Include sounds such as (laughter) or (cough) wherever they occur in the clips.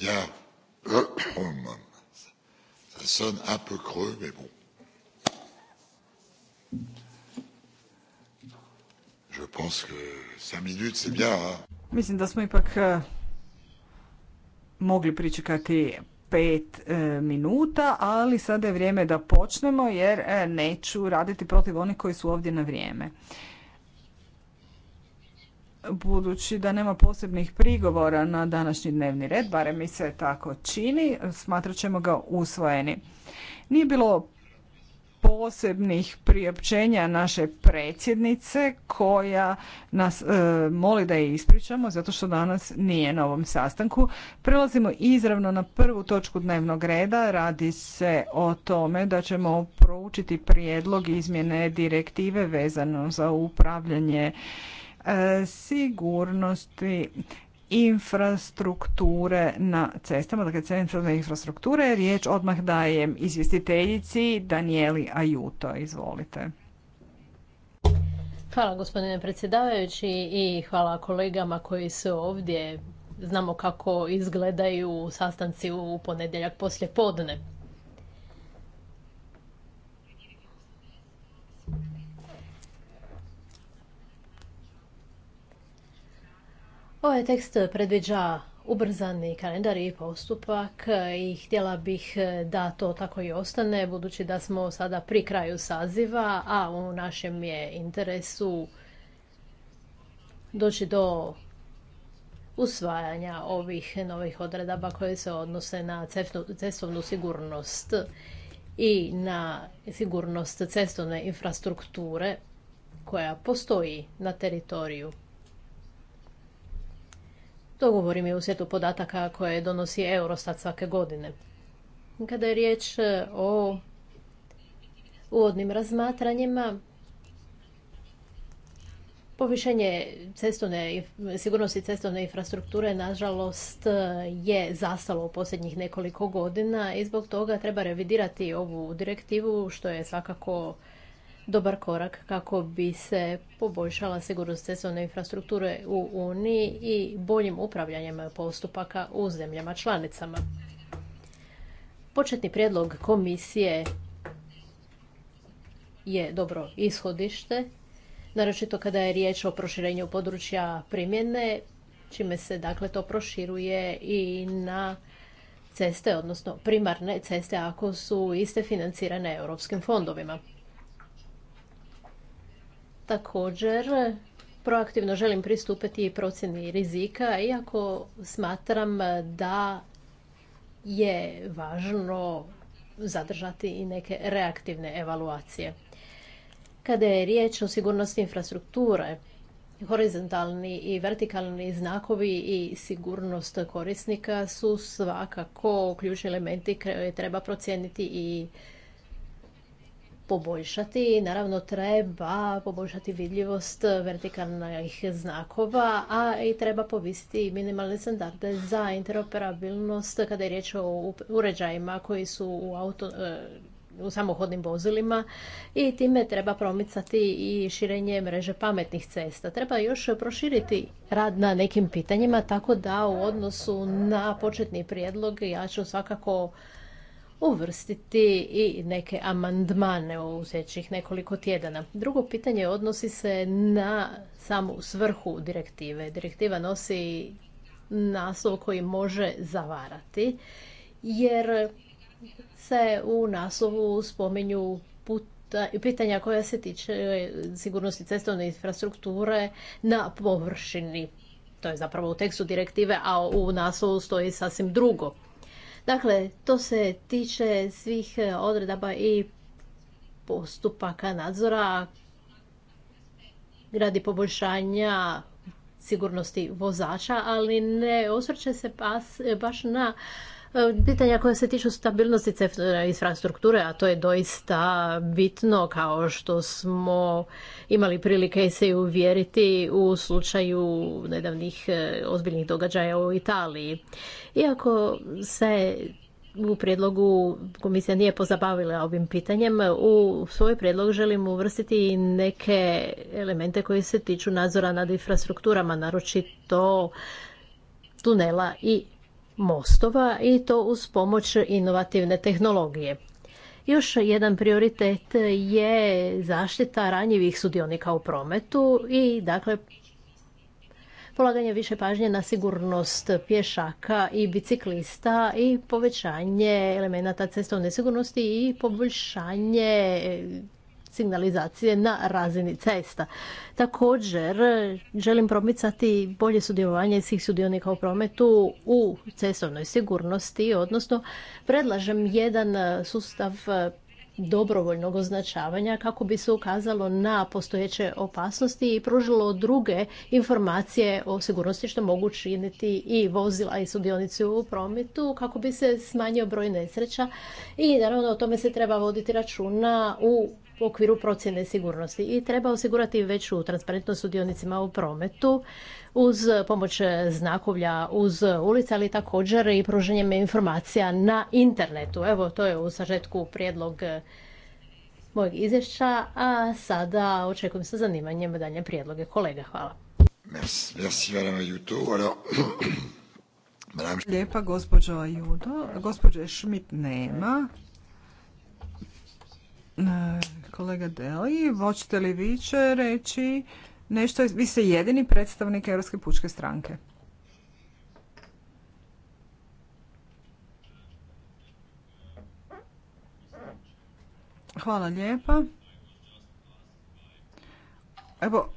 Bien. (clears throat) Oh, Ça sonne un peu creux, mais bon. Je pense que minutes, c'est bien. Mislim da smo ipak eh, mogli pričekati pet eh, minuta, ali sada je vrijeme da počnemo jer eh, neću raditi protiv onih koji su ovdje na vrijeme budući da nema posebnih prigovora na današnji dnevni red, barem mi se tako čini, smatrat ćemo ga usvojeni. Nije bilo posebnih priopćenja naše predsjednice koja nas e, moli da je ispričamo zato što danas nije na ovom sastanku. Prelazimo izravno na prvu točku dnevnog reda. Radi se o tome da ćemo proučiti prijedlog izmjene direktive vezano za upravljanje E, sigurnosti infrastrukture na cestama, dakle centralne infrastrukture. Riječ odmah dajem izvjestiteljici Danijeli Ajuto. Izvolite. Hvala gospodine predsjedavajući i hvala kolegama koji su ovdje. Znamo kako izgledaju sastanci u ponedjeljak poslje podne. Ovaj tekst predviđa ubrzani kalendar i postupak i htjela bih e, da to tako i ostane budući da smo sada pri kraju saziva, a u našem je interesu doći do usvajanja ovih novih odredaba koje se odnose na cestovnu sigurnost i na sigurnost cestovne infrastrukture koja postoji na teritoriju to govorim i u svijetu podataka koje donosi Eurostat svake godine. Kada je riječ e, o uvodnim razmatranjima, Povišenje sigurnosti cestovne infrastrukture, nažalost, e, je zastalo u posljednjih nekoliko godina i zbog toga treba revidirati ovu direktivu, što je svakako dobar korak kako bi se poboljšala sigurnost cestovne infrastrukture u Uniji i boljim upravljanjem postupaka u zemljama članicama. Početni prijedlog komisije je dobro ishodište, naročito kada je riječ o proširenju područja primjene, čime se dakle to proširuje i na ceste, odnosno primarne ceste ako su iste financirane europskim fondovima. Također, proaktivno želim pristupiti i procjeni rizika, iako smatram da je važno zadržati i neke reaktivne evaluacije. Kada je riječ o sigurnosti infrastrukture, horizontalni i vertikalni znakovi i sigurnost korisnika su svakako ključni elementi koje treba procijeniti i poboljšati. Naravno, treba poboljšati vidljivost vertikalnih znakova, a i treba povisiti minimalne standarde za interoperabilnost kada je riječ o uređajima koji su u auto, e, u samohodnim vozilima i time treba promicati i širenje mreže pametnih cesta. Treba još proširiti rad na nekim pitanjima tako da u odnosu na početni prijedlog ja ću svakako uvrstiti i neke amandmane u sljedećih nekoliko tjedana. Drugo pitanje odnosi se na samu svrhu direktive. Direktiva nosi naslov koji može zavarati jer se u naslovu spominju puta, pitanja koja se tiče sigurnosti cestovne infrastrukture na površini. To je zapravo u tekstu direktive, a u naslovu stoji sasvim drugo. Dakle, to se tiče svih e, odredaba i postupaka nadzora radi poboljšanja sigurnosti vozača, ali ne osvrće se e, baš na E, pitanja koja se tiču stabilnosti infrastrukture, a to je doista bitno kao što smo imali prilike se uvjeriti u slučaju nedavnih e, ozbiljnih događaja u Italiji. Iako se u prijedlogu komisija nije pozabavila ovim pitanjem, u svoj prijedlog želim uvrstiti i neke elemente koji se tiču nadzora nad infrastrukturama, naročito tunela i mostova i to uz pomoć inovativne tehnologije. Još jedan prioritet je zaštita ranjivih sudionika u prometu i dakle polaganje više pažnje na sigurnost pješaka i biciklista i povećanje elemenata cestovne sigurnosti i poboljšanje signalizacije na razini cesta. Također, želim promicati bolje sudjelovanje svih sudionika u prometu u cestovnoj sigurnosti, odnosno predlažem jedan sustav dobrovoljnog označavanja kako bi se ukazalo na postojeće opasnosti i pružilo druge informacije o sigurnosti što mogu činiti i vozila i sudionici u prometu kako bi se smanjio broj nesreća i naravno o tome se treba voditi računa u u okviru procjene sigurnosti i treba osigurati veću transparentnost sudionicima u prometu uz pomoć znakovlja, uz ulice, ali također i pruženjem informacija na internetu. Evo, to je u sažetku prijedlog eh, mojeg izvješća, a sada očekujem sa zanimanjem dalje prijedloge kolega. Hvala. (clears throat) Lijepa gospođo Judo. Gospođe Schmidt nema. E, kolega Deli, hoćete li vi će reći nešto? Vi ste jedini predstavnik Europske pučke stranke. Hvala lijepa. Evo,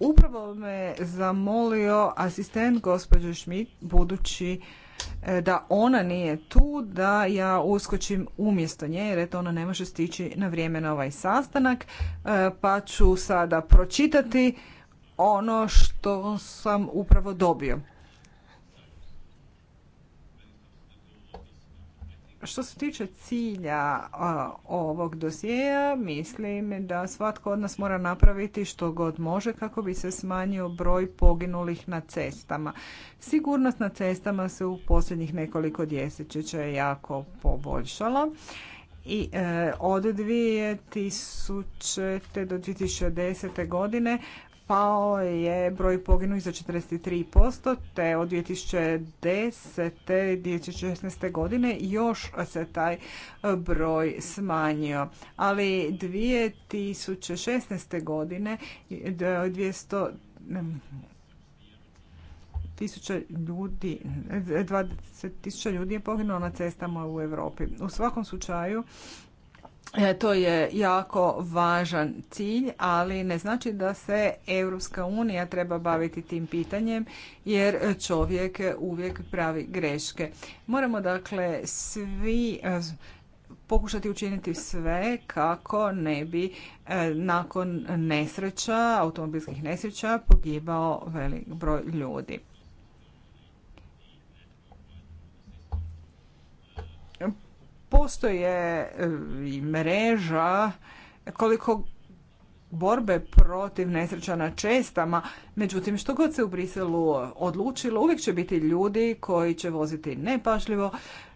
upravo me zamolio asistent gospođe Schmidt, budući E, da ona nije tu, da ja uskočim umjesto nje, jer eto ona ne može stići na vrijeme na ovaj sastanak, e, pa ću sada pročitati ono što sam upravo dobio. Što se tiče cilja ovog dosijeja, mislim da svatko od nas mora napraviti što god može kako bi se smanjio broj poginulih na cestama. Sigurnost na cestama se u posljednjih nekoliko djesećeća je jako poboljšala. I e, od od 2000. do 2010. godine pao je broj poginulih za 43%, te od 2010. 2016. godine još se taj e, broj smanjio. Ali 2016. godine 200 e, ljudi, 20 e, ljudi je poginulo na cestama u Europi. U svakom slučaju E, to je jako važan cilj, ali ne znači da se Europska unija treba baviti tim pitanjem jer čovjek uvijek pravi greške. Moramo dakle svi e, pokušati učiniti sve kako ne bi e, nakon nesreća, automobilskih nesreća pogibao velik broj ljudi. Postoje e, mreža koliko borbe protiv nesreća na čestama. Međutim, što god se u Briselu odlučilo, uvijek će biti ljudi koji će voziti nepažljivo,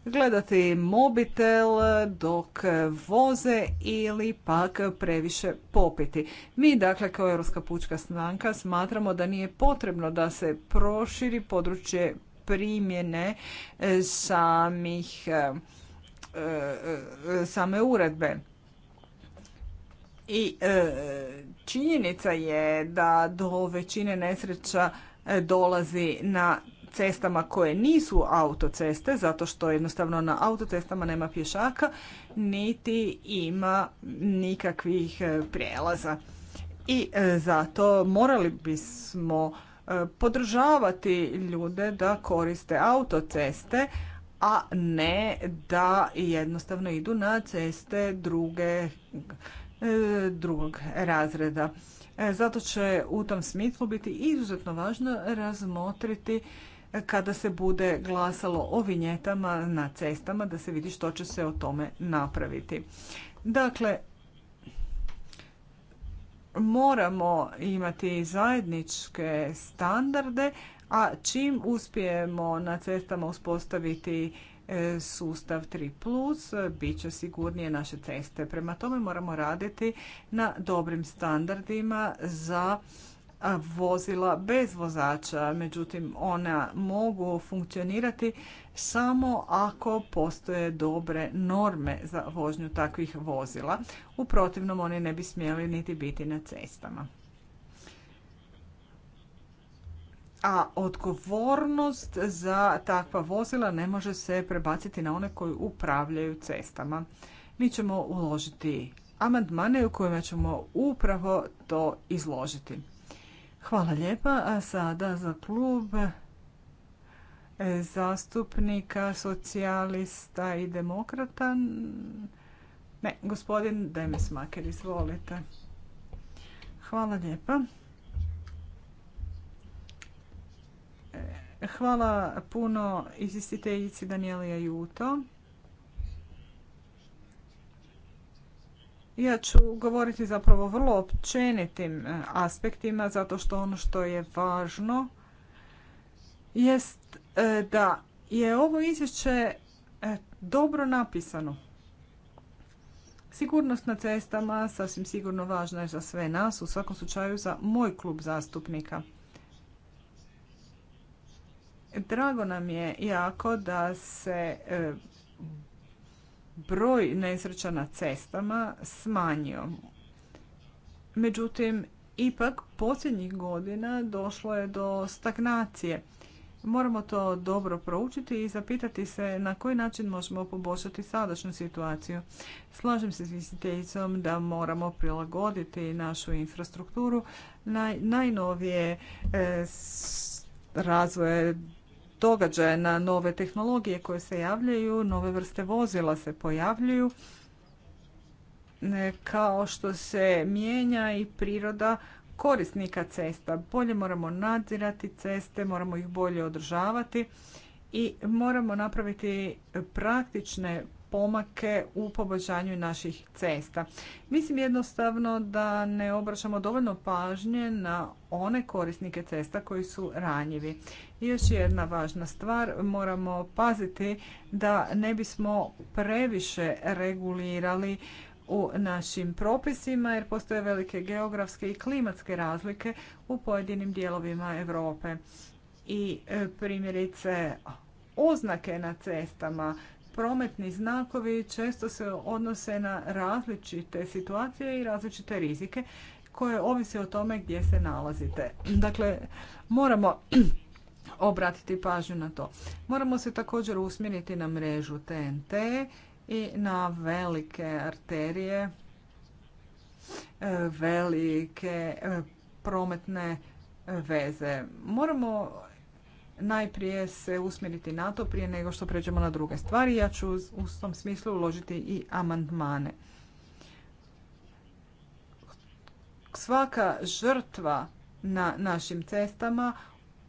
gledati mobitel dok voze ili pak previše popiti. Mi, dakle, kao Europska pučka stranka smatramo da nije potrebno da se proširi područje primjene e, samih e, E, e, same uredbe. I e, činjenica je da do većine nesreća dolazi na cestama koje nisu autoceste, zato što jednostavno na autocestama nema pješaka, niti ima nikakvih prijelaza. I zato morali bismo podržavati ljude da koriste autoceste, a ne da jednostavno idu na ceste druge, e, drugog razreda. E, zato će u tom smislu biti izuzetno važno razmotriti kada se bude glasalo o vinjetama na cestama da se vidi što će se o tome napraviti. Dakle, moramo imati zajedničke standarde, a čim uspijemo na cestama uspostaviti e, sustav 3+, bit će sigurnije naše ceste. Prema tome moramo raditi na dobrim standardima za vozila bez vozača. Međutim, ona mogu funkcionirati samo ako postoje dobre norme za vožnju takvih vozila. U protivnom, oni ne bi smjeli niti biti na cestama. a odgovornost za takva vozila ne može se prebaciti na one koji upravljaju cestama. Mi ćemo uložiti amandmane u kojima ćemo upravo to izložiti. Hvala lijepa. A sada za klub e, zastupnika socijalista i demokrata. Ne, gospodin Demes Maker, izvolite. Hvala lijepa. Hvala puno izvjestiteljici Danijelija Juto. Ja ću govoriti zapravo vrlo općenitim e, aspektima, zato što ono što je važno jest e, da je ovo izvješće e, dobro napisano. Sigurnost na cestama sasvim sigurno važna je za sve nas, u svakom slučaju za moj klub zastupnika. Drago nam je jako da se e, broj nesreća na cestama smanjio. Međutim, ipak posljednjih godina došlo je do stagnacije. Moramo to dobro proučiti i zapitati se na koji način možemo poboljšati sadašnju situaciju. Slažem se s visiteljicom da moramo prilagoditi našu infrastrukturu najnovije e, razvoje događaje, na nove tehnologije koje se javljaju, nove vrste vozila se pojavljuju, kao što se mijenja i priroda korisnika cesta. Bolje moramo nadzirati ceste, moramo ih bolje održavati i moramo napraviti praktične pomake u poboljšanju naših cesta. Mislim jednostavno da ne obraćamo dovoljno pažnje na one korisnike cesta koji su ranjivi. Još jedna važna stvar, moramo paziti da ne bismo previše regulirali u našim propisima jer postoje velike geografske i klimatske razlike u pojedinim dijelovima Europe. I e, primjerice oznake na cestama, prometni znakovi često se odnose na različite situacije i različite rizike koje ovise o tome gdje se nalazite. Dakle, moramo obratiti pažnju na to. Moramo se također usmjeriti na mrežu TNT i na velike arterije, e, velike e, prometne veze. Moramo najprije se usmjeriti na to prije nego što pređemo na druge stvari. Ja ću u tom smislu uložiti i amandmane. Svaka žrtva na našim cestama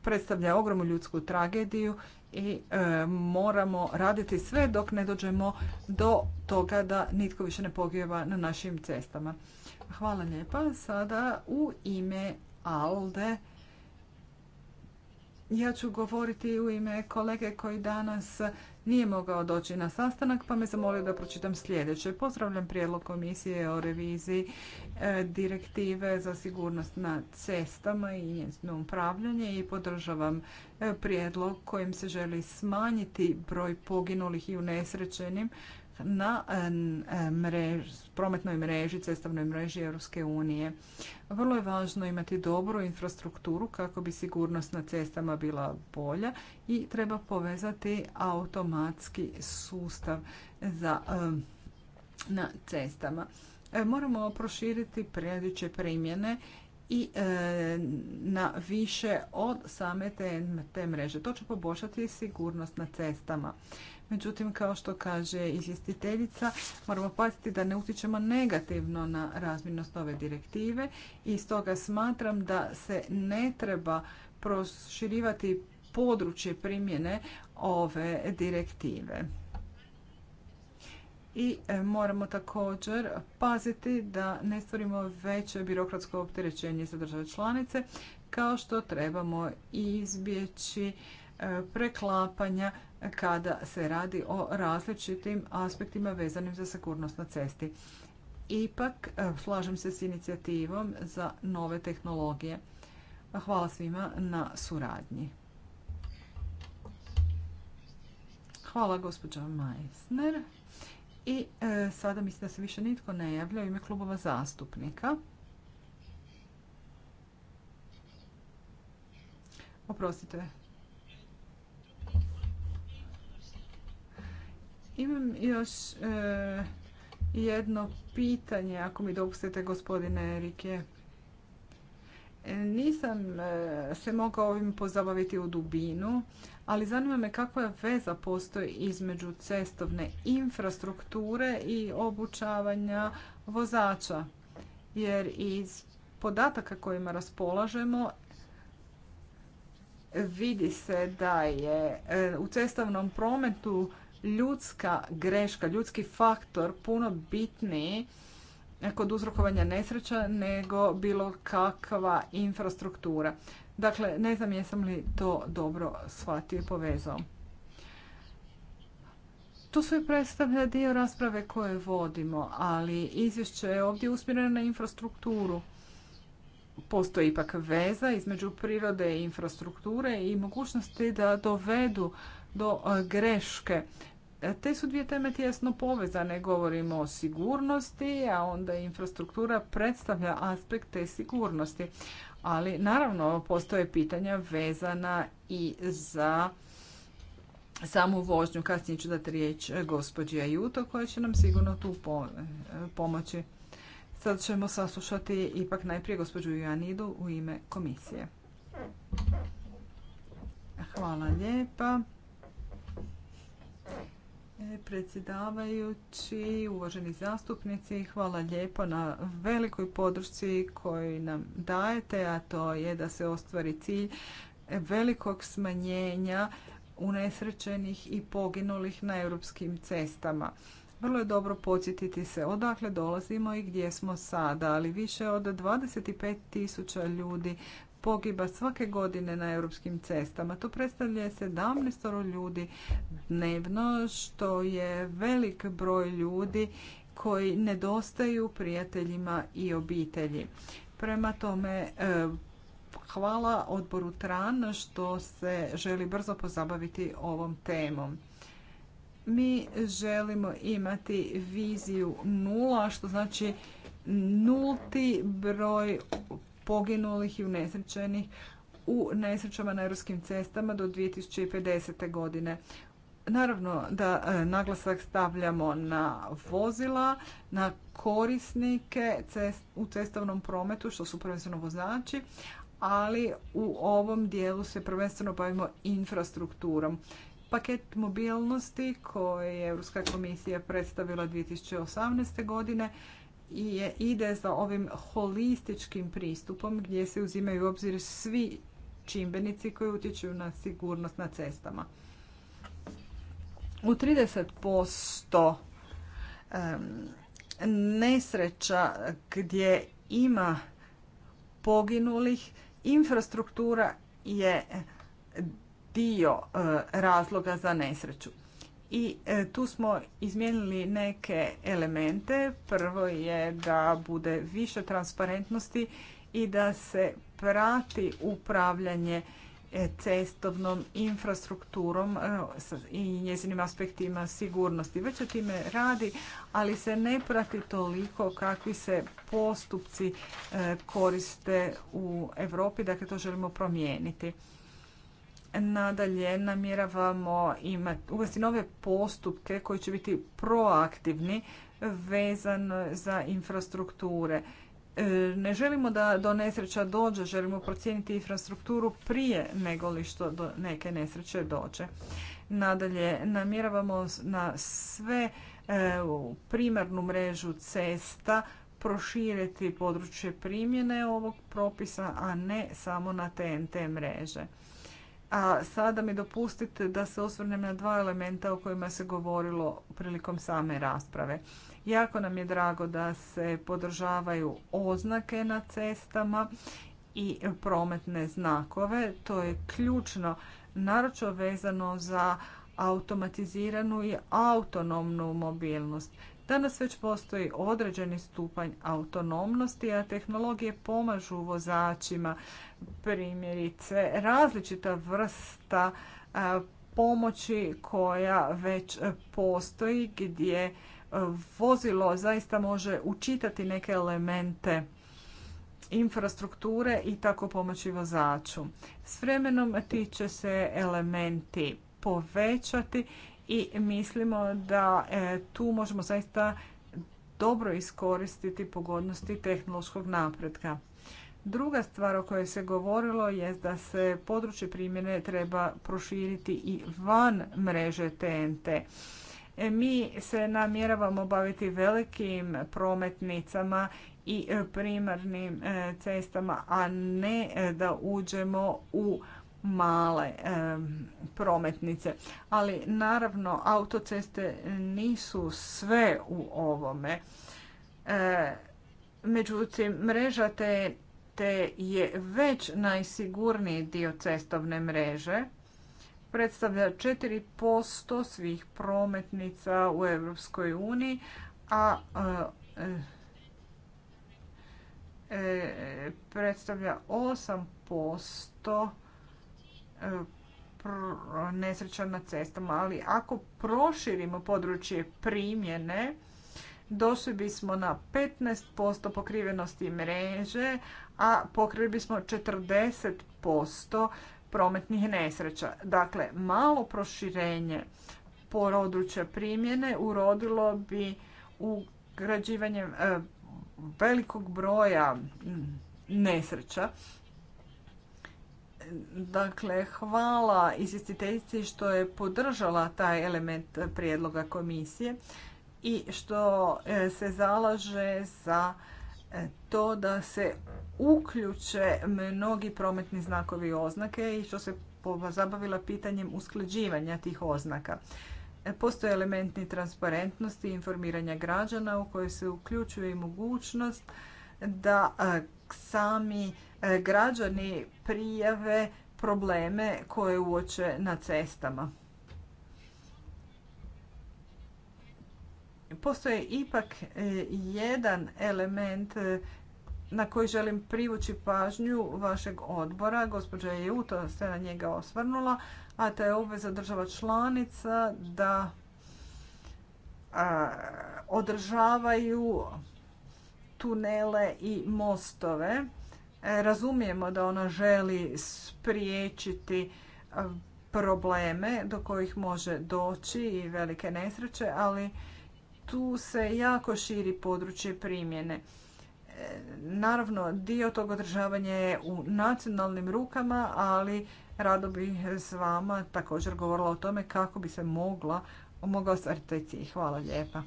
predstavlja ogromnu ljudsku tragediju i e, moramo raditi sve dok ne dođemo do toga da nitko više ne pogijeva na našim cestama. Hvala lijepa. Sada u ime ALDE ja ću govoriti u ime kolege koji danas nije mogao doći na sastanak, pa me zamolio da pročitam sljedeće. Pozdravljam prijedlog komisije o reviziji e, direktive za sigurnost na cestama i njezino upravljanje i podržavam e, prijedlog kojim se želi smanjiti broj poginulih i unesrećenim na prometnoj mreži, cestovnoj mreži Europske unije. Vrlo je važno imati dobru infrastrukturu kako bi sigurnost na cestama bila bolja i treba povezati automatski sustav za, na cestama. E, moramo proširiti predviđe primjene i e, na više od same te, te mreže. To će poboljšati sigurnost na cestama. Međutim, kao što kaže izvjestiteljica, moramo paziti da ne utječemo negativno na razmjernost ove direktive i stoga smatram da se ne treba proširivati područje primjene ove direktive. I e, moramo također paziti da ne stvorimo veće birokratsko opterećenje za države članice, kao što trebamo izbjeći e, preklapanja kada se radi o različitim aspektima vezanim za sigurnost na cesti. Ipak, e, slažem se s inicijativom za nove tehnologije. Hvala svima na suradnji. Hvala gospođa Majsner. I e, sada mislim da se više nitko ne javlja u ime klubova zastupnika. Oprostite, Imam još e, jedno pitanje, ako mi dopustite, gospodine Erike. E, nisam e, se mogao ovim pozabaviti u dubinu, ali zanima me kakva veza postoji između cestovne infrastrukture i obučavanja vozača. Jer iz podataka kojima raspolažemo vidi se da je u cestovnom prometu ljudska greška, ljudski faktor puno bitniji kod uzrokovanja nesreća nego bilo kakva infrastruktura. Dakle, ne znam jesam li to dobro shvatio i povezao. To sve predstavlja dio rasprave koje vodimo, ali izvješće je ovdje usmjereno na infrastrukturu. Postoji ipak veza između prirode i infrastrukture i mogućnosti da dovedu do e, greške te su dvije teme tjesno povezane, govorimo o sigurnosti, a onda infrastruktura predstavlja aspekt te sigurnosti. Ali naravno postoje pitanja vezana i za samu vožnju. Kasnije ću dati riječ gospođi Ajuto koja će nam sigurno tu pomoći. Sad ćemo saslušati ipak najprije gospođu Janidu u ime komisije. Hvala lijepa. E, predsjedavajući, uvaženi zastupnici, hvala lijepo na velikoj podršci koju nam dajete, a to je da se ostvari cilj velikog smanjenja unesrećenih i poginulih na europskim cestama. Vrlo je dobro podsjetiti se odakle dolazimo i gdje smo sada, ali više od 25 tisuća ljudi pogiba svake godine na europskim cestama. To predstavlja 17 ljudi dnevno, što je velik broj ljudi koji nedostaju prijateljima i obitelji. Prema tome, e, hvala odboru TRAN što se želi brzo pozabaviti ovom temom. Mi želimo imati viziju nula, što znači nulti broj poginulih i unesrećenih u nesrećama na europskim cestama do 2050. godine. Naravno da e, naglasak stavljamo na vozila, na korisnike u cestovnom prometu, što su prvenstveno vozači, ali u ovom dijelu se prvenstveno bavimo infrastrukturom. Paket mobilnosti koji je Europska komisija predstavila 2018. godine je, ide za ovim holističkim pristupom gdje se uzimaju u obzir svi čimbenici koji utječu na sigurnost na cestama. U 30% nesreća gdje ima poginulih, infrastruktura je dio e, razloga za nesreću i e, tu smo izmijenili neke elemente. Prvo je da bude više transparentnosti i da se prati upravljanje e, cestovnom infrastrukturom e, i njezinim aspektima sigurnosti. Već o time radi, ali se ne prati toliko kakvi se postupci koriste u Europi, dakle to želimo promijeniti. Nadalje namjeravamo imati, uvesti nove postupke koji će biti proaktivni vezan za infrastrukture. E, ne želimo da do nesreća dođe, želimo procijeniti infrastrukturu prije nego li što do neke nesreće dođe. Nadalje, namjeravamo na sve e, primarnu mrežu cesta proširiti područje primjene ovog propisa, a ne samo na TNT mreže. A sada mi dopustite da se osvrnem na dva elementa o kojima se govorilo prilikom same rasprave. Jako nam je drago da se podržavaju oznake na cestama i prometne znakove. To je ključno, naročito vezano za automatiziranu i autonomnu mobilnost. Danas već postoji određeni stupanj autonomnosti, a tehnologije pomažu vozačima. Primjerice, različita vrsta pomoći koja već postoji gdje vozilo zaista može učitati neke elemente infrastrukture i tako pomoći vozaču. S vremenom ti će se elementi povećati i mislimo da e, tu možemo zaista dobro iskoristiti pogodnosti tehnološkog napretka. Druga stvar o kojoj se govorilo je da se područje primjene treba proširiti i van mreže TNT. E, mi se namjeravamo baviti velikim prometnicama i primarnim e, cestama, a ne da uđemo u male prometnice. Ali naravno autoceste nisu sve u ovome. E, međutim, mreža te, je već najsigurniji dio cestovne mreže. Predstavlja 4% svih prometnica u Europskoj uniji, a e, e predstavlja 8% E, nesreća na cestama, ali ako proširimo područje primjene, došli bismo na 15% pokrivenosti mreže, a pokrili bismo 40% prometnih nesreća. Dakle, malo proširenje područja primjene urodilo bi ugrađivanjem e, velikog broja nesreća Dakle, hvala izvjestiteljici što je podržala taj element prijedloga komisije i što e, se zalaže za e, to da se uključe mnogi prometni znakovi i oznake i što se zabavila pitanjem usklađivanja tih oznaka. E, postoje elementi transparentnosti i informiranja građana u koje se uključuje i mogućnost da sami E, građani prijave probleme koje uoče na cestama. Postoje ipak e, jedan element e, na koji želim privući pažnju vašeg odbora. Gospođa Juto se na njega osvrnula, a to je obveza država članica da održavaju tunele i mostove Razumijemo da ona želi spriječiti probleme do kojih može doći i velike nesreće, ali tu se jako širi područje primjene. E, naravno, dio tog održavanja je u nacionalnim rukama, ali rado bih s vama također govorila o tome kako bi se mogla mogao ostvariti Hvala lijepa.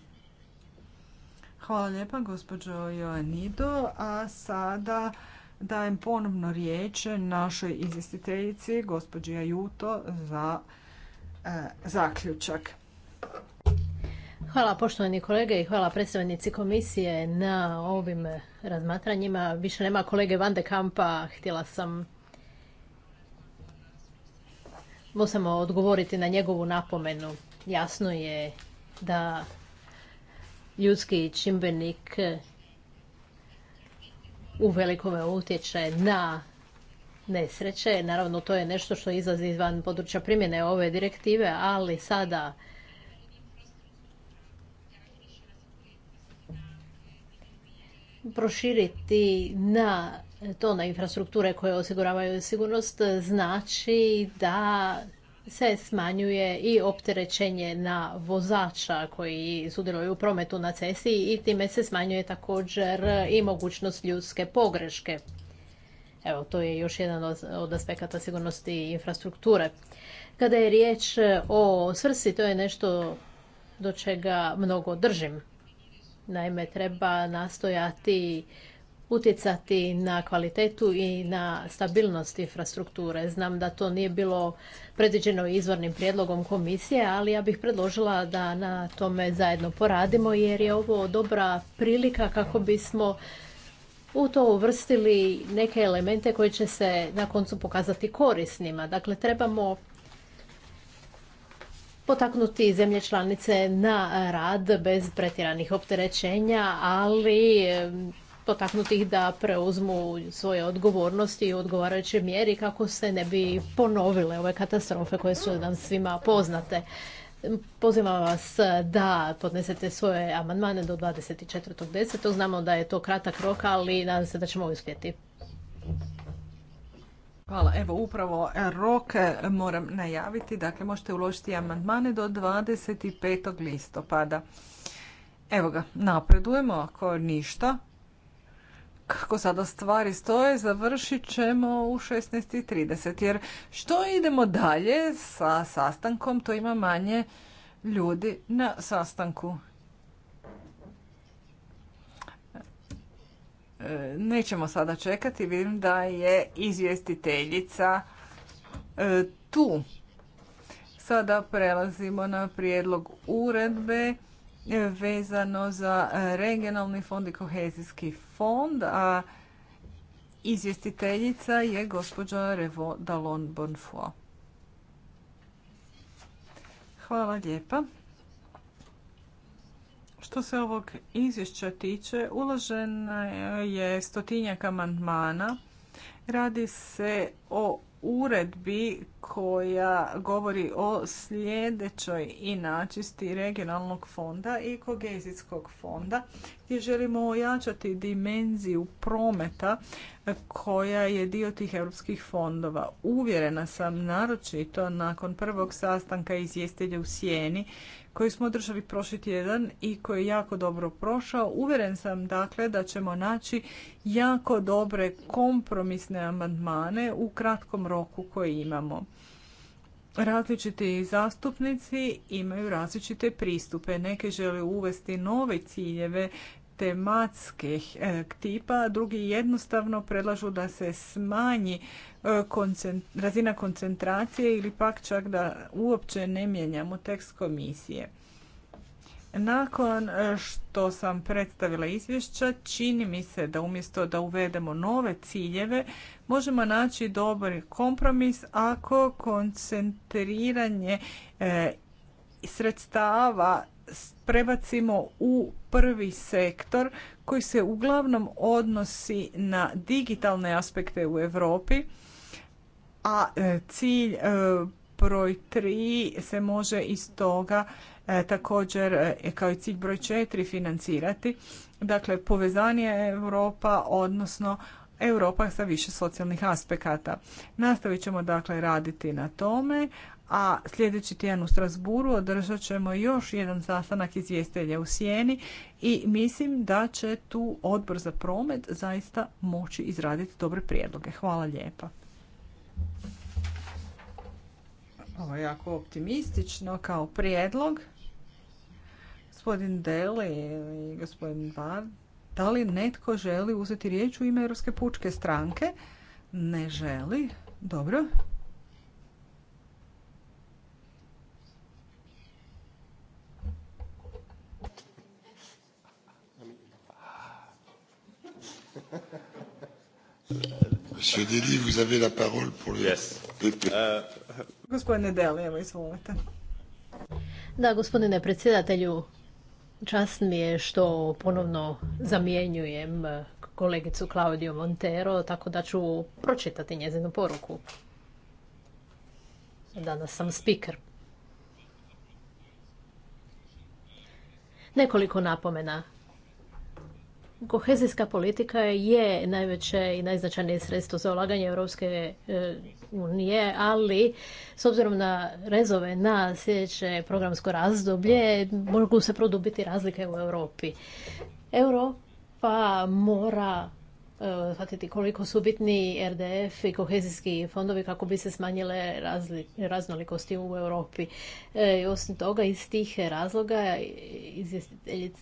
Hvala lijepa gospođo Joanido. A sada dajem ponovno riječ našoj izvjestiteljici, gospođi Ajuto, za e, zaključak. Hvala poštovani kolege i hvala predstavnici komisije na ovim razmatranjima. Više nema kolege Van de Kampa, htjela sam samo odgovoriti na njegovu napomenu. Jasno je da ljudski čimbenik u velikome utječe na nesreće. Naravno, to je nešto što izlazi izvan područja primjene ove direktive, ali sada proširiti na to na infrastrukture koje osiguravaju sigurnost znači da se smanjuje i opterećenje na vozača koji sudjeluju u prometu na cesti i time se smanjuje također i mogućnost ljudske pogreške. Evo, to je još jedan od aspekata sigurnosti infrastrukture. Kada je riječ o svrsi, to je nešto do čega mnogo držim. Naime, treba nastojati utjecati na kvalitetu i na stabilnost infrastrukture. Znam da to nije bilo predviđeno izvornim prijedlogom komisije, ali ja bih predložila da na tome zajedno poradimo jer je ovo dobra prilika kako bismo u to uvrstili neke elemente koje će se na koncu pokazati korisnima. Dakle, trebamo potaknuti zemlje članice na rad bez pretjeranih opterećenja, ali potaknuti ih da preuzmu svoje odgovornosti i odgovarajuće mjeri kako se ne bi ponovile ove katastrofe koje su nam svima poznate. Pozivam vas da podnesete svoje amandmane do 24.10. Znamo da je to kratak rok, ali nadam se da ćemo uspjeti. Hvala. Evo upravo rok moram najaviti. Dakle, možete uložiti amandmane do 25. listopada. Evo ga, napredujemo ako ništa kako sada stvari stoje, završit ćemo u 16.30. Jer što idemo dalje sa sastankom, to ima manje ljudi na sastanku. E, nećemo sada čekati, vidim da je izvjestiteljica e, tu. Sada prelazimo na prijedlog uredbe e, vezano za regionalni fond i kohezijski fond, a izvjestiteljica je gospođa Revo Dalon bonfo Hvala lijepa. Što se ovog izvješća tiče, uložena je stotinjak amandmana. Radi se o uredbi koja govori o sljedećoj inačisti regionalnog fonda i kohezijskog fonda gdje želimo ojačati dimenziju prometa koja je dio tih europskih fondova. Uvjerena sam naročito nakon prvog sastanka izvjestitelja u Sjeni koji smo održali prošli tjedan i koji je jako dobro prošao. Uveren sam dakle da ćemo naći jako dobre kompromisne amandmane u kratkom roku koji imamo. Različiti zastupnici imaju različite pristupe. Neki žele uvesti nove ciljeve tematskih eh, tipa, drugi jednostavno predlažu da se smanji razina koncentracije ili pak čak da uopće ne mijenjamo tekst komisije. Nakon e, što sam predstavila izvješća, čini mi se da umjesto da uvedemo nove ciljeve, možemo naći dobar kompromis ako koncentriranje e, sredstava prebacimo u prvi sektor koji se uglavnom odnosi na digitalne aspekte u Europi a e, cilj e, broj tri se može iz toga e, također kao i cilj broj četiri financirati. Dakle, povezanje Europa, odnosno Europa sa više socijalnih aspekata. Nastavit ćemo dakle raditi na tome, a sljedeći tjedan u Strasburu održat ćemo još jedan sastanak izvjestelja u Sjeni i mislim da će tu odbor za promet zaista moći izraditi dobre prijedloge. Hvala lijepa. Ovo je jako optimistično kao prijedlog. Gospodin Deli i gospodin Van, da li netko želi uzeti riječ u ime Europske pučke stranke? Ne želi. Dobro. Monsieur Deli, vous avez la parole pour yes. Uh, Gospodine Deli, evo izvolite. Da, gospodine predsjedatelju, čast mi je što ponovno zamjenjujem kolegicu Claudio Montero, tako da ću pročitati njezinu poruku. Danas sam speaker. Nekoliko napomena. Kohezijska politika je najveće i najznačajnije sredstvo za ulaganje Europske e, unije, ali s obzirom na rezove na sljedeće programsko razdoblje mogu se produbiti razlike u Europi. Europa mora e, shvatiti koliko su bitni RDF i kohezijski fondovi kako bi se smanjile raznolikosti u Europi. E, osim toga, iz tih razloga izvjestiteljica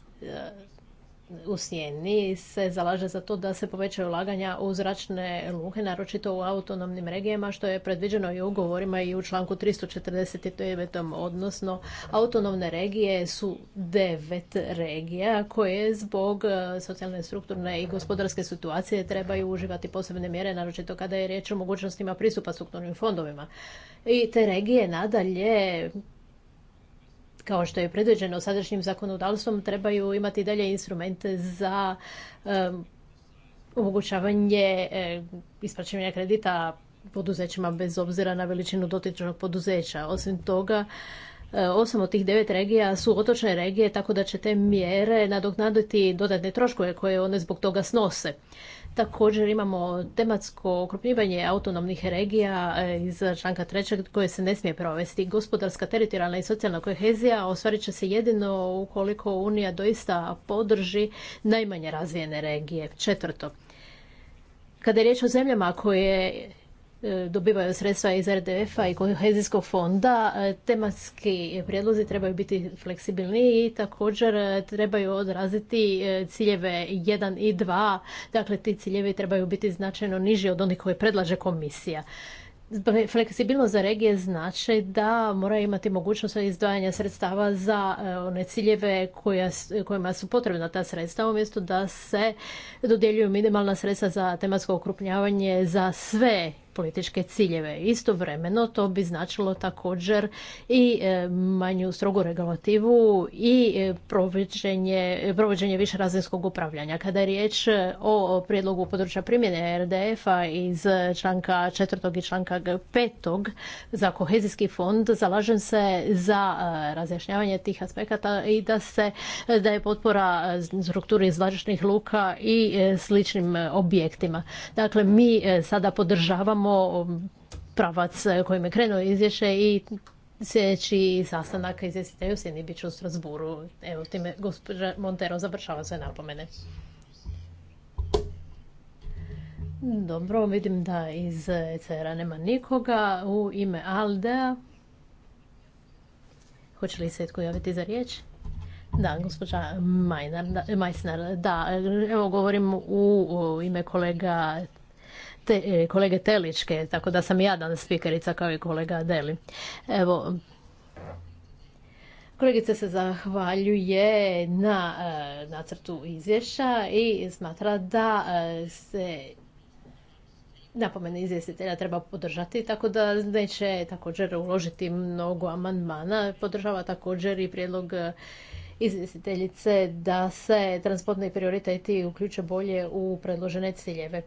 u Sjeni se zalaže za to da se povećaju ulaganja u zračne luhe naročito u autonomnim regijama, što je predviđeno i u ugovorima i u članku 349. odnosno autonomne regije su devet regija koje zbog e, socijalne, strukturne i gospodarske situacije trebaju uživati posebne mjere, naročito kada je riječ o mogućnostima pristupa strukturnim fondovima. I te regije nadalje kao što je predviđeno sadašnjim zakonodavstvom, trebaju imati dalje instrumente za omogućavanje eh, ispraćivanja kredita poduzećima bez obzira na veličinu dotičnog poduzeća. Osim toga, E, osam od tih devet regija su otočne regije, tako da će te mjere nadoknaditi dodatne troškove koje one zbog toga snose. Također imamo tematsko okrupnjivanje autonomnih regija e, iz članka 3. koje se ne smije provesti. Gospodarska, teritorijalna i socijalna kohezija ostvarit će se jedino ukoliko Unija doista podrži najmanje razvijene regije. Četvrto, kada je riječ o zemljama koje E, dobivaju sredstva iz RDF-a i kohezijskog fonda, e, tematski prijedlozi trebaju biti fleksibilniji i također e, trebaju odraziti ciljeve 1 i 2. Dakle, ti ciljevi trebaju biti značajno niži od onih koje predlaže komisija. Fleksibilnost za regije znači da moraju imati mogućnost izdvajanja sredstava za one ciljeve kojima su potrebna ta sredstva, umjesto da se dodjeljuju minimalna sredstva za tematsko okrupnjavanje za sve političke ciljeve. Istovremeno to bi značilo također i e, manju strogu regulativu i e, provođenje, provođenje više upravljanja. Kada je riječ o prijedlogu područja primjene RDF-a iz članka četvrtog i članka petog za kohezijski fond zalažem se za e, razjašnjavanje tih aspekata i da se da je potpora strukturi izvlačnih luka i sličnim objektima. Dakle, mi sada podržavamo Um, pravac eh, kojim je krenuo izvješće i sljedeći sastanak izvjestitelja u bit u Strasburu. Evo, time gospođa Montero završava sve napomene. Dobro, vidim da iz ECR-a nema nikoga. U ime Aldea. Hoće li se tko javiti za riječ? Da, gospođa Majsner. da, evo govorim u ime kolega te, e, kolege Teličke, tako da sam ja danas spikerica kao i kolega Deli. Evo, Kolegica se zahvaljuje na e, nacrtu izvješća i smatra da e, se napomene izvjestitelja treba podržati, tako da neće također uložiti mnogo amandmana. Podržava također i prijedlog izvjestiteljice da se transportni prioriteti uključe bolje u predložene ciljeve.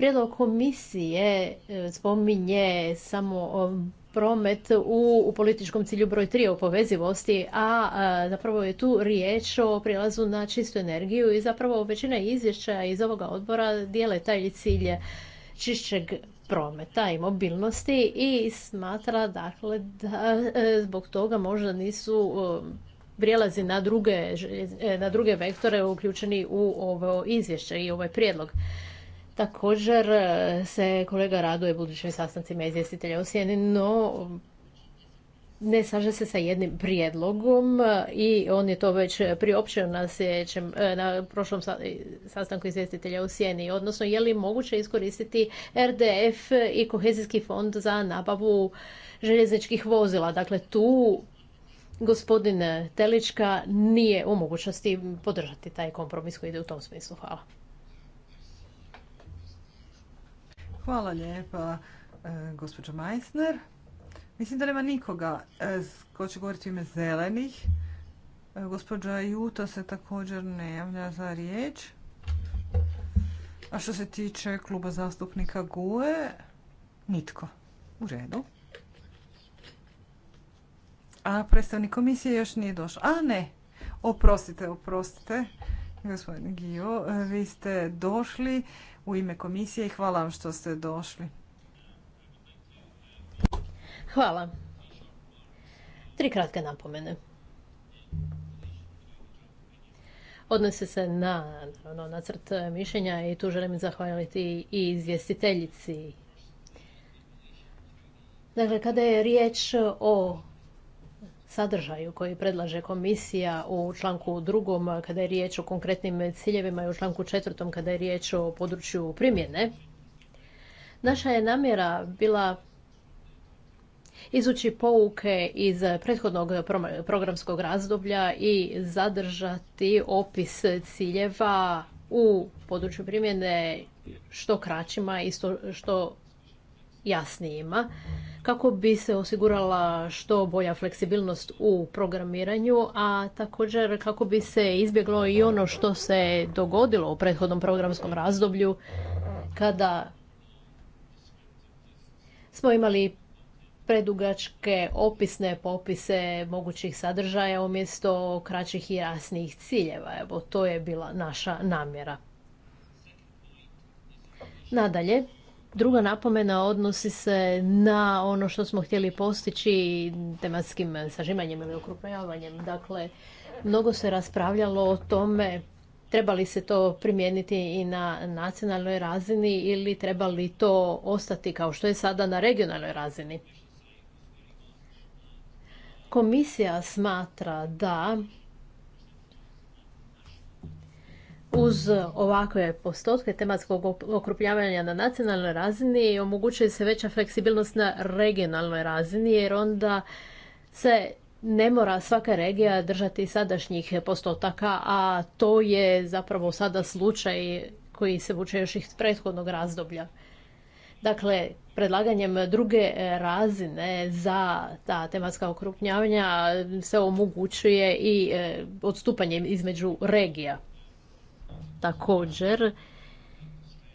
Prijedlog komisije e, spominje samo e, promet u, političkom cilju broj tri o povezivosti, a, zapravo je tu riječ o prijelazu na čistu energiju i zapravo većina izvješća iz ovoga odbora dijele taj cilj čišćeg prometa i mobilnosti i smatra dakle da e, zbog toga možda nisu prijelazi na druge, na druge vektore uključeni u ovo izvješće i ovaj prijedlog. Također e, se kolega raduje budućim sastancima izvjestitelja u sjeni, no ne slaže se sa jednim prijedlogom e, i on je to već priopćio na, e, na prošlom sastanku izvjestitelja u Sjeni, odnosno je li moguće iskoristiti RDF i kohezijski fond za nabavu željezničkih vozila. Dakle, tu gospodin Telička nije u mogućnosti podržati taj kompromis koji ide u tom smislu. Hvala. Hvala lijepa, e, gospođo Meissner. Mislim da nema nikoga e, ko će govoriti u ime zelenih. E, gospođa Juta se također ne javlja za riječ. A što se tiče kluba zastupnika GUE, nitko. U redu. A predstavnik komisije još nije došao. A ne, oprostite, oprostite. Gospodin Gio, vi ste došli u ime komisije i hvala vam što ste došli. Hvala. Tri kratke napomene. Odnose se na naravno, nacrt mišljenja i tu želim zahvaliti i izvjestiteljici. Dakle, kada je riječ o sadržaju koji predlaže komisija u članku drugom kada je riječ o konkretnim ciljevima i u članku četvrtom kada je riječ o području primjene. Naša je namjera bila izući pouke iz prethodnog programskog razdoblja i zadržati opis ciljeva u području primjene što kraćima i što jasnijima kako bi se osigurala što bolja fleksibilnost u programiranju, a također kako bi se izbjeglo i ono što se dogodilo u prethodnom programskom razdoblju kada smo imali predugačke opisne popise mogućih sadržaja umjesto kraćih i jasnih ciljeva. Evo, to je bila naša namjera. Nadalje, Druga napomena odnosi se na ono što smo htjeli postići tematskim sažimanjem ili okrupnjavanjem Dakle, mnogo se raspravljalo o tome treba li se to primijeniti i na nacionalnoj razini ili treba li to ostati kao što je sada na regionalnoj razini. Komisija smatra da Uz ovakve postotke tematskog okrupljavanja na nacionalnoj razini omogućuje se veća fleksibilnost na regionalnoj razini jer onda se ne mora svaka regija držati sadašnjih postotaka, a to je zapravo sada slučaj koji se vuče još iz prethodnog razdoblja. Dakle, predlaganjem druge razine za ta tematska okrupnjavanja se omogućuje i e, odstupanje između regija. Također,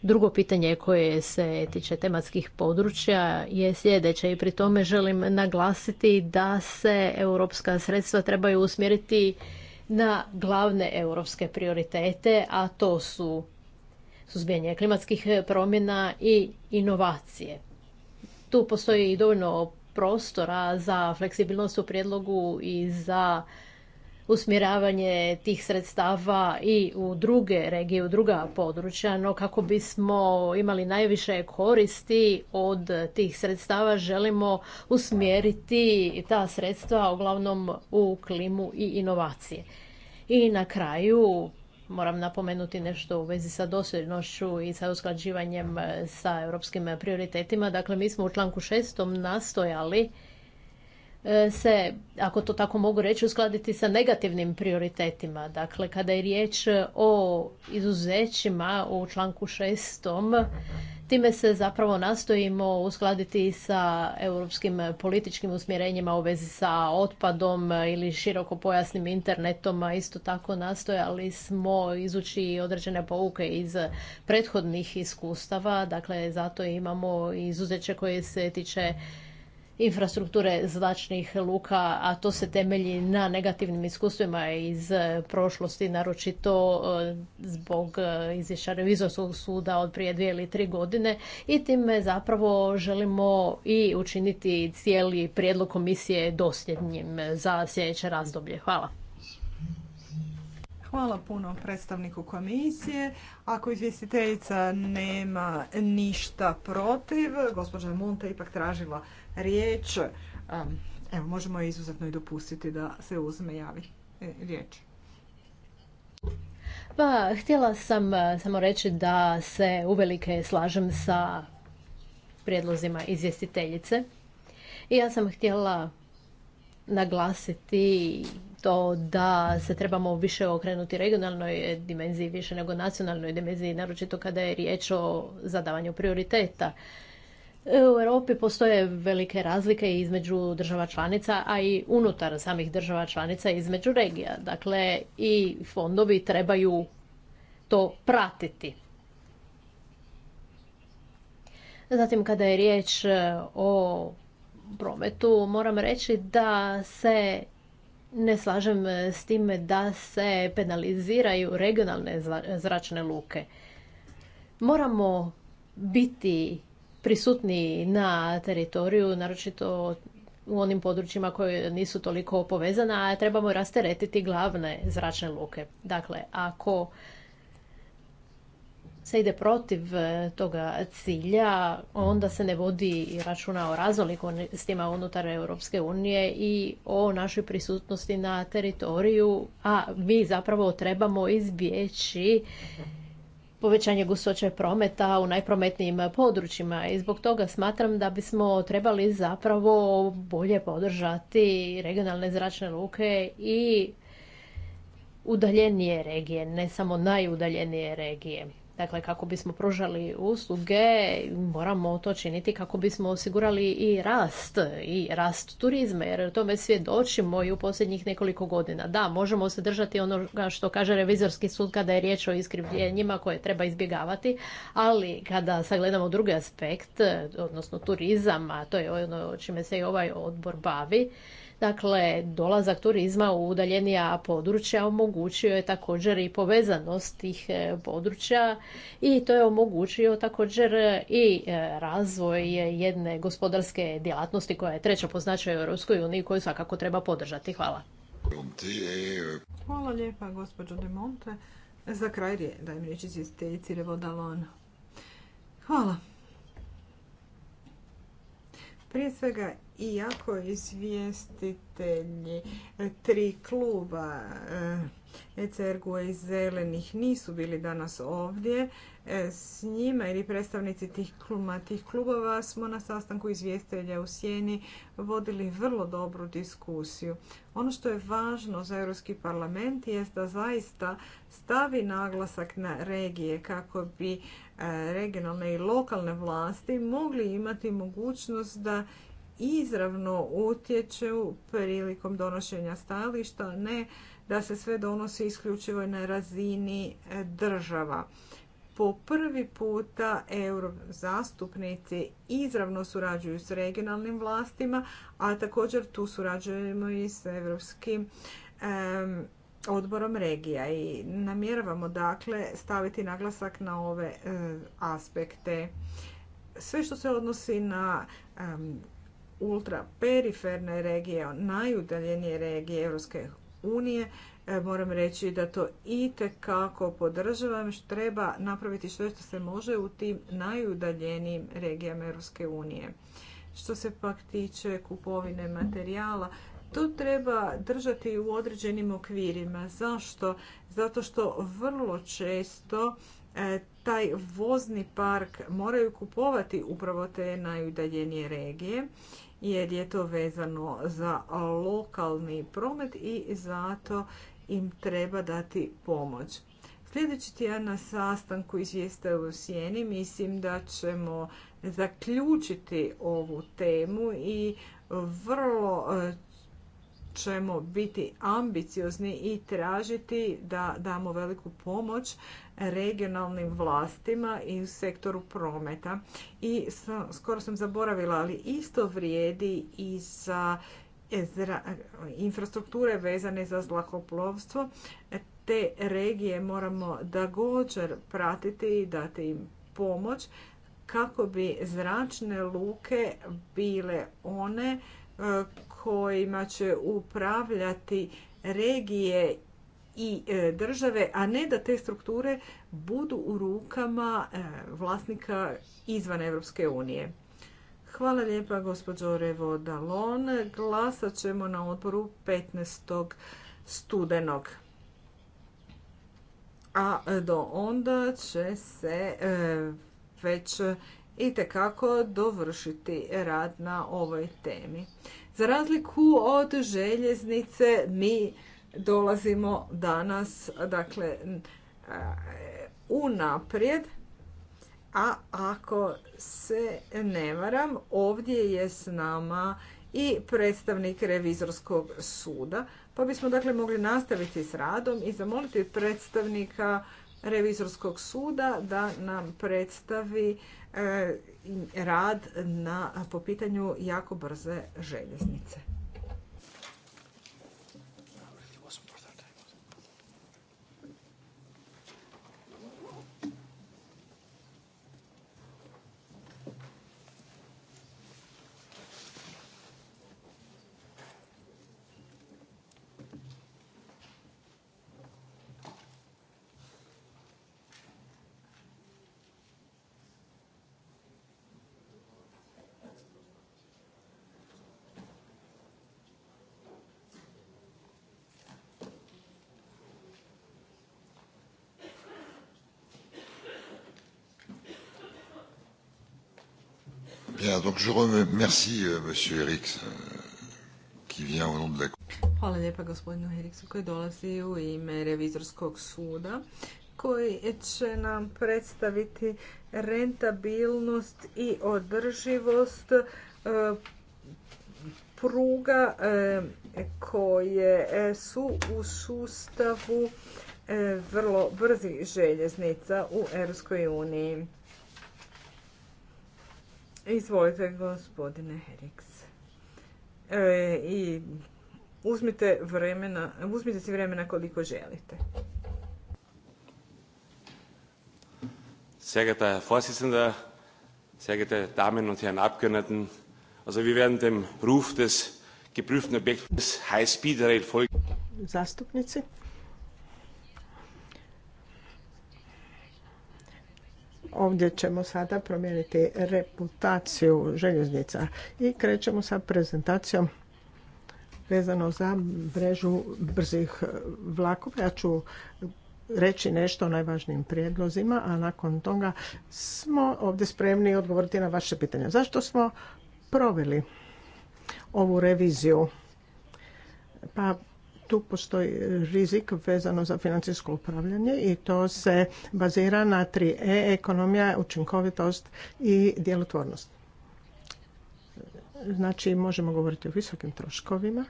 drugo pitanje koje se tiče tematskih područja je sljedeće i pri tome želim naglasiti da se europska sredstva trebaju usmjeriti na glavne europske prioritete, a to su suzbijanje klimatskih promjena i inovacije. Tu postoji i dovoljno prostora za fleksibilnost u prijedlogu i za usmjeravanje tih sredstava i u druge regije, u druga područja, no kako bismo imali najviše koristi od tih sredstava želimo usmjeriti ta sredstva uglavnom u klimu i inovacije. I na kraju moram napomenuti nešto u vezi sa dosljednošću i sa usklađivanjem sa europskim prioritetima. Dakle, mi smo u članku šestom nastojali E, se, ako to tako mogu reći, uskladiti sa negativnim prioritetima. Dakle, kada je riječ o izuzećima u članku šestom, time se zapravo nastojimo uskladiti sa europskim političkim usmjerenjima u vezi sa otpadom ili široko pojasnim internetom, a isto tako nastojali smo izući određene pouke iz prethodnih iskustava, dakle zato imamo izuzeće koje se tiče infrastrukture zračnih luka, a to se temelji na negativnim iskustvima iz prošlosti, naročito eh, zbog eh, izvješća revizorskog suda od prije dvije ili tri godine i time zapravo želimo i učiniti cijeli prijedlog komisije dosljednjim eh, za sljedeće razdoblje. Hvala. Hvala puno predstavniku komisije. Ako izvjestiteljica nema ništa protiv, gospođa Monta ipak tražila riječ. Um, evo, možemo izuzetno i dopustiti da se uzme javi e, riječ. Pa, htjela sam e, samo reći da se uvelike slažem sa prijedlozima izvjestiteljice. I ja sam htjela naglasiti to da se trebamo više okrenuti regionalnoj dimenziji više nego nacionalnoj dimenziji, naročito kada je riječ o zadavanju prioriteta. E, u Europi postoje velike razlike između država članica, a i unutar samih država članica između regija. Dakle, i fondovi trebaju to pratiti. Zatim, kada je riječ e, o prometu, moram reći da se ne slažem e, s time da se penaliziraju regionalne zračne luke. Moramo biti prisutniji na teritoriju, naročito u onim područjima koje nisu toliko povezana, a trebamo rasteretiti glavne zračne luke. Dakle, ako se ide protiv e, toga cilja, onda se ne vodi računa o tima unutar Europske unije i o našoj prisutnosti na teritoriju, a mi zapravo trebamo izbjeći povećanje gustoće prometa u najprometnijim područjima i zbog toga smatram da bismo trebali zapravo bolje podržati regionalne zračne luke i udaljenije regije, ne samo najudaljenije regije. Dakle, kako bismo pružali usluge, moramo to činiti kako bismo osigurali i rast, i rast turizma, jer tome svjedočimo i u posljednjih nekoliko godina. Da, možemo se držati ono što kaže revizorski sud kada je riječ o iskrivljenjima koje treba izbjegavati, ali kada sagledamo drugi aspekt, odnosno turizam, a to je ono čime se i ovaj odbor bavi, Dakle, dolazak turizma u udaljenija područja omogućio je također i povezanost tih e, područja i to je omogućio također e, i e, razvoj jedne gospodarske djelatnosti koja je treća po u Europskoj uniji koju svakako treba podržati. Hvala. Hvala lijepa, gospođo De Monte. Za kraj dajem i Revodalon. Hvala. Prije svega iako izvjestitelji e, tri kluba e, ecrg i Zelenih nisu bili danas ovdje, e, s njima ili predstavnici tih, tih klubova smo na sastanku izvjestitelja u Sjeni vodili vrlo dobru diskusiju. Ono što je važno za Europski parlament je da zaista stavi naglasak na regije kako bi regionalne i lokalne vlasti mogli imati mogućnost da izravno utječu prilikom donošenja stajališta, ne da se sve donosi isključivo na razini e, država. Po prvi puta euro zastupnici izravno surađuju s regionalnim vlastima, a također tu surađujemo i s Europskim odborom regija i namjeravamo dakle staviti naglasak na ove e, aspekte. Sve što se odnosi na ultraperiferne regije, najudaljenije regije Europske unije, e, moram reći da to itekako podržavam, treba napraviti sve što se može u tim najudaljenijim regijama Europske unije. Što se pak tiče kupovine materijala, to treba držati u određenim okvirima. Zašto? Zato što vrlo često e, taj vozni park moraju kupovati upravo te najudaljenije regije jer je to vezano za lokalni promet i zato im treba dati pomoć. Sljedeći tjedan na sastanku izvijesta u Sjeni mislim da ćemo zaključiti ovu temu i vrlo e, ćemo biti ambiciozni i tražiti da damo veliku pomoć regionalnim vlastima i u sektoru prometa. I skoro sam zaboravila, ali isto vrijedi i za infrastrukture vezane za zlakoplovstvo. Te regije moramo gođer pratiti i dati im pomoć kako bi zračne luke bile one e, kojima će upravljati regije i e, države, a ne da te strukture budu u rukama e, vlasnika izvan Europske unije. Hvala lijepa gospođo Revo Dalon. Glasat ćemo na odboru 15. studenog. A do onda će se e, već i tekako dovršiti rad na ovoj temi. Za razliku od željeznice mi dolazimo danas dakle unaprijed a ako se ne varam ovdje je s nama i predstavnik revizorskog suda pa bismo dakle mogli nastaviti s radom i zamoliti predstavnika revizorskog suda da nam predstavi e, rad na, po pitanju jako brze željeznice. Hvala lijepa gospodinu Heriksu koji dolazi u ime revizorskog suda koji će nam predstaviti rentabilnost i održivost e, pruga e, koje su u sustavu e, vrlo brzih željeznica u eu uniji. Izvolite, gospodine Heriks. E, I uzmite, vremena, uzmite si vremena koliko želite. Sehr geehrter Herr Vorsitzender, sehr geehrte Damen und Herren Abgeordneten, also wir werden dem Ruf des geprüften Objektes High Speed Rail folgen. Zastupnici, Ovdje ćemo sada promijeniti reputaciju željeznica i krećemo sa prezentacijom vezano za mrežu brzih vlakova. Ja ću reći nešto o najvažnijim prijedlozima, a nakon toga smo ovdje spremni odgovoriti na vaše pitanje. Zašto smo proveli ovu reviziju? Pa tu postoji rizik vezano za financijsko upravljanje i to se bazira na tri E, ekonomija, učinkovitost i djelotvornost. Znači možemo govoriti o visokim troškovima,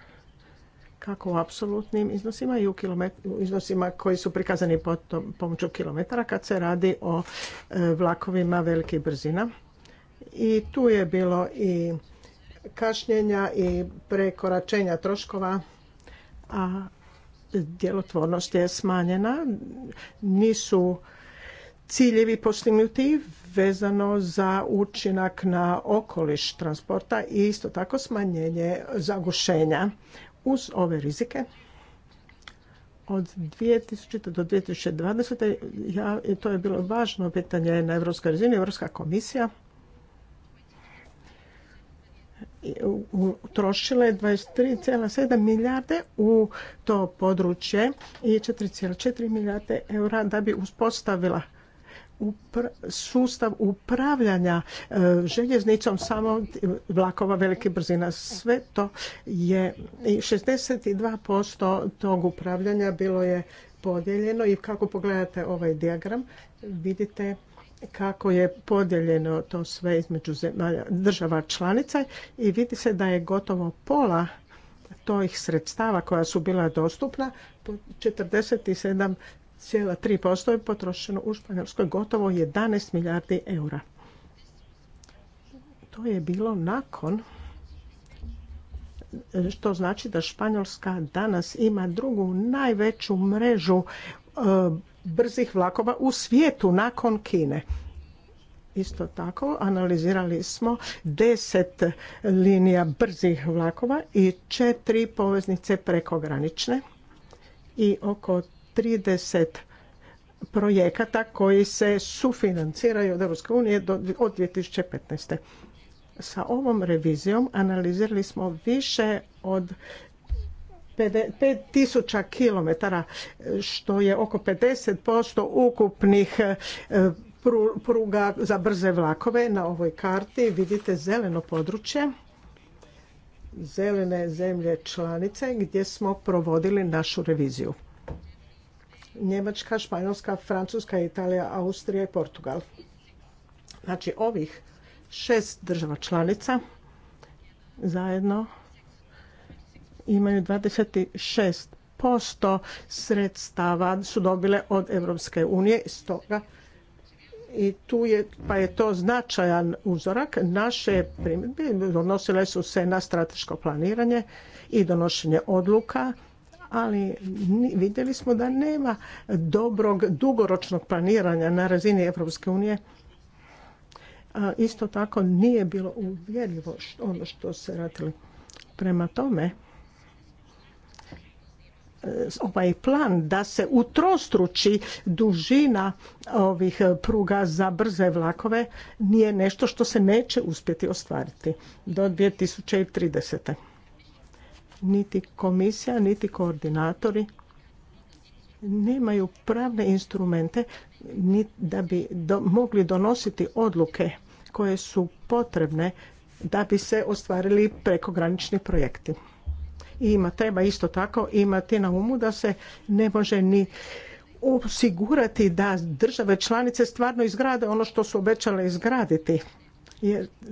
kako u apsolutnim iznosima i u iznosima koji su prikazani potom, pomoću kilometara kad se radi o e, vlakovima velikih brzina. I tu je bilo i kašnjenja i prekoračenja troškova a djelotvornost je smanjena. Nisu ciljevi postignuti vezano za učinak na okoliš transporta i isto tako smanjenje zagušenja. Uz ove rizike od 2000. do 2020. Ja, to je bilo važno pitanje na Europskoj razini. Europska komisija utrošile 23,7 milijarde u to područje i 4,4 milijarde eura da bi uspostavila sustav upravljanja e, željeznicom samo vlakova velike brzina. Sve to je 62% tog upravljanja bilo je podijeljeno i kako pogledate ovaj dijagram vidite kako je podijeljeno to sve između zemalja, država članica i vidi se da je gotovo pola tojih sredstava koja su bila dostupna, 47,3% je potrošeno u Španjolskoj, gotovo 11 milijardi eura. To je bilo nakon što znači da Španjolska danas ima drugu najveću mrežu e, brzih vlakova u svijetu nakon Kine. Isto tako analizirali smo deset linija brzih vlakova i četiri poveznice prekogranične i oko 30 projekata koji se sufinanciraju od EU od 2015. Sa ovom revizijom analizirali smo više od 5000 km, što je oko 50% ukupnih e, pruga za brze vlakove. Na ovoj karti vidite zeleno područje, zelene zemlje članice gdje smo provodili našu reviziju. Njemačka, Španjolska, Francuska, Italija, Austrija i Portugal. Znači ovih šest država članica zajedno imaju 26% sredstava su dobile od Europske unije i stoga i tu je, pa je to značajan uzorak. Naše primjedbe odnosile su se na strateško planiranje i donošenje odluka, ali vidjeli smo da nema dobrog dugoročnog planiranja na razini Europske unije. Isto tako nije bilo uvjerljivo ono što se radili. Prema tome, ovaj plan da se utrostruči dužina ovih pruga za brze vlakove nije nešto što se neće uspjeti ostvariti do 2030. Niti komisija, niti koordinatori nemaju pravne instrumente da bi mogli donositi odluke koje su potrebne da bi se ostvarili prekogranični projekti. I ima, treba isto tako imati na umu da se ne može ni osigurati da države članice stvarno izgrade ono što su obećale izgraditi.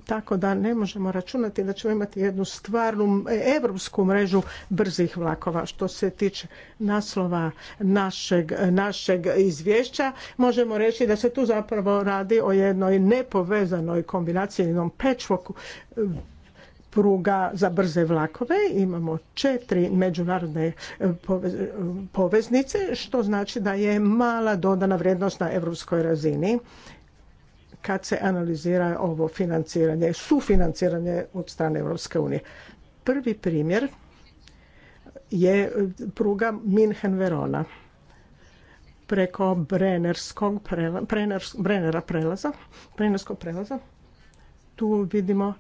tako da ne možemo računati da ćemo imati jednu stvarnu europsku mrežu brzih vlakova. Što se tiče naslova našeg, našeg izvješća, možemo reći da se tu zapravo radi o jednoj nepovezanoj kombinaciji, jednom pečvoku pruga za brze vlakove, imamo četiri međunarodne poveznice, što znači da je mala dodana vrijednost na europskoj razini kad se analizira ovo financiranje, sufinanciranje od strane Europske unije. Prvi primjer je pruga Minhen-Verona preko prelaza, Brenerskog prelaza. Tu vidimo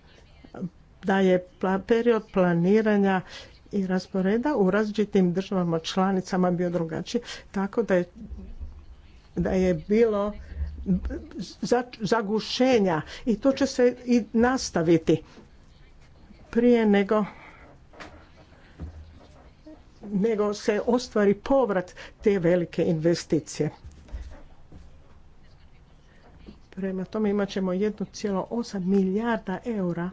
da je period planiranja i rasporeda u različitim državama članicama bio drugačiji, tako da je, da je bilo zagušenja i to će se i nastaviti prije nego nego se ostvari povrat te velike investicije. Prema tome imat ćemo 1,8 milijarda eura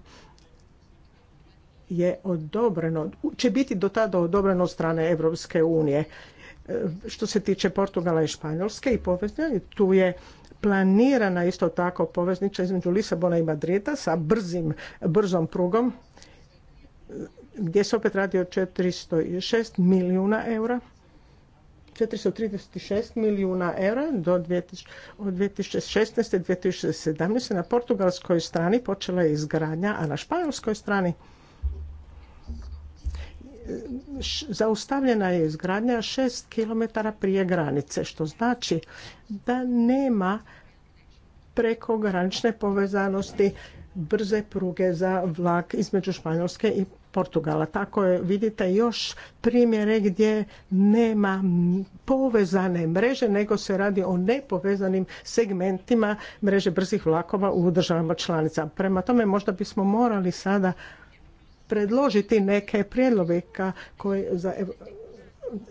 je odobreno, će biti do tada odobreno od strane Europske unije. E, što se tiče Portugala i Španjolske i poveznje, tu je planirana isto tako poveznica između Lisabona i Madrida sa brzim, brzom prugom gdje se opet radi o 406 milijuna eura. 436 milijuna eura do od 2016. 2017. Na portugalskoj strani počela je izgradnja, a na španjolskoj strani zaustavljena je izgradnja šest km prije granice, što znači da nema prekogranične povezanosti brze pruge za vlak između Španjolske i Portugala. Tako je, vidite još primjere gdje nema povezane mreže, nego se radi o nepovezanim segmentima mreže brzih vlakova u državama članica. Prema tome možda bismo morali sada predložiti neke prijedloge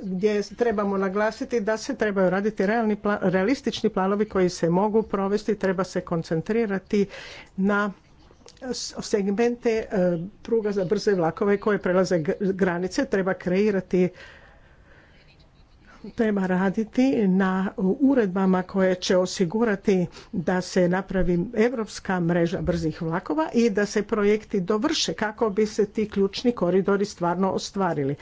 gdje trebamo naglasiti da se trebaju raditi realistični planovi koji se mogu provesti, treba se koncentrirati na segmente e, pruga za brze vlakove koje prelaze granice, treba kreirati treba raditi na uredbama koje će osigurati da se napravi europska mreža brzih vlakova i da se projekti dovrše kako bi se ti ključni koridori stvarno ostvarili.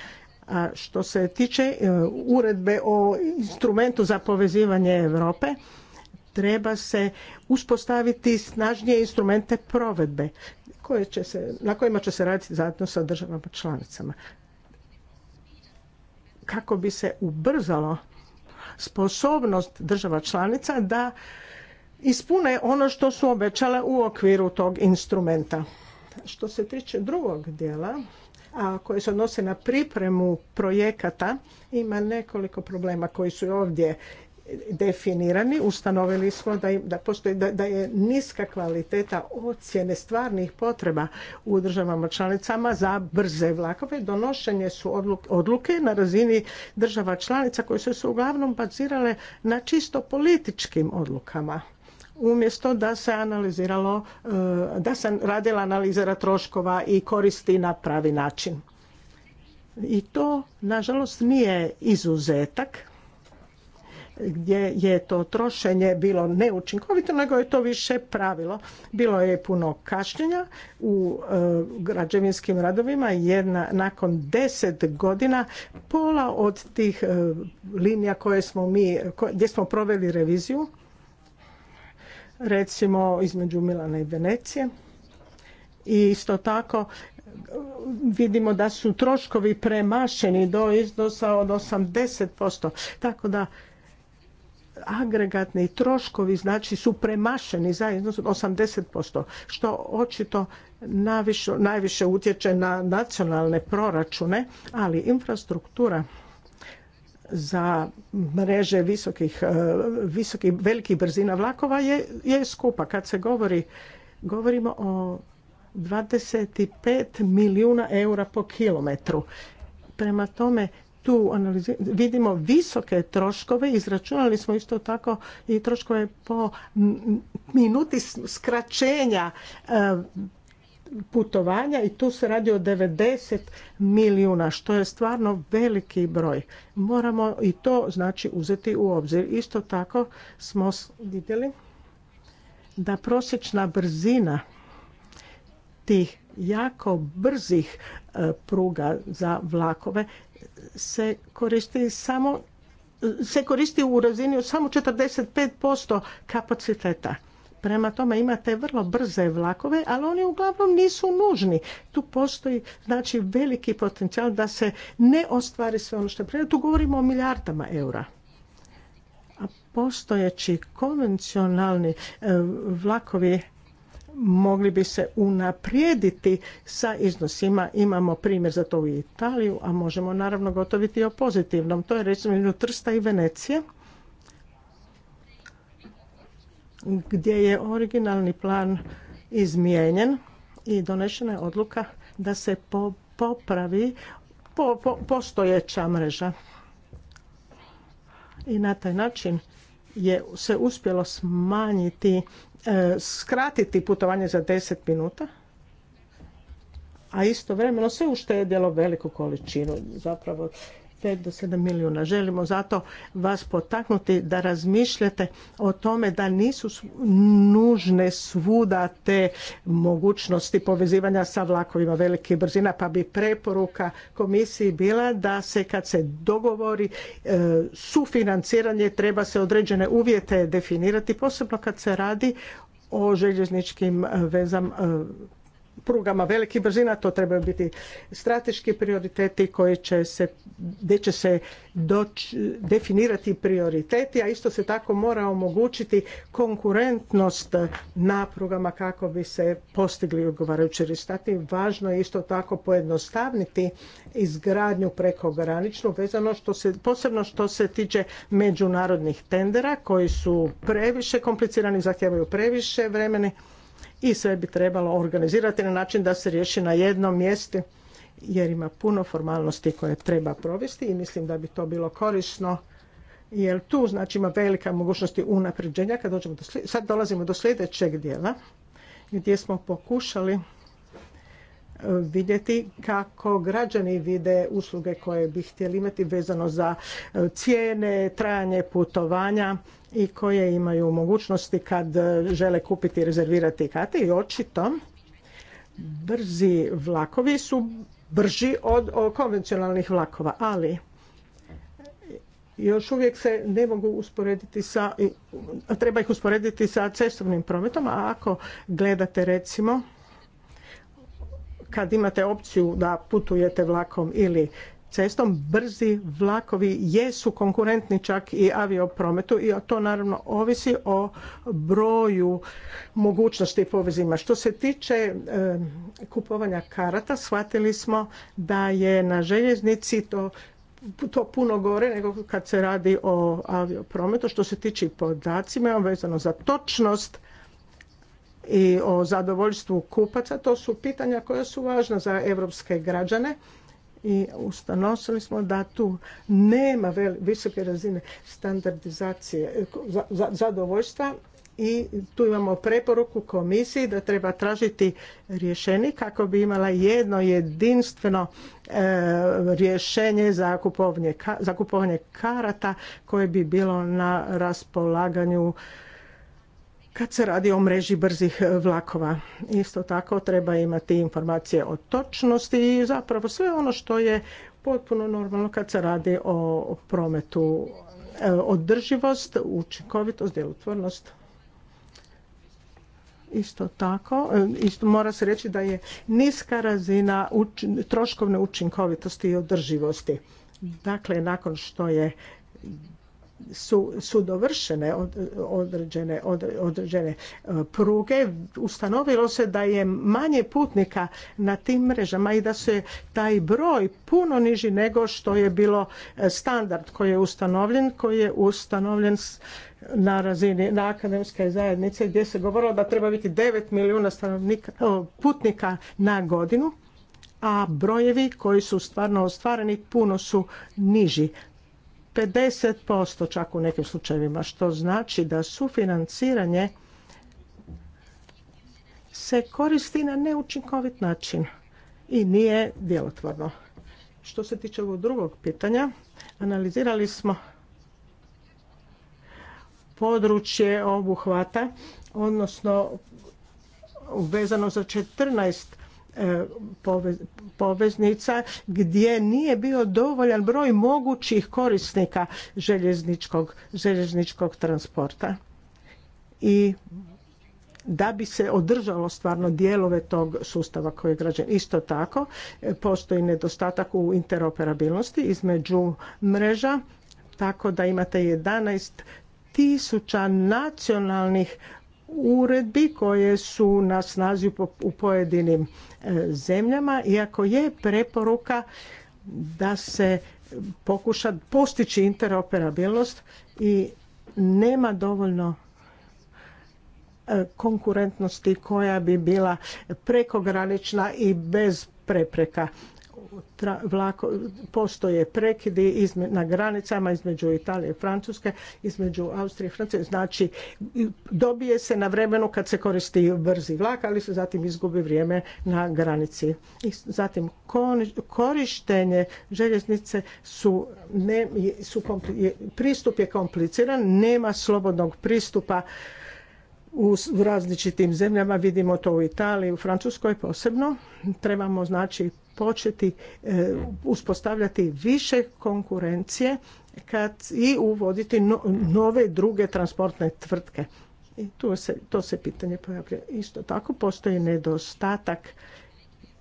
A što se tiče e, uredbe o instrumentu za povezivanje Europe, treba se uspostaviti snažnije instrumente provedbe koje će se, na kojima će se raditi zajedno sa državama članicama kako bi se ubrzalo sposobnost država članica da ispune ono što su obećale u okviru tog instrumenta. Što se tiče drugog dijela, a koje se odnose na pripremu projekata, ima nekoliko problema koji su ovdje definirani, ustanovili smo da, da, postoji, da, je niska kvaliteta ocjene stvarnih potreba u državama članicama za brze vlakove. Donošenje su odluke, na razini država članica koje su se uglavnom bazirale na čisto političkim odlukama umjesto da se analiziralo, eh, da se radila analizera troškova i koristi na pravi način. I to, nažalost, nije izuzetak gdje je to trošenje bilo neučinkovito, nego je to više pravilo. Bilo je puno kašnjenja u e, građevinskim radovima jer nakon deset godina pola od tih e, linija koje smo mi, gdje smo proveli reviziju, recimo između Milana i Venecije, i isto tako vidimo da su troškovi premašeni do iznosa od 80%. Tako da agregatni troškovi znači su premašeni za iznos 80%, što očito najviše utječe na nacionalne proračune, ali infrastruktura za mreže visokih, e, visokih velikih brzina vlakova je, je skupa. Kad se govori, govorimo o 25 milijuna eura po kilometru. Prema tome, tu vidimo visoke troškove, izračunali smo isto tako i troškove po minuti skraćenja eh, putovanja i tu se radi o 90 milijuna, što je stvarno veliki broj. Moramo i to znači uzeti u obzir. Isto tako smo vidjeli da prosječna brzina tih jako brzih e, pruga za vlakove se koristi samo se koristi u razini od samo 45% kapaciteta. Prema tome imate vrlo brze vlakove, ali oni uglavnom nisu nužni. Tu postoji znači veliki potencijal da se ne ostvari sve ono što je Tu govorimo o milijardama eura. A postojeći konvencionalni e, vlakovi mogli bi se unaprijediti sa iznosima. Imamo primjer za to u Italiju, a možemo naravno gotoviti o pozitivnom. To je recimo Trsta i Venecije, gdje je originalni plan izmijenjen i donešena je odluka da se popravi postojeća mreža. I na taj način je se uspjelo smanjiti E, skratiti putovanje za 10 minuta, a istovremeno se uštedjelo veliku količinu zapravo 5 do 7 milijuna. Želimo zato vas potaknuti da razmišljate o tome da nisu nužne svuda te mogućnosti povezivanja sa vlakovima velike brzina, pa bi preporuka komisiji bila da se kad se dogovori e, sufinanciranje treba se određene uvjete definirati, posebno kad se radi o željezničkim vezama e, prugama velikih brzina, to trebaju biti strateški prioriteti koji će se, gdje će se definirati prioriteti, a isto se tako mora omogućiti konkurentnost na prugama kako bi se postigli odgovarajući rezultati. Važno je isto tako pojednostavniti izgradnju prekograničnu vezano što se, posebno što se tiče međunarodnih tendera koji su previše komplicirani, zahtijevaju previše vremena i sve bi trebalo organizirati na način da se riješi na jednom mjestu jer ima puno formalnosti koje treba provesti i mislim da bi to bilo korisno jer tu znači ima velika mogućnosti unapređenja kad dođemo do sad dolazimo do sljedećeg dijela gdje smo pokušali e, vidjeti kako građani vide usluge koje bi htjeli imati vezano za e, cijene, trajanje putovanja i koje imaju mogućnosti kad e, žele kupiti i rezervirati kate i očito brzi vlakovi su brži od konvencionalnih vlakova, ali još uvijek se ne mogu usporediti sa, treba ih usporediti sa cestovnim prometom, a ako gledate recimo kad imate opciju da putujete vlakom ili cestom. Brzi vlakovi jesu konkurentni čak i avioprometu i to naravno ovisi o broju mogućnosti povezima. Što se tiče kupovanja karata, shvatili smo da je na željeznici to to puno gore nego kad se radi o avioprometu. Što se tiče podacima, vezano za točnost i o zadovoljstvu kupaca, to su pitanja koja su važna za evropske građane i ustanosili smo da tu nema visoke razine standardizacije e, zadovoljstva i tu imamo preporuku komisiji da treba tražiti rješenje kako bi imala jedno jedinstveno e, rješenje za kupovanje, za kupovanje karata koje bi bilo na raspolaganju kad se radi o mreži brzih e, vlakova. Isto tako treba imati informacije o točnosti i zapravo sve ono što je potpuno normalno kad se radi o prometu. E, održivost, učinkovitost, djelotvornost. Isto tako, e, isto mora se reći da je niska razina troškovne učinkovitosti i održivosti. Dakle, nakon što je su, su dovršene određene, određene e, pruge, ustanovilo se da je manje putnika na tim mrežama i da se taj broj puno niži nego što je bilo e, standard koji je ustanovljen, koji je ustanovljen na razini na akademske zajednice gdje se govorilo da treba biti 9 milijuna stanovnika, e, putnika na godinu a brojevi koji su stvarno ostvareni puno su niži. 50% čak u nekim slučajevima, što znači da sufinanciranje se koristi na neučinkovit način i nije djelotvorno. Što se tiče ovog drugog pitanja, analizirali smo područje obuhvata, odnosno vezano za E, poveznica gdje nije bio dovoljan broj mogućih korisnika željezničkog, transporta i da bi se održalo stvarno dijelove tog sustava koji je građen. Isto tako e, postoji nedostatak u interoperabilnosti između mreža tako da imate 11 tisuća nacionalnih uredbi koje su na snazi u pojedinim e, zemljama iako je preporuka da se pokuša postići interoperabilnost i nema dovoljno e, konkurentnosti koja bi bila prekogranična i bez prepreka vlako, postoje prekidi na granicama između Italije i Francuske, između Austrije i Francuske. Znači, dobije se na vremenu kad se koristi brzi vlak, ali se zatim izgubi vrijeme na granici. I zatim, korištenje željeznice su, ne, su pristup je kompliciran, nema slobodnog pristupa u različitim zemljama, vidimo to u Italiji, u Francuskoj posebno. Trebamo znači početi e, uspostavljati više konkurencije kad i uvoditi nove druge transportne tvrtke. I tu se, to se pitanje pojavlja. Isto tako postoji nedostatak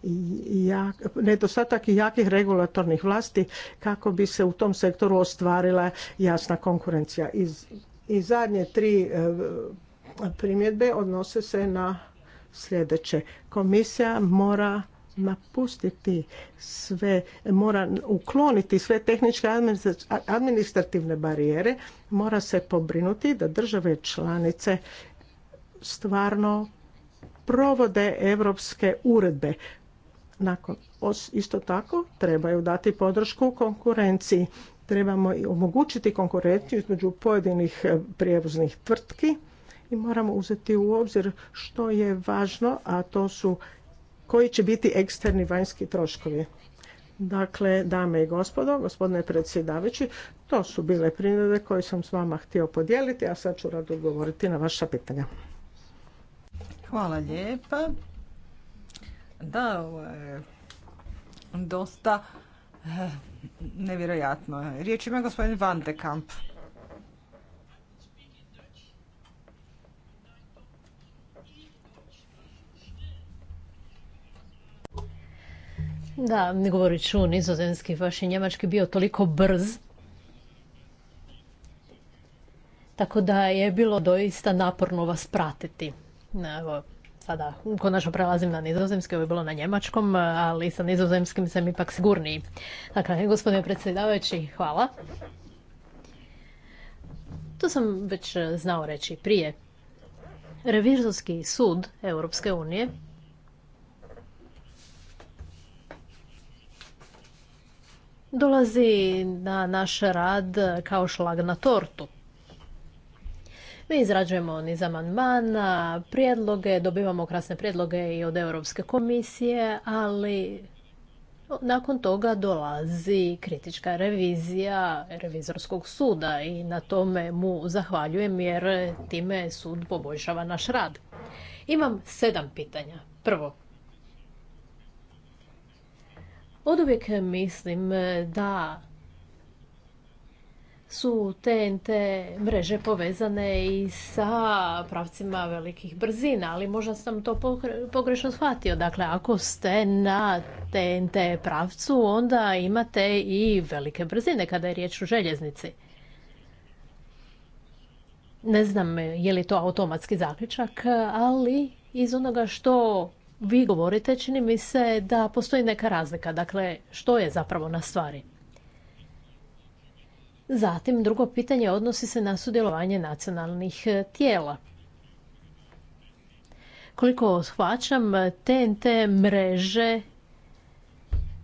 i jak, nedostatak i jakih regulatornih vlasti kako bi se u tom sektoru ostvarila jasna konkurencija. Iz, i zadnje tri e, primjedbe odnose se na sljedeće. Komisija mora napustiti sve, mora ukloniti sve tehničke administrativne barijere, mora se pobrinuti da države članice stvarno provode europske uredbe. Nakon, isto tako trebaju dati podršku konkurenciji. Trebamo i omogućiti konkurenciju između pojedinih eh, prijevoznih tvrtki i moramo uzeti u obzir što je važno, a to su koji će biti eksterni vanjski troškovi. Dakle, dame i gospodo, gospodine predsjedavajući, to su bile primjedbe koje sam s vama htio podijeliti, a sad ću rado odgovoriti na vaša pitanja. Hvala lijepa. Da, ovo je dosta eh, nevjerojatno. Riječ ima gospodin Van de Kamp. Da, govorit ću nizozemski, vaš je njemački bio toliko brz. Tako da je bilo doista naporno vas pratiti. Evo, sada konačno prelazim na nizozemski, ovo je bilo na njemačkom, ali sa nizozemskim sam ipak sigurniji. Dakle, gospodine predsjedavajući, hvala. To sam već znao reći prije. Revizorski sud Europske unije dolazi na naš rad kao šlag na tortu. Mi izrađujemo niz amandmana, prijedloge, dobivamo krasne prijedloge i od Europske komisije, ali nakon toga dolazi kritička revizija revizorskog suda i na tome mu zahvaljujem jer time sud poboljšava naš rad. Imam sedam pitanja. Prvo, od uvijek mislim e, da su TNT mreže povezane i sa pravcima velikih brzina, ali možda sam to pogrešno shvatio. Dakle, ako ste na TNT pravcu, onda imate i velike brzine kada je riječ o željeznici. Ne znam je li to automatski zaključak, ali iz onoga što vi govorite, čini mi se da postoji neka razlika. Dakle, što je zapravo na stvari? Zatim, drugo pitanje odnosi se na sudjelovanje nacionalnih eh, tijela. Koliko shvaćam, TNT mreže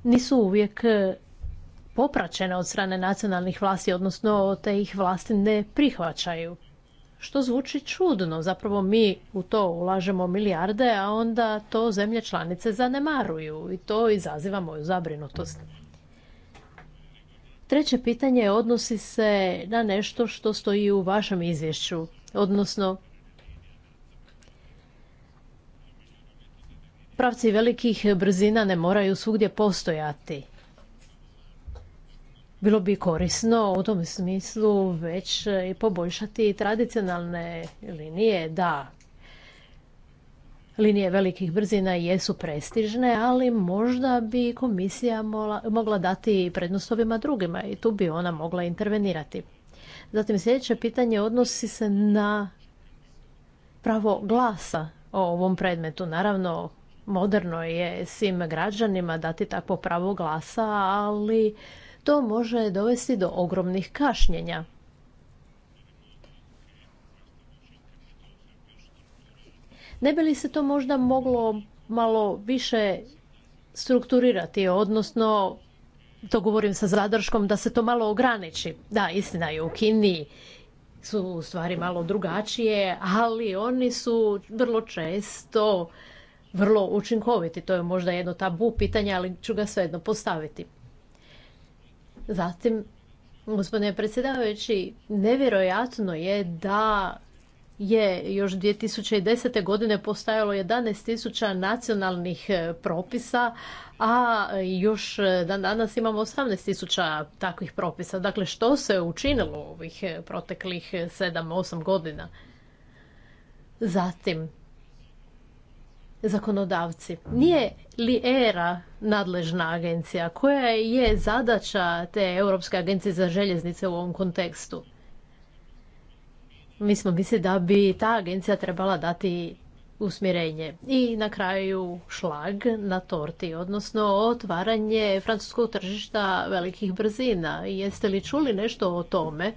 nisu uvijek eh, popraćene od strane nacionalnih vlasti, odnosno te ih vlasti ne prihvaćaju što zvuči čudno. Zapravo mi u to ulažemo milijarde, a onda to zemlje članice zanemaruju i to izaziva moju zabrinutost. Treće pitanje odnosi se na nešto što stoji u vašem izvješću, odnosno pravci velikih brzina ne moraju svugdje postojati bilo bi korisno u tom smislu već e, i poboljšati tradicionalne linije, da linije velikih brzina jesu prestižne, ali možda bi komisija mogla dati prednost ovima drugima i tu bi ona mogla intervenirati. Zatim sljedeće pitanje odnosi se na pravo glasa o ovom predmetu. Naravno, moderno je svim građanima dati takvo pravo glasa, ali to može dovesti do ogromnih kašnjenja. Ne bi li se to možda moglo malo više strukturirati, odnosno to govorim sa zadrškom da se to malo ograniči. Da, istina je u Kini su stvari malo drugačije, ali oni su vrlo često vrlo učinkoviti. To je možda jedno tabu pitanje, ali ću ga svejedno postaviti. Zatim, gospodine predsjedavajući, nevjerojatno je da je još 2010. godine postajalo 11.000 nacionalnih e, propisa, a još dan danas imamo 18.000 takvih propisa. Dakle, što se učinilo ovih e, proteklih 7-8 godina? Zatim, zakonodavci. Nije li ERA nadležna agencija? Koja je zadaća te Europske agencije za željeznice u ovom kontekstu? Mi smo mislili da bi ta agencija trebala dati usmjerenje. I na kraju šlag na torti, odnosno otvaranje francuskog tržišta velikih brzina. Jeste li čuli nešto o tome?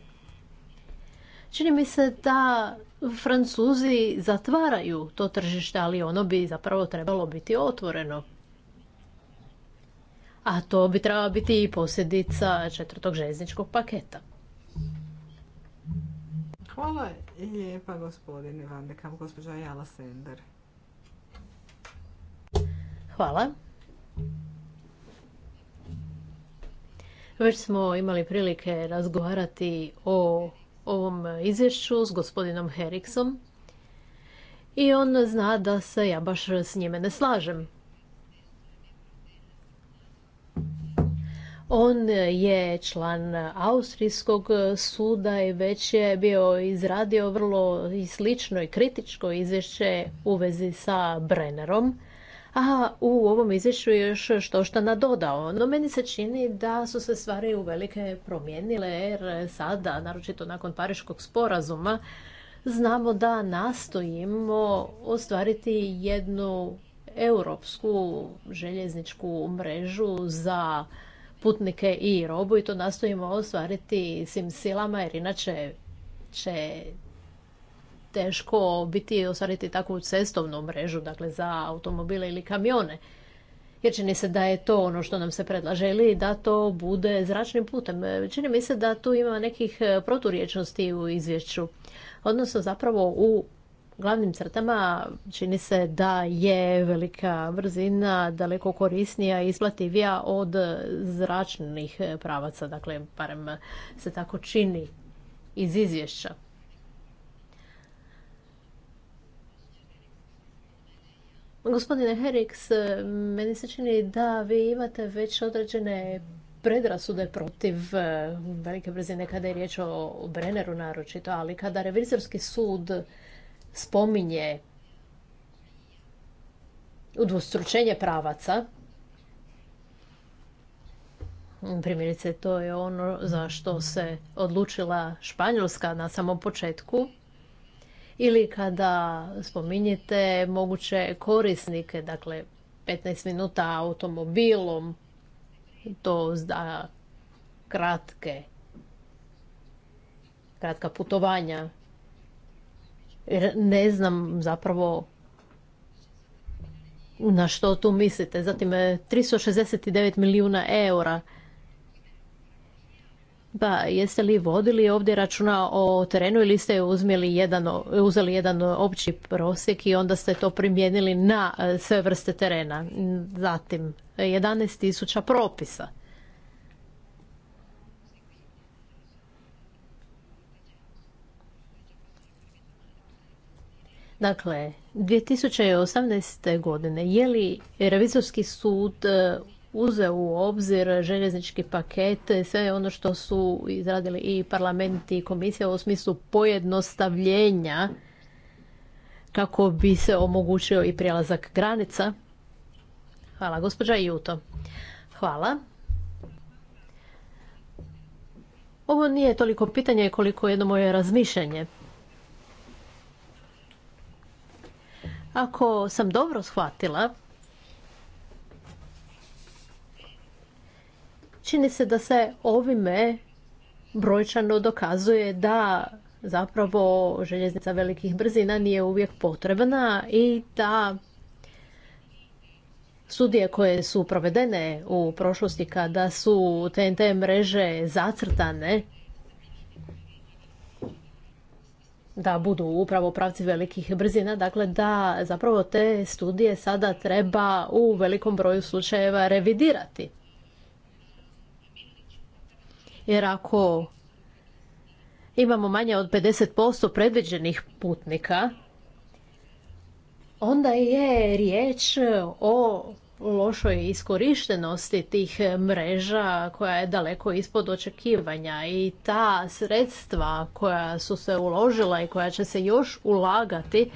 Čini mi se da Francuzi zatvaraju to tržište, ali ono bi zapravo trebalo biti otvoreno. A to bi trebalo biti i posljedica četvrtog željezničkog paketa. Hvala lijepa gospodine Vandekam, gospođa Jala Sender. Hvala. Već smo imali prilike razgovarati o ovom izvješću s gospodinom Heriksom i on zna da se ja baš s njime ne slažem. On je član Austrijskog suda i već je bio izradio vrlo slično i kritičko izvješće u vezi sa Brennerom a u ovom izvješću je još što što nadodao. No meni se čini da su se stvari uvelike promijenile jer sada, naročito nakon Pariškog sporazuma, znamo da nastojimo ostvariti jednu europsku željezničku mrežu za putnike i robu i to nastojimo ostvariti svim silama jer inače će teško biti ostvariti takvu cestovnu mrežu, dakle za automobile ili kamione. Jer čini se da je to ono što nam se predlaže ili da to bude zračnim putem. Čini mi se da tu ima nekih proturječnosti u izvješću. Odnosno zapravo u glavnim crtama čini se da je velika brzina daleko korisnija i isplativija od zračnih pravaca. Dakle, barem se tako čini iz izvješća. Gospodine Heriks, e, meni se čini da vi imate već određene predrasude protiv e, velike brzine kada je riječ o Brenneru naročito, ali kada revizorski sud spominje udvostručenje pravaca, primjerice to je ono za što se odlučila Španjolska na samom početku, ili kada spominjete moguće korisnike, dakle 15 minuta automobilom, to za kratke, kratka putovanja. Jer ne znam zapravo na što tu mislite. Zatim 369 e, milijuna eura. Pa jeste li vodili ovdje računa o terenu ili ste uzmjeli jedan, uzeli jedan opći prosjek i onda ste to primijenili na e, sve vrste terena? Zatim, 11.000 propisa. Dakle, 2018. godine je li Revizorski sud e, uze u obzir željeznički paket, sve ono što su izradili i parlament i komisija u smislu pojednostavljenja kako bi se omogućio i prijelazak granica. Hvala, gospođa Juto. Hvala. Ovo nije toliko pitanje koliko jedno moje razmišljanje. Ako sam dobro shvatila, Čini se da se ovime brojčano dokazuje da zapravo željeznica velikih brzina nije uvijek potrebna i da studije koje su provedene u prošlosti kada su TNT mreže zacrtane da budu upravo pravci velikih brzina, dakle da zapravo te studije sada treba u velikom broju slučajeva revidirati. Jer ako imamo manje od 50% predviđenih putnika, onda je riječ o lošoj iskorištenosti tih mreža koja je daleko ispod očekivanja i ta sredstva koja su se uložila i koja će se još ulagati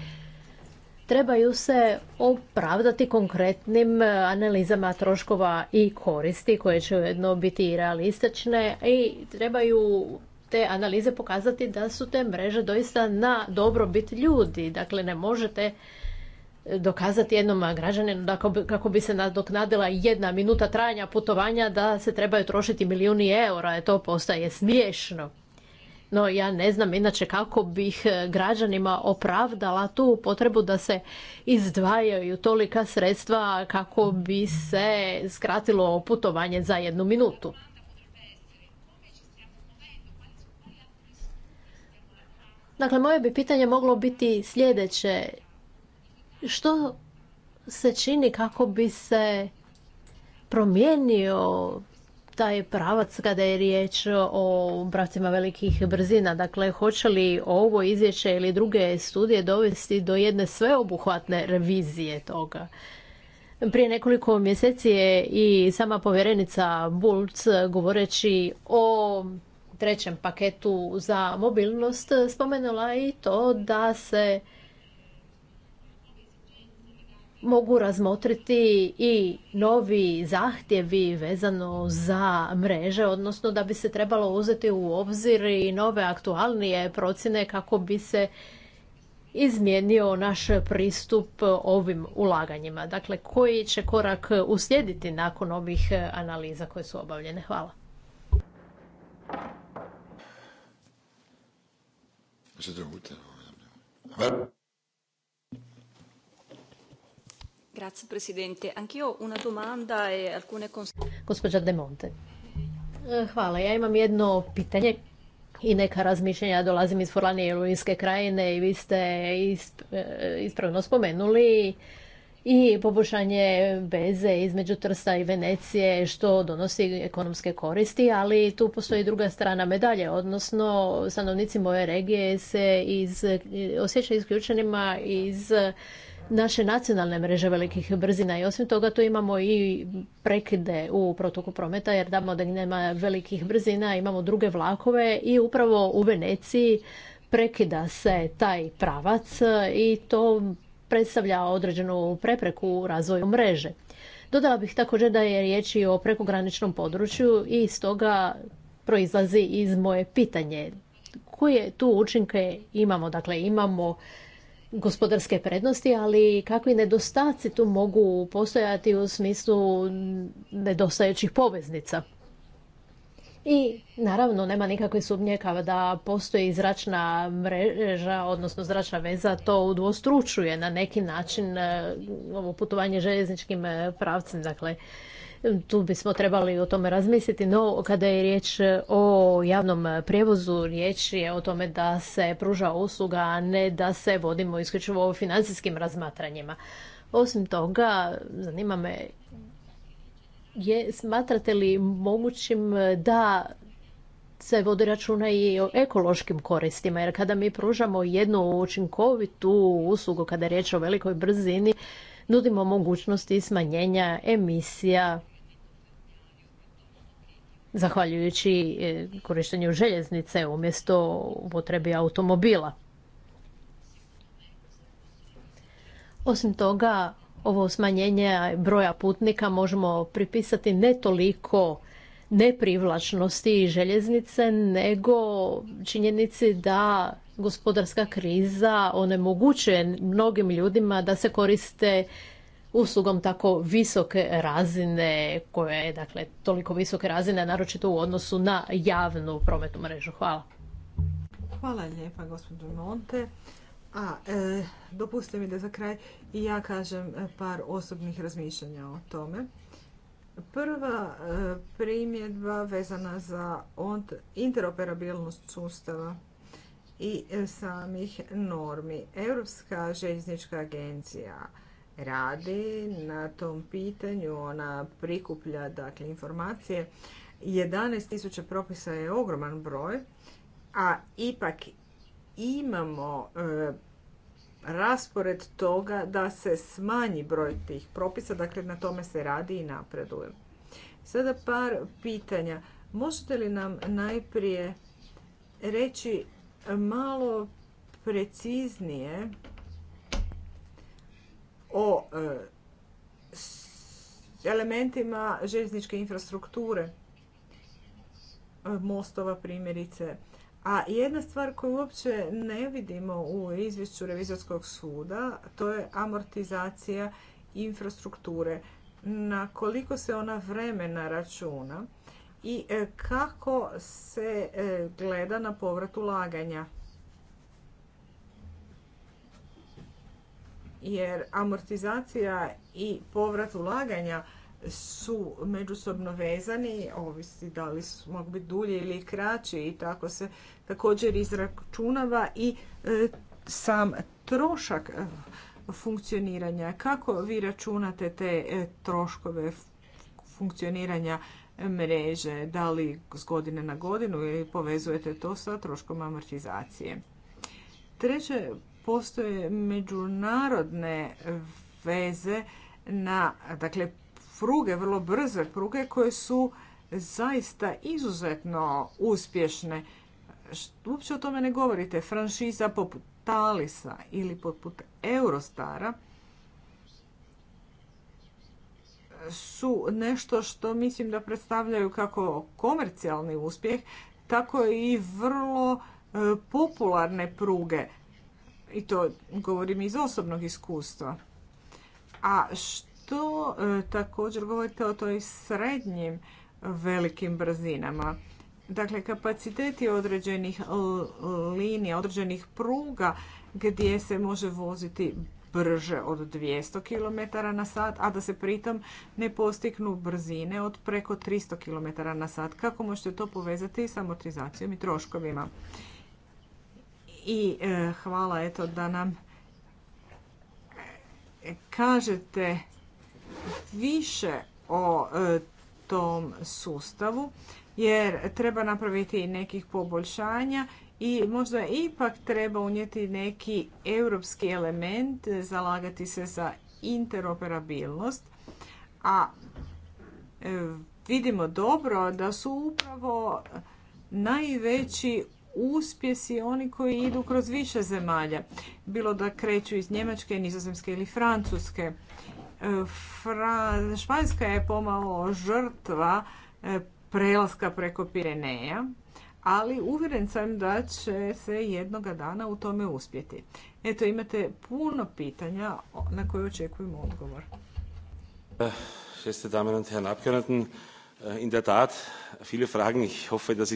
trebaju se opravdati konkretnim eh, analizama troškova i koristi koje će ujedno biti realistične i trebaju te analize pokazati da su te mreže doista na dobrobit ljudi. Dakle, ne možete eh, dokazati jednom eh, građaninu da kako bi se nadoknadila jedna minuta trajanja putovanja da se trebaju trošiti milijuni eura. E, to postaje smiješno. No ja ne znam inače kako bih e, građanima opravdala tu potrebu da se izdvajaju tolika sredstva kako bi se skratilo putovanje za jednu minutu. Dakle, moje bi pitanje moglo biti sljedeće. Što se čini kako bi se promijenio taj pravac kada je riječ o pravcima velikih brzina. Dakle, hoće li ovo izvješće ili druge studije dovesti do jedne sveobuhvatne revizije toga? Prije nekoliko mjeseci je i sama povjerenica Bulc govoreći o trećem paketu za mobilnost spomenula i to da se mogu razmotriti i novi zahtjevi vezano za mreže, odnosno da bi se trebalo uzeti u obzir i nove aktualnije procjene kako bi se izmijenio naš pristup ovim ulaganjima. Dakle, koji će korak uslijediti nakon ovih analiza koje su obavljene? Hvala. Hvala. Grazie Presidente. Anch'io una domanda e alcune Gospođa De Monte. E, hvala. Ja imam jedno pitanje i neka razmišljenja. Dolazim iz Forlane i Lujinske krajine i vi ste e, ispravno spomenuli i poboljšanje veze između Trsta i Venecije što donosi ekonomske koristi, ali tu postoji druga strana medalje, odnosno stanovnici moje regije se iz, osjećaju isključenima iz naše nacionalne mreže velikih brzina i osim toga tu imamo i prekide u protoku prometa jer damo da nema velikih brzina, imamo druge vlakove i upravo u Veneciji prekida se taj pravac i to predstavlja određenu prepreku u razvoju mreže. Dodala bih također da je riječ i o prekograničnom području i stoga proizlazi iz moje pitanje. Koje tu učinke imamo? Dakle, imamo gospodarske prednosti, ali kakvi nedostaci tu mogu postojati u smislu nedostajućih poveznica. I naravno nema nikakve sumnje da postoji zračna mreža, odnosno zračna veza, to udvostručuje na neki način e, ovo putovanje željezničkim e, pravcem. Dakle, tu bismo trebali o tome razmisliti, no kada je riječ e, o javnom prijevozu, riječ je o tome da se pruža usluga, a ne da se vodimo isključivo o financijskim razmatranjima. Osim toga, zanima me, je, smatrate li mogućim e, da se vodi računa i o ekološkim koristima, jer kada mi pružamo jednu učinkovitu uslugu, kada je riječ o velikoj brzini, nudimo mogućnosti smanjenja emisija zahvaljujući e, korištenju željeznice umjesto upotrebi automobila. Osim toga, ovo smanjenje broja putnika možemo pripisati ne toliko neprivlačnosti željeznice, nego činjenici da gospodarska kriza onemogućuje mnogim ljudima da se koriste uslugom tako visoke razine, koje je dakle toliko visoke razine, naročito u odnosu na javnu prometnu mrežu. Hvala. Hvala lijepa, gospođo Monte. A, e, dopustite mi da za kraj i ja kažem e, par osobnih razmišljanja o tome. Prva e, primjedba vezana za interoperabilnost sustava i e, samih normi. Europska željeznička agencija radi na tom pitanju, ona prikuplja dakle, informacije. 11.000 propisa je ogroman broj, a ipak imamo e, raspored toga da se smanji broj tih propisa, dakle na tome se radi i napreduje. Sada par pitanja. Možete li nam najprije reći malo preciznije o e, elementima željezničke infrastrukture, e, mostova primjerice. A jedna stvar koju uopće ne vidimo u izvješću revizorskog suda, to je amortizacija infrastrukture. Na koliko se ona vremena računa i e, kako se gleda na povrat ulaganja. jer amortizacija i povrat ulaganja su međusobno vezani, ovisi da li su, mogu biti dulji ili kraći i tako se također izračunava i e, sam trošak e, funkcioniranja. Kako vi računate te e, troškove funkcioniranja mreže? Da li s godine na godinu ili povezujete to sa troškom amortizacije? Treće postoje međunarodne veze na, dakle, pruge, vrlo brze pruge koje su zaista izuzetno uspješne. Uopće o tome ne govorite. Franšiza poput Talisa ili poput Eurostara su nešto što mislim da predstavljaju kako komercijalni uspjeh, tako i vrlo e, popularne pruge i to govorim iz osobnog iskustva. A što e, također govorite o toj srednjim velikim brzinama? Dakle, kapaciteti određenih linija, određenih pruga gdje se može voziti brže od 200 km na sat, a da se pritom ne postignu brzine od preko 300 km na sat. Kako možete to povezati s amortizacijom i troškovima? i e, hvala eto da nam kažete više o e, tom sustavu jer treba napraviti nekih poboljšanja i možda ipak treba unijeti neki europski element, zalagati se za interoperabilnost. A e, vidimo dobro da su upravo najveći uspjesi oni koji idu kroz više zemalja, bilo da kreću iz Njemačke, Nizozemske ili Francuske. E, Fra Španjska je pomalo žrtva e, prelaska preko Pireneja, ali uvjeren sam da će se jednoga dana u tome uspjeti. Eto, imate puno pitanja na koje očekujemo odgovor. Šeste äh, dame i Herren Abgeordneten, äh, in der Tat viele Fragen. Ich hoffe, dass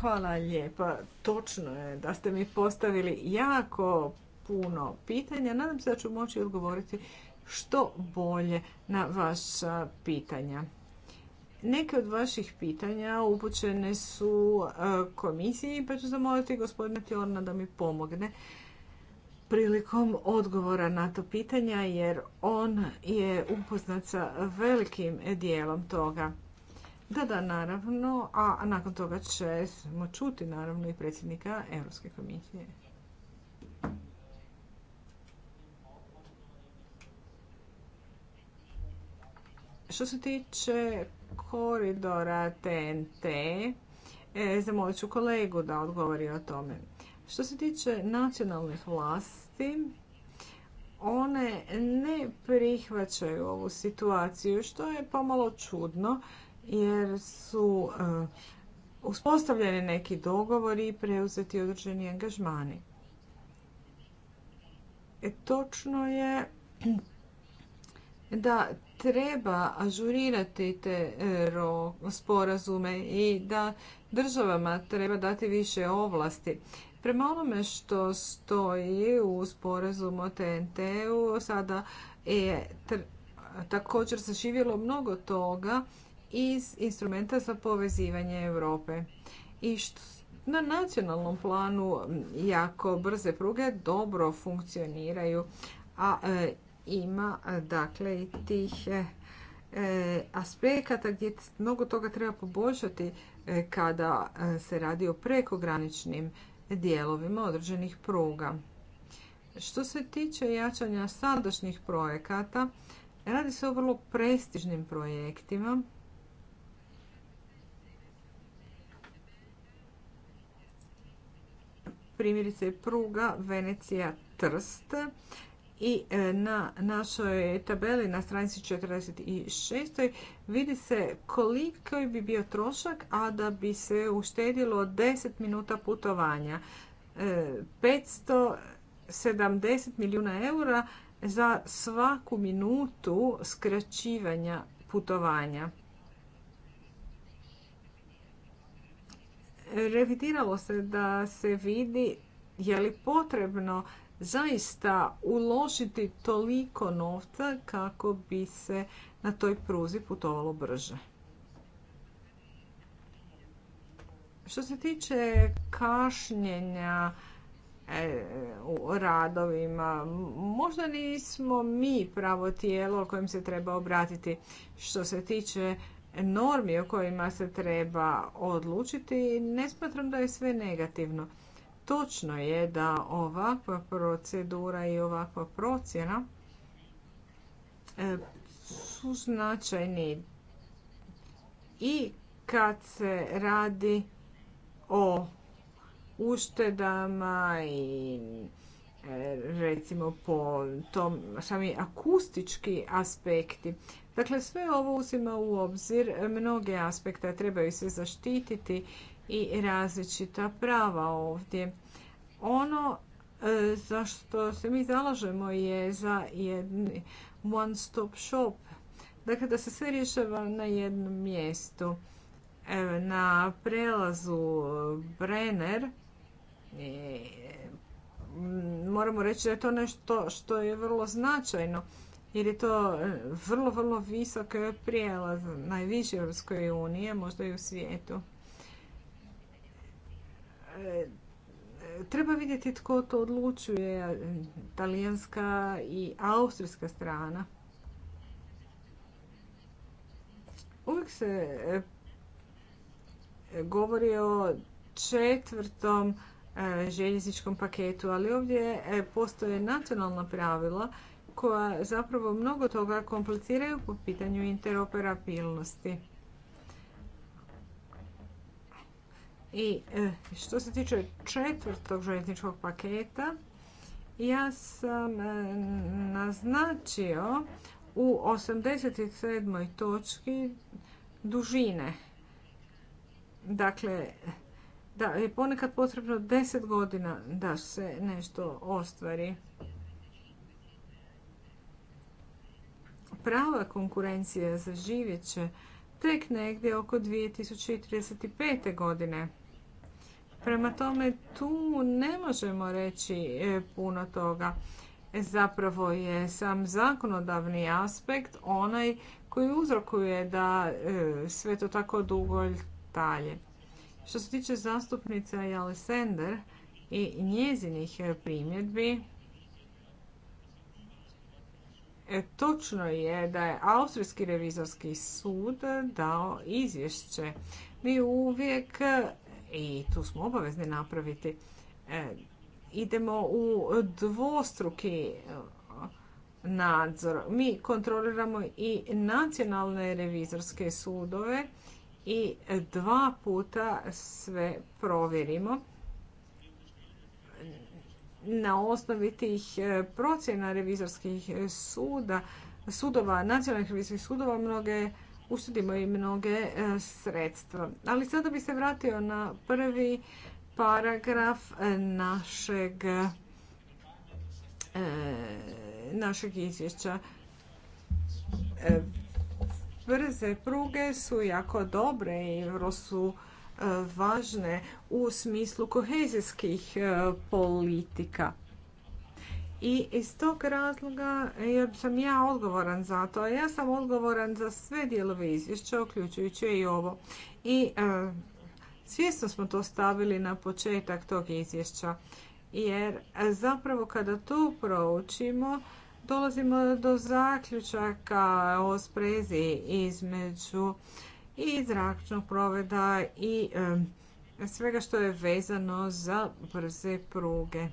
Hvala lijepa. Točno je da ste mi postavili jako puno pitanja. Nadam se da ću moći odgovoriti što bolje na vaša pitanja. Neke od vaših pitanja upućene su e, komisiji, pa ću zamoliti gospodina Tjorna da mi pomogne prilikom odgovora na to pitanja, jer on je upoznat sa velikim dijelom toga. Da, da, naravno. A nakon toga ćemo čuti naravno i predsjednika Europske komisije. Što se tiče koridora TNT, e, zamolit ću kolegu da odgovori o tome. Što se tiče nacionalnih vlasti, one ne prihvaćaju ovu situaciju, što je pomalo čudno jer su eh, uspostavljeni neki dogovori i preuzeti određeni angažmani. E, točno je (clears throat) da treba ažurirati te eh, sporazume i da državama treba dati više ovlasti. Prema onome što stoji u sporazumu o TNT-u, sada je također zaživjelo mnogo toga iz instrumenta za povezivanje Europe. I što na nacionalnom planu jako brze pruge dobro funkcioniraju, a e, ima e, dakle i tih e, aspekata gdje mnogo toga treba poboljšati kada se radi o prekograničnim dijelovima određenih pruga. Što se tiče jačanja sadašnjih projekata, radi se o vrlo prestižnim projektima primjerice pruga Venecija Trst i e, na našoj tabeli na stranici 46. vidi se koliko bi bio trošak, a da bi se uštedilo 10 minuta putovanja. 570 e, milijuna eura za svaku minutu skraćivanja putovanja. revidiralo se da se vidi je li potrebno zaista uložiti toliko novca kako bi se na toj pruzi putovalo brže. Što se tiče kašnjenja e, u radovima, možda nismo mi pravo tijelo kojem se treba obratiti. Što se tiče normi o kojima se treba odlučiti, ne smatram da je sve negativno. Točno je da ovakva procedura i ovakva procjena e, su značajni i kad se radi o uštedama i e, recimo po tom sami akustički aspekti. Dakle, sve ovo uzima u obzir e, mnoge aspekte, trebaju se zaštititi i različita prava ovdje. Ono e, za što se mi zalažemo je za jedni one stop shop. Dakle, da se sve rješava na jednom mjestu. E, na prelazu Brenner moramo reći da je to nešto što je vrlo značajno jer je to e, vrlo, vrlo visok prijelaz, najviše Europskoj unije, možda i u svijetu. E, treba vidjeti tko to odlučuje, e, talijanska i austrijska strana. Uvijek se govori o četvrtom željezničkom paketu, ali ovdje postoje nacionalna pravila koja zapravo mnogo toga kompliciraju po pitanju interoperabilnosti. I e, što se tiče četvrtog željezničkog paketa, ja sam e, naznačio u 87. točki dužine. Dakle, da je ponekad potrebno 10 godina da se nešto ostvari. prava konkurencija zaživjet će tek negdje oko 2035. godine. Prema tome tu ne možemo reći e, puno toga. E, zapravo je sam zakonodavni aspekt onaj koji uzrokuje da e, sve to tako dugo talje. Što se tiče zastupnice Jalesender i njezinih primjedbi, E, točno je da je Austrijski revizorski sud dao izvješće. Mi uvijek, i tu smo obavezni napraviti, e, idemo u dvostruki e, nadzor. Mi kontroliramo i nacionalne revizorske sudove i dva puta sve provjerimo na osnovi tih e, procjena revizorskih e, suda, sudova, nacionalnih revizorskih sudova mnoge usudimo i mnoge e, sredstva. Ali sada bi se vratio na prvi paragraf našeg našeg izvješća. Brze pruge su jako dobre i vrlo su E, važne u smislu kohezijskih e, politika. I iz tog razloga e, sam ja odgovoran za to, ja sam odgovoran za sve dijelove izvješća, uključujući i ovo. I svjesno smo to stavili na početak tog izvješća, jer zapravo kada to proučimo, dolazimo do zaključaka o sprezi između i zračnog proveda i svega što je vezano za brze pruge.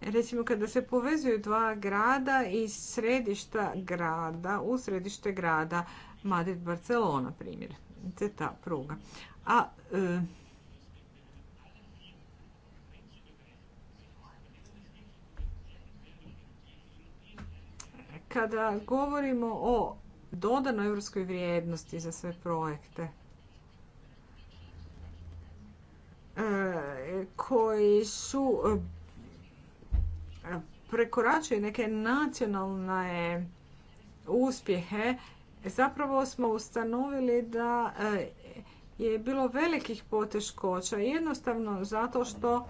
Recimo kada se povezuju dva grada iz središta grada u središte grada Madrid-Barcelona primjer. To je ta pruga. A kada govorimo o dodanoj europskoj vrijednosti za sve projekte e, koji su e, prekoračuju neke nacionalne uspjehe, zapravo smo ustanovili da e, je bilo velikih poteškoća jednostavno zato što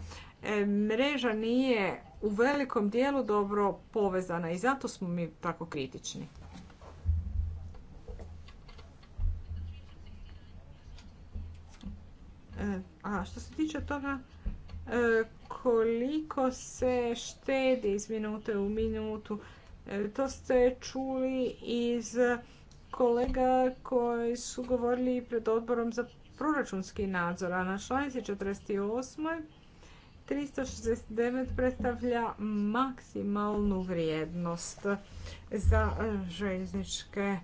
mreža nije u velikom dijelu dobro povezana i zato smo mi tako kritični. E, a što se tiče toga e, koliko se štedi iz minute u minutu, e, to ste čuli iz kolega koji su govorili pred odborom za proračunski nadzor, a na članici 48. 369 predstavlja maksimalnu vrijednost za željezničke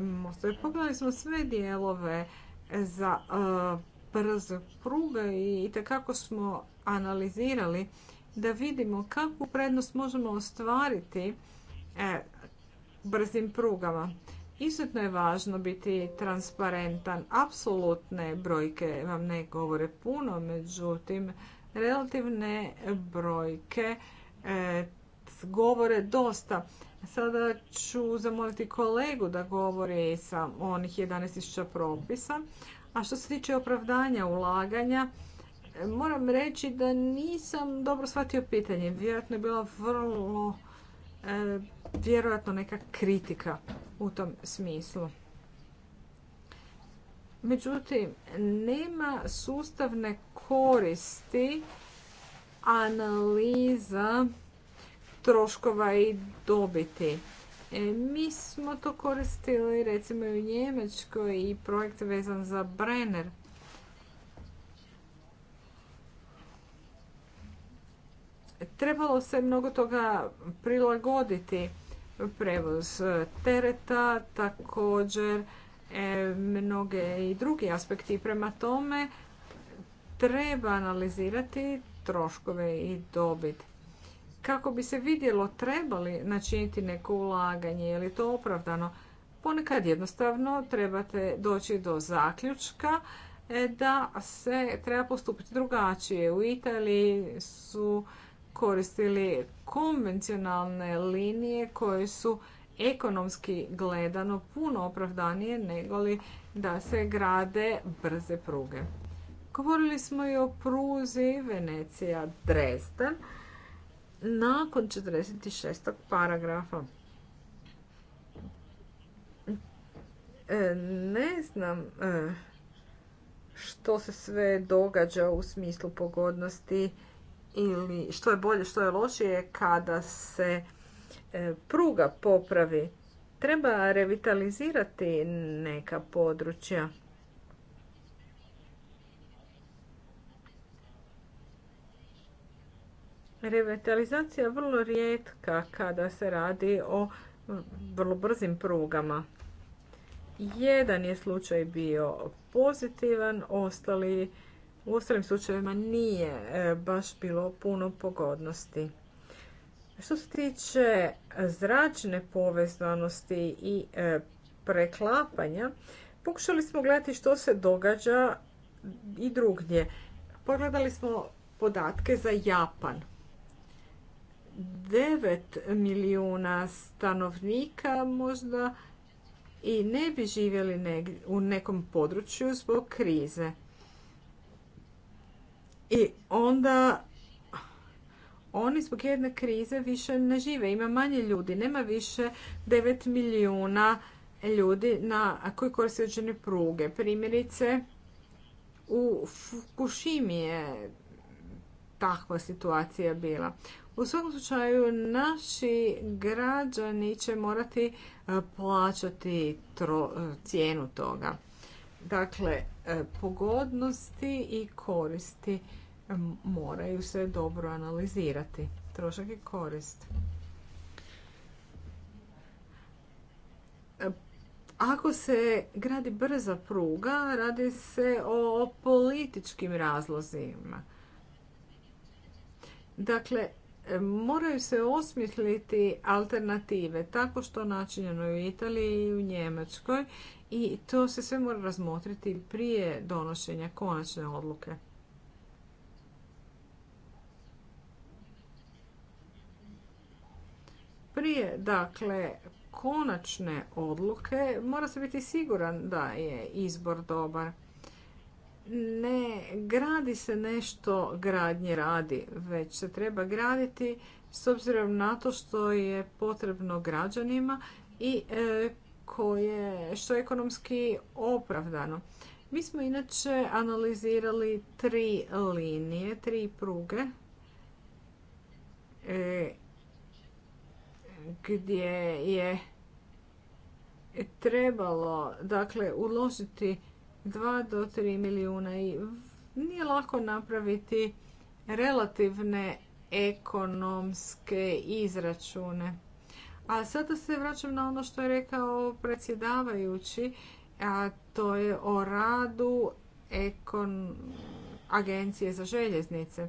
mostove. Pogledali smo sve dijelove za e, brze pruge i itekako smo analizirali da vidimo kakvu prednost možemo ostvariti e, brzim prugama. Izuzetno je važno biti transparentan. Apsolutne brojke vam ne govore puno, međutim, relativne brojke e, govore dosta. Sada ću zamoliti kolegu da govori sa onih 11.000 propisa. A što se tiče opravdanja ulaganja, moram reći da nisam dobro shvatio pitanje. Vjerojatno je bila vrlo, e, vjerojatno neka kritika u tom smislu. Međutim, nema sustavne koristi analiza troškova i dobiti. E, mi smo to koristili recimo i u Njemačkoj i projekt vezan za Brenner. Trebalo se mnogo toga prilagoditi prevoz tereta, također e, mnoge i drugi aspekti. Prema tome treba analizirati troškove i dobiti kako bi se vidjelo trebali načiniti neko ulaganje, je li to opravdano. Ponekad jednostavno trebate doći do zaključka e, da se treba postupiti drugačije. U Italiji su koristili konvencionalne linije koje su ekonomski gledano puno opravdanije nego li da se grade brze pruge. Govorili smo i o pruzi Venecija-Dresden nakon 46. paragrafa. E, ne znam e, što se sve događa u smislu pogodnosti ili što je bolje, što je lošije kada se e, pruga popravi. Treba revitalizirati neka područja. Revitalizacija je vrlo rijetka kada se radi o vrlo brzim prugama. Jedan je slučaj bio pozitivan, ostali, u ostalim slučajevima nije e, baš bilo puno pogodnosti. Što se tiče zračne povezanosti i e, preklapanja, pokušali smo gledati što se događa i drugdje. Pogledali smo podatke za Japan. 9 milijuna stanovnika možda i ne bi živjeli u nekom području zbog krize. I onda oni zbog jedne krize više ne žive. Ima manje ljudi. Nema više 9 milijuna ljudi na koji koriste određene pruge. Primjerice, u Fukushimi je takva situacija bila. U svakom slučaju, naši građani će morati e, plaćati e, cijenu toga. Dakle, e, pogodnosti i koristi moraju se dobro analizirati. Trošak i korist. Ako se gradi brza pruga, radi se o političkim razlozima. Dakle, moraju se osmisliti alternative, tako što načinjeno u Italiji i u Njemačkoj i to se sve mora razmotriti prije donošenja konačne odluke. Prije, dakle, konačne odluke mora se biti siguran da je izbor dobar ne gradi se nešto gradnje radi, već se treba graditi s obzirom na to što je potrebno građanima i e, koje, što je ekonomski opravdano. Mi smo inače analizirali tri linije, tri pruge e, gdje je trebalo dakle uložiti 2 do 3 milijuna i nije lako napraviti relativne ekonomske izračune. A sada se vraćam na ono što je rekao predsjedavajući, a to je o radu ekon... agencije za željeznice.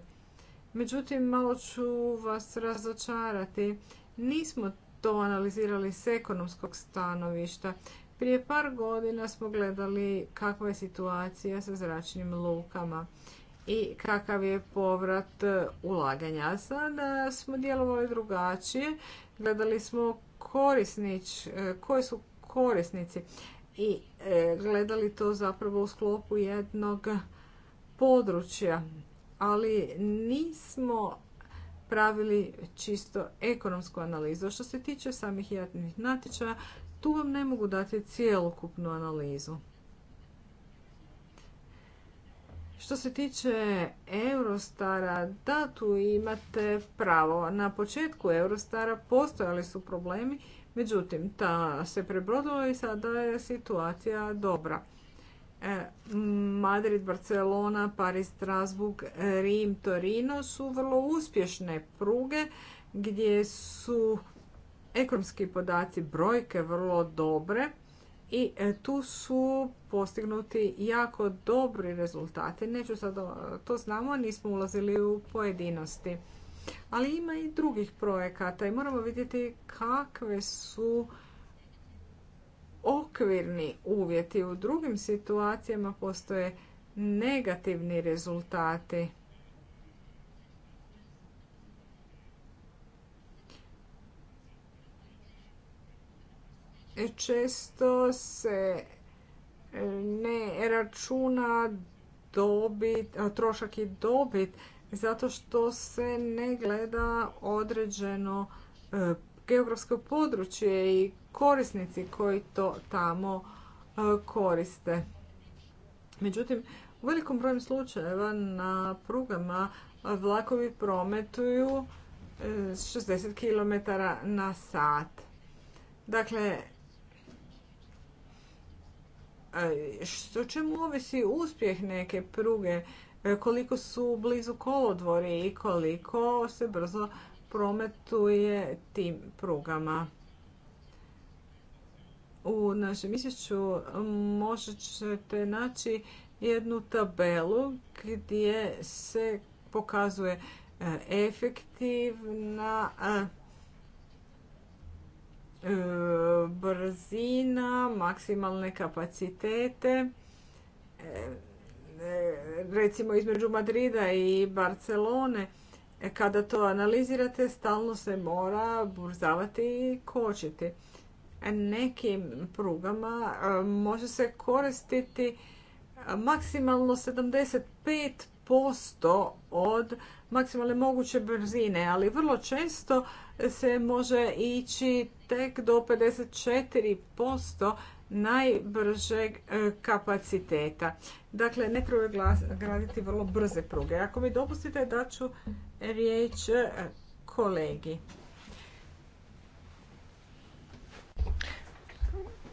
Međutim, malo ću vas razočarati. Nismo to analizirali s ekonomskog stanovišta. Prije par godina smo gledali kakva je situacija sa zračnim lukama i kakav je povrat e, ulaganja. Sada smo djelovali drugačije, gledali smo korisnič e, koji su korisnici i e, gledali to zapravo u sklopu jednog područja, ali nismo pravili čisto ekonomsku analizu. Što se tiče samih javnih natječaja, tu vam ne mogu dati cijelokupnu analizu. Što se tiče Eurostara, da tu imate pravo. Na početku Eurostara postojali su problemi, međutim ta se prebrodila i sada je situacija dobra. E, Madrid, Barcelona, Paris, Strasbourg, Rim, Torino su vrlo uspješne pruge gdje su ekonomski podaci, brojke vrlo dobre i e, tu su postignuti jako dobri rezultati. Neću sad, to znamo, nismo ulazili u pojedinosti. Ali ima i drugih projekata i moramo vidjeti kakve su okvirni uvjeti. U drugim situacijama postoje negativni rezultati. E, često se e, ne računa dobit, trošak i dobit zato što se ne gleda određeno e, geografsko područje i korisnici koji to tamo koriste. Međutim, u velikom broju slučajeva na prugama vlakovi prometuju 60 km na sat. Dakle, što čemu ovisi uspjeh neke pruge, e, koliko su blizu kolodvori i koliko se brzo prometuje tim prugama. U našem izvješću možete naći jednu tabelu gdje se pokazuje e, efektivna e, E, brzina, maksimalne kapacitete. E, e, recimo između Madrida i Barcelone, kada to analizirate, stalno se mora burzavati i kočiti. Nekim prugama može se koristiti maksimalno 75 posto od maksimalne moguće brzine, ali vrlo često se može ići tek do 54% najbržeg e, kapaciteta. Dakle, ne treba graditi vrlo brze pruge. Ako mi dopustite da ću riječ e, kolegi.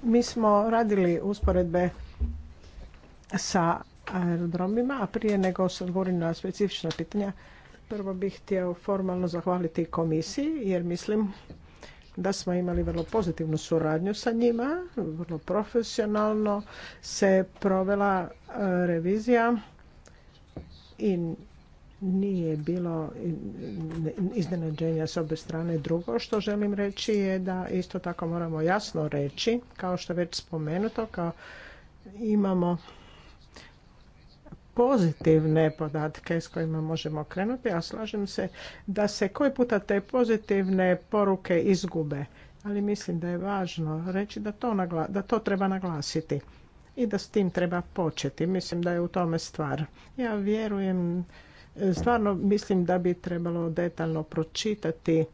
Mi smo radili usporedbe sa aerodromima, a prije nego se odgovorim na specifična pitanja, prvo bih htio formalno zahvaliti komisiji jer mislim da smo imali vrlo pozitivnu suradnju sa njima, vrlo profesionalno se provela e, revizija i nije bilo iznenađenja s obje strane. Drugo što želim reći je da isto tako moramo jasno reći, kao što je već spomenuto, kao imamo pozitivne podatke s kojima možemo krenuti, a slažem se da se koji puta te pozitivne poruke izgube. Ali mislim da je važno reći da to, da to treba naglasiti i da s tim treba početi. Mislim da je u tome stvar. Ja vjerujem, stvarno mislim da bi trebalo detaljno pročitati e,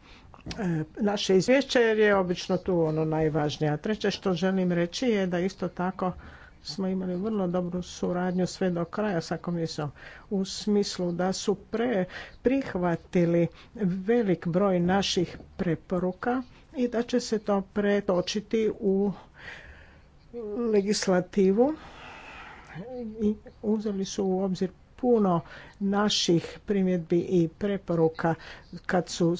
naše izvješće jer je obično tu ono najvažnije. A treće što želim reći je da isto tako smo imali vrlo dobru suradnju sve do kraja sa komisijom u smislu da su pre prihvatili velik broj naših preporuka i da će se to pretočiti u legislativu i uzeli su u obzir puno naših primjedbi i preporuka kad su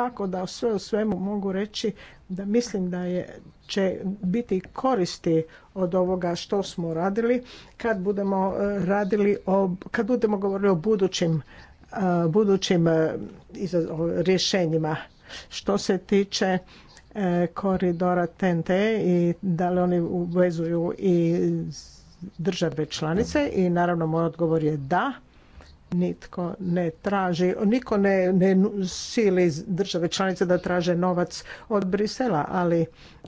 tako da sve u svemu mogu reći da mislim da je, će biti koristi od ovoga što smo radili kad budemo e, radili o, kad budemo govorili o budućim e, budućim e, rješenjima. Što se tiče koridora TNT i da li oni uvezuju i države članice i naravno moj odgovor je da nitko ne traži, niko ne, ne sili države članice da traže novac od Brisela, ali,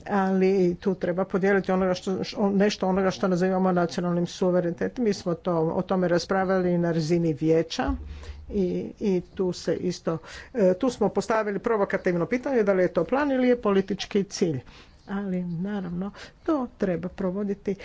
ali tu treba podijeliti onoga što, nešto onoga što nazivamo nacionalnim suverenitetom. Mi smo to, o tome raspravili na razini vijeća i, i tu se isto, e, tu smo postavili provokativno pitanje da li je to plan ili je politički cilj ali naravno to treba provoditi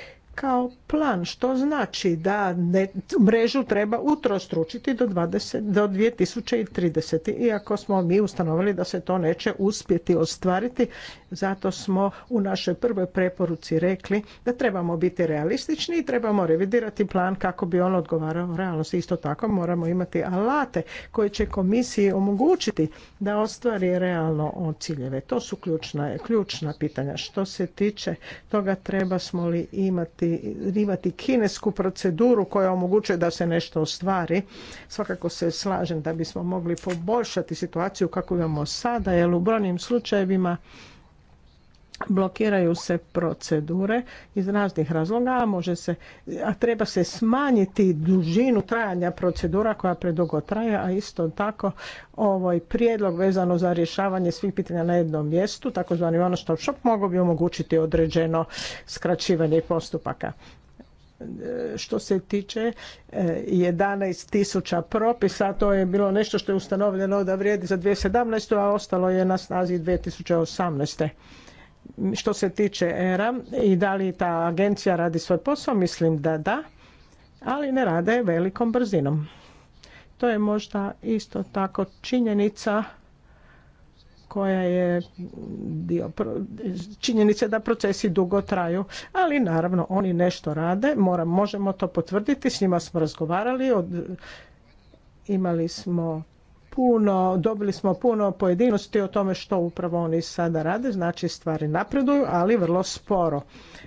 kao plan, što znači da ne, mrežu treba utrostručiti do, 20, do 2030. Iako smo mi ustanovili da se to neće uspjeti ostvariti, zato smo u našoj prvoj preporuci rekli da trebamo biti realistični i trebamo revidirati plan kako bi on odgovarao realnosti. Isto tako moramo imati alate koji će komisiji omogućiti da ostvari realno ciljeve. To su ključna, ključna pitanja. Što se tiče toga smo li imati primjenjivati kinesku proceduru koja omogućuje da se nešto ostvari. Svakako se slažem da bismo mogli poboljšati situaciju kakvu imamo sada, jer u brojnim slučajevima blokiraju se procedure iz raznih razloga, a može se, a treba se smanjiti dužinu trajanja procedura koja predugo traje, a isto tako ovaj prijedlog vezano za rješavanje svih pitanja na jednom mjestu, takozvani ono što mogu bi omogućiti određeno skraćivanje postupaka što se tiče 11.000 e, propisa, to je bilo nešto što je ustanovljeno da vrijedi za 2017. a ostalo je na snazi 2018 što se tiče ERA i da li ta agencija radi svoj posao, mislim da da, ali ne rade velikom brzinom. To je možda isto tako činjenica koja je dio činjenice da procesi dugo traju, ali naravno oni nešto rade, možemo to potvrditi, s njima smo razgovarali, od, imali smo puno, dobili smo puno pojedinosti o tome što upravo oni sada rade, znači stvari napreduju, ali vrlo sporo.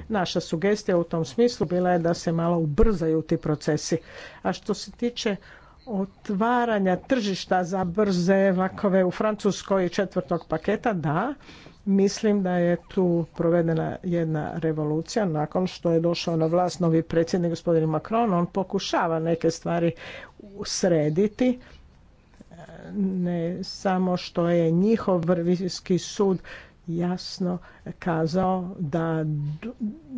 Naša sugestija u tom smislu bila je da se malo ubrzaju ti procesi. A što se tiče otvaranja tržišta za brze vlakove u Francuskoj četvrtog paketa, da, Mislim da je tu provedena jedna revolucija nakon što je došao na vlast novi predsjednik gospodin Macron. On pokušava neke stvari srediti ne samo što je njihov revizijski sud jasno kazao da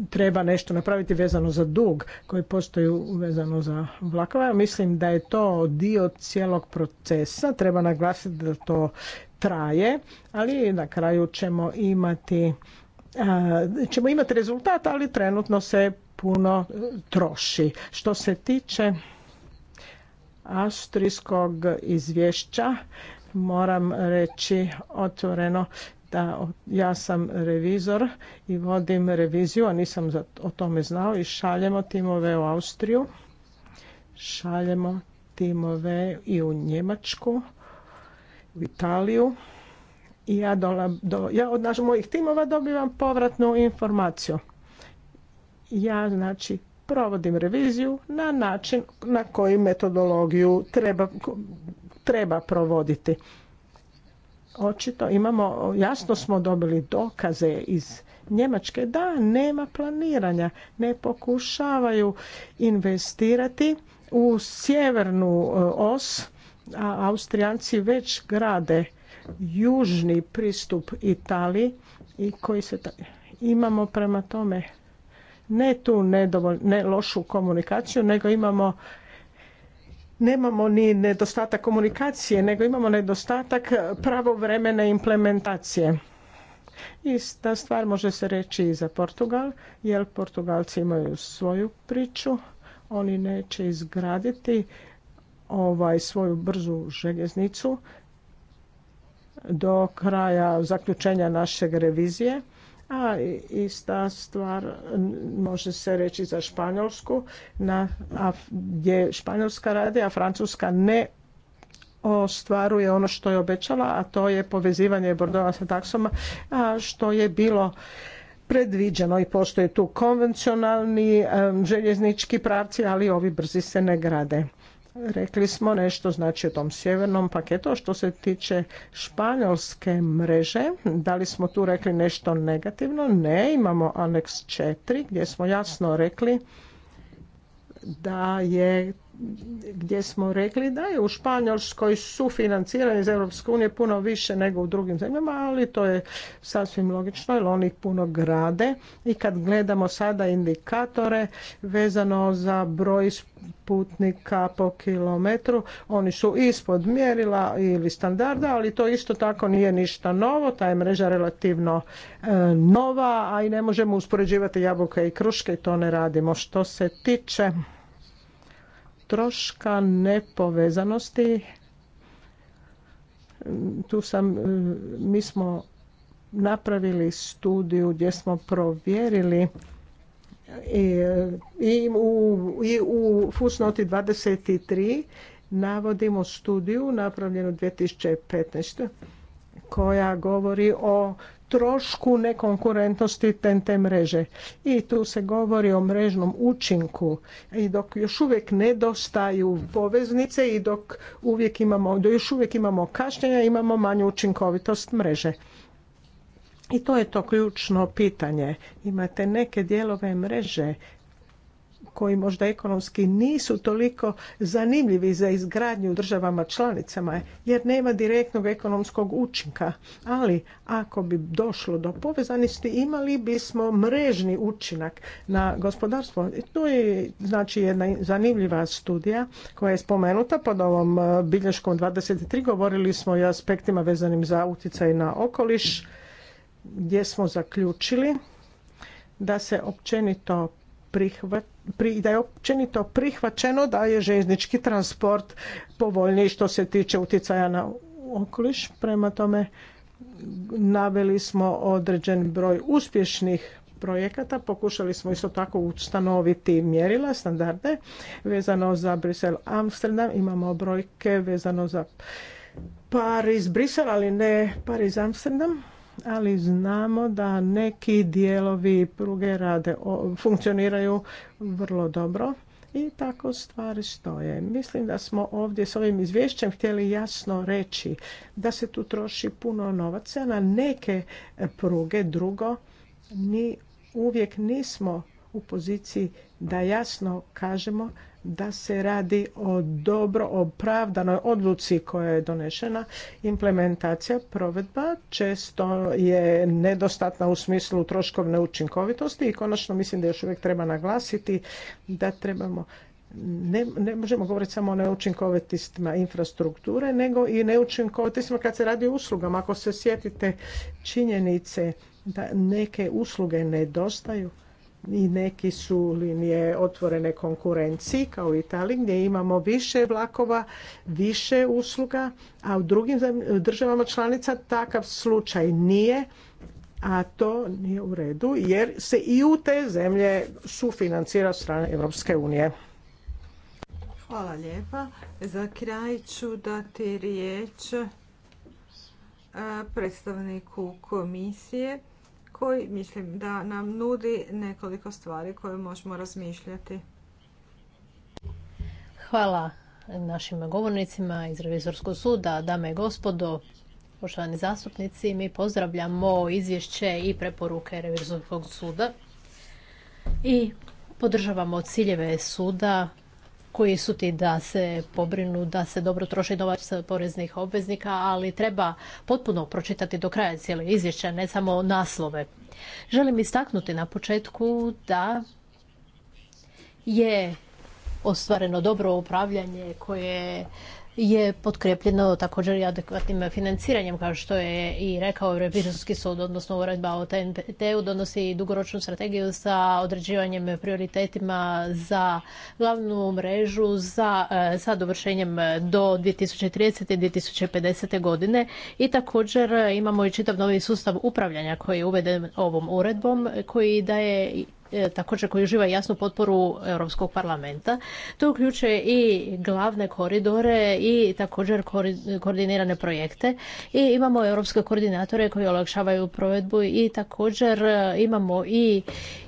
treba nešto napraviti vezano za dug koji postoji vezano za vlakove. Mislim da je to dio cijelog procesa. Treba naglasiti da to traje, ali na kraju ćemo imati ćemo imati rezultat, ali trenutno se puno troši. Što se tiče austrijskog izvješća moram reći otvoreno da ja sam revizor i vodim reviziju, a nisam o tome znao i šaljemo timove u Austriju, šaljemo timove i u Njemačku, u Italiju i ja, do, ja od naših mojih timova dobivam povratnu informaciju. Ja znači provodim reviziju na način na koji metodologiju treba, treba provoditi. Očito imamo, jasno smo dobili dokaze iz Njemačke da nema planiranja, ne pokušavaju investirati u sjevernu e, os, a Austrijanci već grade južni pristup Italiji i koji se imamo prema tome ne tu ne lošu komunikaciju, nego imamo nemamo ni nedostatak komunikacije, nego imamo nedostatak pravovremene implementacije. Ista stvar može se reći i za Portugal, jer Portugalci imaju svoju priču, oni neće izgraditi ovaj svoju brzu željeznicu do kraja zaključenja našeg revizije a ista stvar može se reći za Španjolsku, na, a gdje Španjolska radi, a Francuska ne ostvaruje ono što je obećala, a to je povezivanje Bordova sa taksoma, a što je bilo predviđeno i postoje tu konvencionalni željeznički pravci, ali ovi brzi se ne grade. Rekli smo nešto znači o tom sjevernom paketu, što se tiče španjolske mreže, da li smo tu rekli nešto negativno? Ne, imamo aneks 4 gdje smo jasno rekli da je gdje smo rekli da je u Španjolskoj financirani iz Europske unije puno više nego u drugim zemljama, ali to je sasvim logično jer oni puno grade i kad gledamo sada indikatore vezano za broj putnika po kilometru, oni su ispod mjerila ili standarda, ali to isto tako nije ništa novo, ta je mreža relativno e, nova, a i ne možemo uspoređivati jabuke i kruške i to ne radimo. Što se tiče troška nepovezanosti tu sam e, mi smo napravili studiju gdje smo provjerili i, u, i u Fusnoti 23 navodimo studiju napravljenu 2015. koja govori o trošku nekonkurentnosti TNT mreže. I tu se govori o mrežnom učinku i dok još uvijek nedostaju poveznice i dok uvijek imamo, dok još uvijek imamo kašnjenja, imamo manju učinkovitost mreže. I to je to ključno pitanje. Imate neke dijelove mreže koji možda ekonomski nisu toliko zanimljivi za izgradnju u državama članicama jer nema direktnog ekonomskog učinka. Ali ako bi došlo do povezanosti imali bismo mrežni učinak na gospodarstvo. Tu je znači jedna zanimljiva studija koja je spomenuta pod ovom e, bilješkom 23. Govorili smo i o aspektima vezanim za utjecaj na okoliš gdje smo zaključili da se općenito da je općenito prihvaćeno da je željeznički transport povoljniji što se tiče utjecaja na okoliš. Prema tome naveli smo određen broj uspješnih projekata. Pokušali smo isto tako ustanoviti mjerila, standarde vezano za Brisel Amsterdam. Imamo brojke vezano za Paris Brisel, ali ne Paris Amsterdam ali znamo da neki dijelovi pruge rade, funkcioniraju vrlo dobro i tako stvari stoje. Mislim da smo ovdje s ovim izvješćem htjeli jasno reći da se tu troši puno novaca na neke pruge, drugo ni uvijek nismo u poziciji da jasno kažemo da se radi o dobro opravdanoj odluci koja je donešena. Implementacija provedba često je nedostatna u smislu troškovne učinkovitosti i konačno mislim da još uvijek treba naglasiti da trebamo ne, ne možemo govoriti samo o neučinkovitostima infrastrukture, nego i neučinkovitostima kad se radi o uslugama. Ako se sjetite činjenice da neke usluge nedostaju, i neki su linije otvorene konkurenciji kao u Italiji gdje imamo više vlakova, više usluga, a u drugim državama članica takav slučaj nije, a to nije u redu jer se i u te zemlje sufinancira od strane Europske unije. Hvala lijepa. Za kraj ću dati riječ predstavniku komisije koji mislim da nam nudi nekoliko stvari koje možemo razmišljati. Hvala našim govornicima iz Revizorskog suda, dame i gospodo, poštovani zastupnici. Mi pozdravljamo izvješće i preporuke Revizorskog suda i podržavamo ciljeve suda koji su ti da se pobrinu da se dobro troši novac poreznih obveznika, ali treba potpuno pročitati do kraja cijele izvješća ne samo naslove. Želim istaknuti na početku da je ostvareno dobro upravljanje koje je potkrepljeno također i adekvatnim financiranjem, kao što je i rekao Revizorski sud, odnosno uredba o TNPT-u, donosi dugoročnu strategiju sa određivanjem prioritetima za glavnu mrežu za, e, sa dovršenjem do 2030. i 2050. godine i također imamo i čitav novi sustav upravljanja koji je uveden ovom uredbom koji daje E, također koji uživa jasnu potporu Europskog parlamenta. To uključuje i glavne koridore i također koordinirane projekte i imamo europske koordinatore koji olakšavaju provedbu i također e, imamo i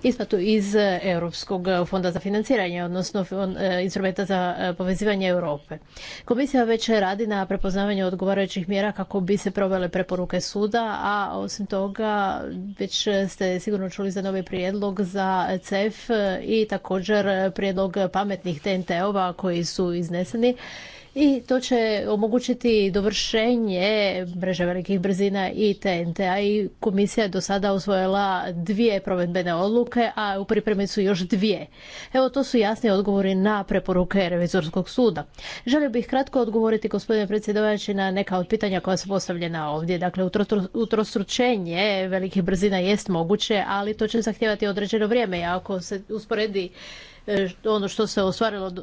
isplatu iz Europskog fonda za financiranje, odnosno e, instrumenta za povezivanje Europe. Komisija već radi na prepoznavanju odgovarajućih mjera kako bi se provele preporuke suda, a osim toga već ste sigurno čuli za novi prijedlog za CEF i također prijedlog pametnih TNT-ova koji su izneseni i to će omogućiti dovršenje mreže velikih brzina i TNT-a i komisija je do sada osvojila dvije provedbene odluke, a u pripremi su još dvije. Evo to su jasni odgovori na preporuke Revizorskog suda. Želio bih kratko odgovoriti gospodine predsjedavajući na neka od pitanja koja su postavljena ovdje. Dakle, utrostručenje velikih brzina jest moguće, ali to će zahtijevati određeno vrijeme. Ako se usporedi E, ono što se ostvarilo od,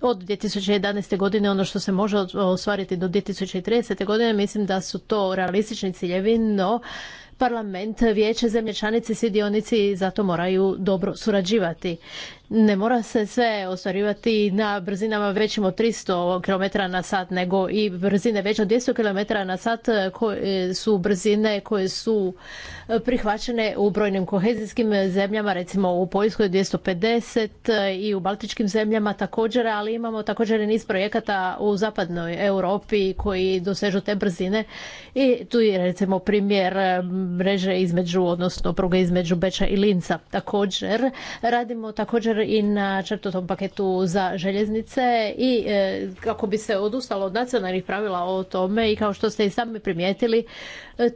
od 2011. godine, ono što se može ostvariti do 2030. godine, mislim da su to realistični ciljevi, no parlament, vijeće, zemlje članice, svi dionici zato moraju dobro surađivati ne mora se sve ostvarivati na brzinama većim od 300 km na sat, nego i brzine veće od 200 km na sat koje su brzine koje su prihvaćene u brojnim kohezijskim zemljama, recimo u Poljskoj 250 i u baltičkim zemljama također, ali imamo također i niz projekata u zapadnoj Europi koji dosežu te brzine i tu je recimo primjer mreže između, odnosno pruge između Beča i Linca. Također radimo također također i na četvrtom paketu za željeznice i e, kako bi se odustalo od nacionalnih pravila o tome i kao što ste i sami primijetili,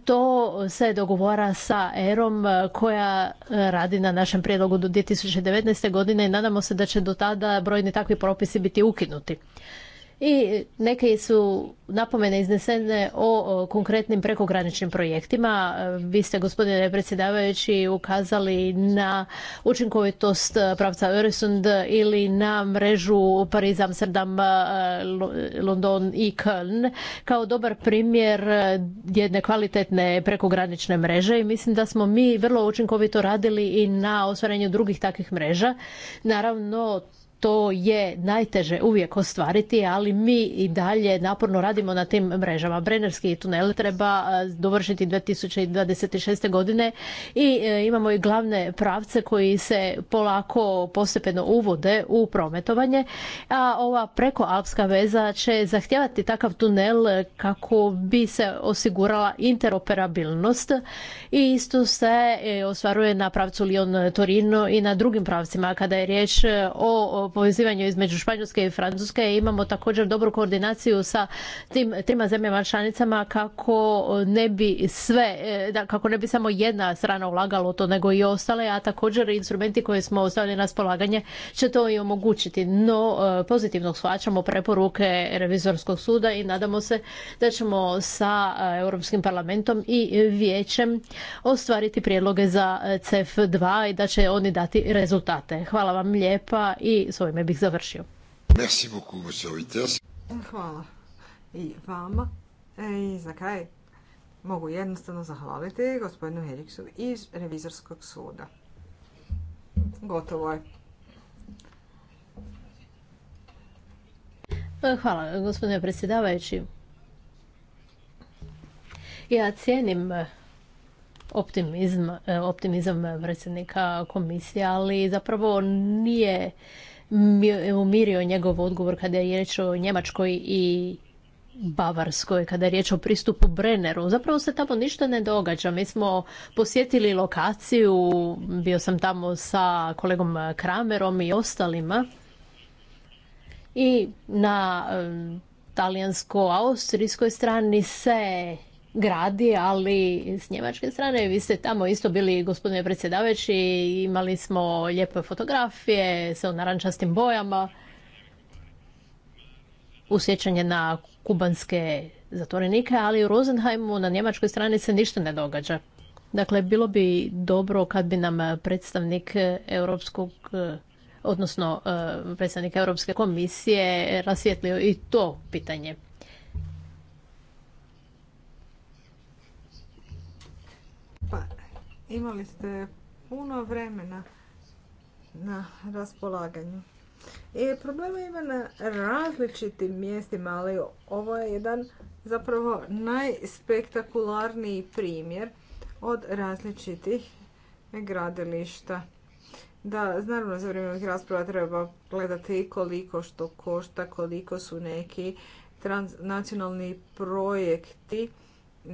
to se dogovara sa EROM koja radi na našem prijedlogu do 2019. godine i nadamo se da će do tada brojni takvi propisi biti ukinuti i neke su napomene iznesene o konkretnim prekograničnim projektima. Vi ste, gospodine predsjedavajući, ukazali na učinkovitost pravca Öresund ili na mrežu Pariz, Amsterdam, e, London i Köln kao dobar primjer jedne kvalitetne prekogranične mreže i mislim da smo mi vrlo učinkovito radili i na ostvarenju drugih takvih mreža. Naravno, to je najteže uvijek ostvariti, ali mi i dalje naporno radimo na tim mrežama. Brenerski tunel treba e, dovršiti 2026. godine i e, imamo i glavne pravce koji se polako postepeno uvode u prometovanje, a ova prekoalpska veza će zahtijevati takav tunel kako bi se osigurala interoperabilnost i isto se e, ostvaruje na pravcu Lyon Torino i na drugim pravcima kada je riječ o povezivanju između Španjolske i Francuske. Imamo također dobru koordinaciju sa tim trima zemljama članicama kako ne bi sve, e, da, kako ne bi samo jedna strana ulagala u to nego i ostale, a također instrumenti koje smo ostavili na raspolaganje će to i omogućiti. No, e, pozitivno shvaćamo preporuke revizorskog suda i nadamo se da ćemo sa e, Europskim parlamentom i vijećem ostvariti prijedloge za CEF2 i da će oni dati rezultate. Hvala vam lijepa i ovime bih završio. Merci beaucoup, Hvala i vama. E, I za kraj mogu jednostavno zahvaliti gospodinu Heriksu iz Revizorskog suda. Gotovo je. E, hvala, gospodine predsjedavajući. Ja cijenim e, optimizam, optimizam predsjednika komisije, ali zapravo nije umirio njegov odgovor kada je riječ o Njemačkoj i Bavarskoj, kada je riječ o pristupu Brenneru. Zapravo se tamo ništa ne događa. Mi smo posjetili lokaciju, bio sam tamo sa kolegom Kramerom i ostalima. I na talijansko-austrijskoj strani se gradi, ali s njemačke strane vi ste tamo isto bili, gospodine predsjedavajući, imali smo lijepe fotografije sa narančastim bojama, usjećanje na kubanske zatvorenike, ali u Rosenheimu na njemačkoj strani se ništa ne događa. Dakle, bilo bi dobro kad bi nam predstavnik europskog odnosno eh, predstavnik Europske komisije rasvjetlio i to pitanje. Pa, imali ste puno vremena na raspolaganju. I problema ima na različitim mjestima, ali ovo je jedan zapravo najspektakularniji primjer od različitih gradilišta. Da, naravno za vrijeme ovih rasprava treba gledati koliko što košta, koliko su neki transnacionalni projekti E,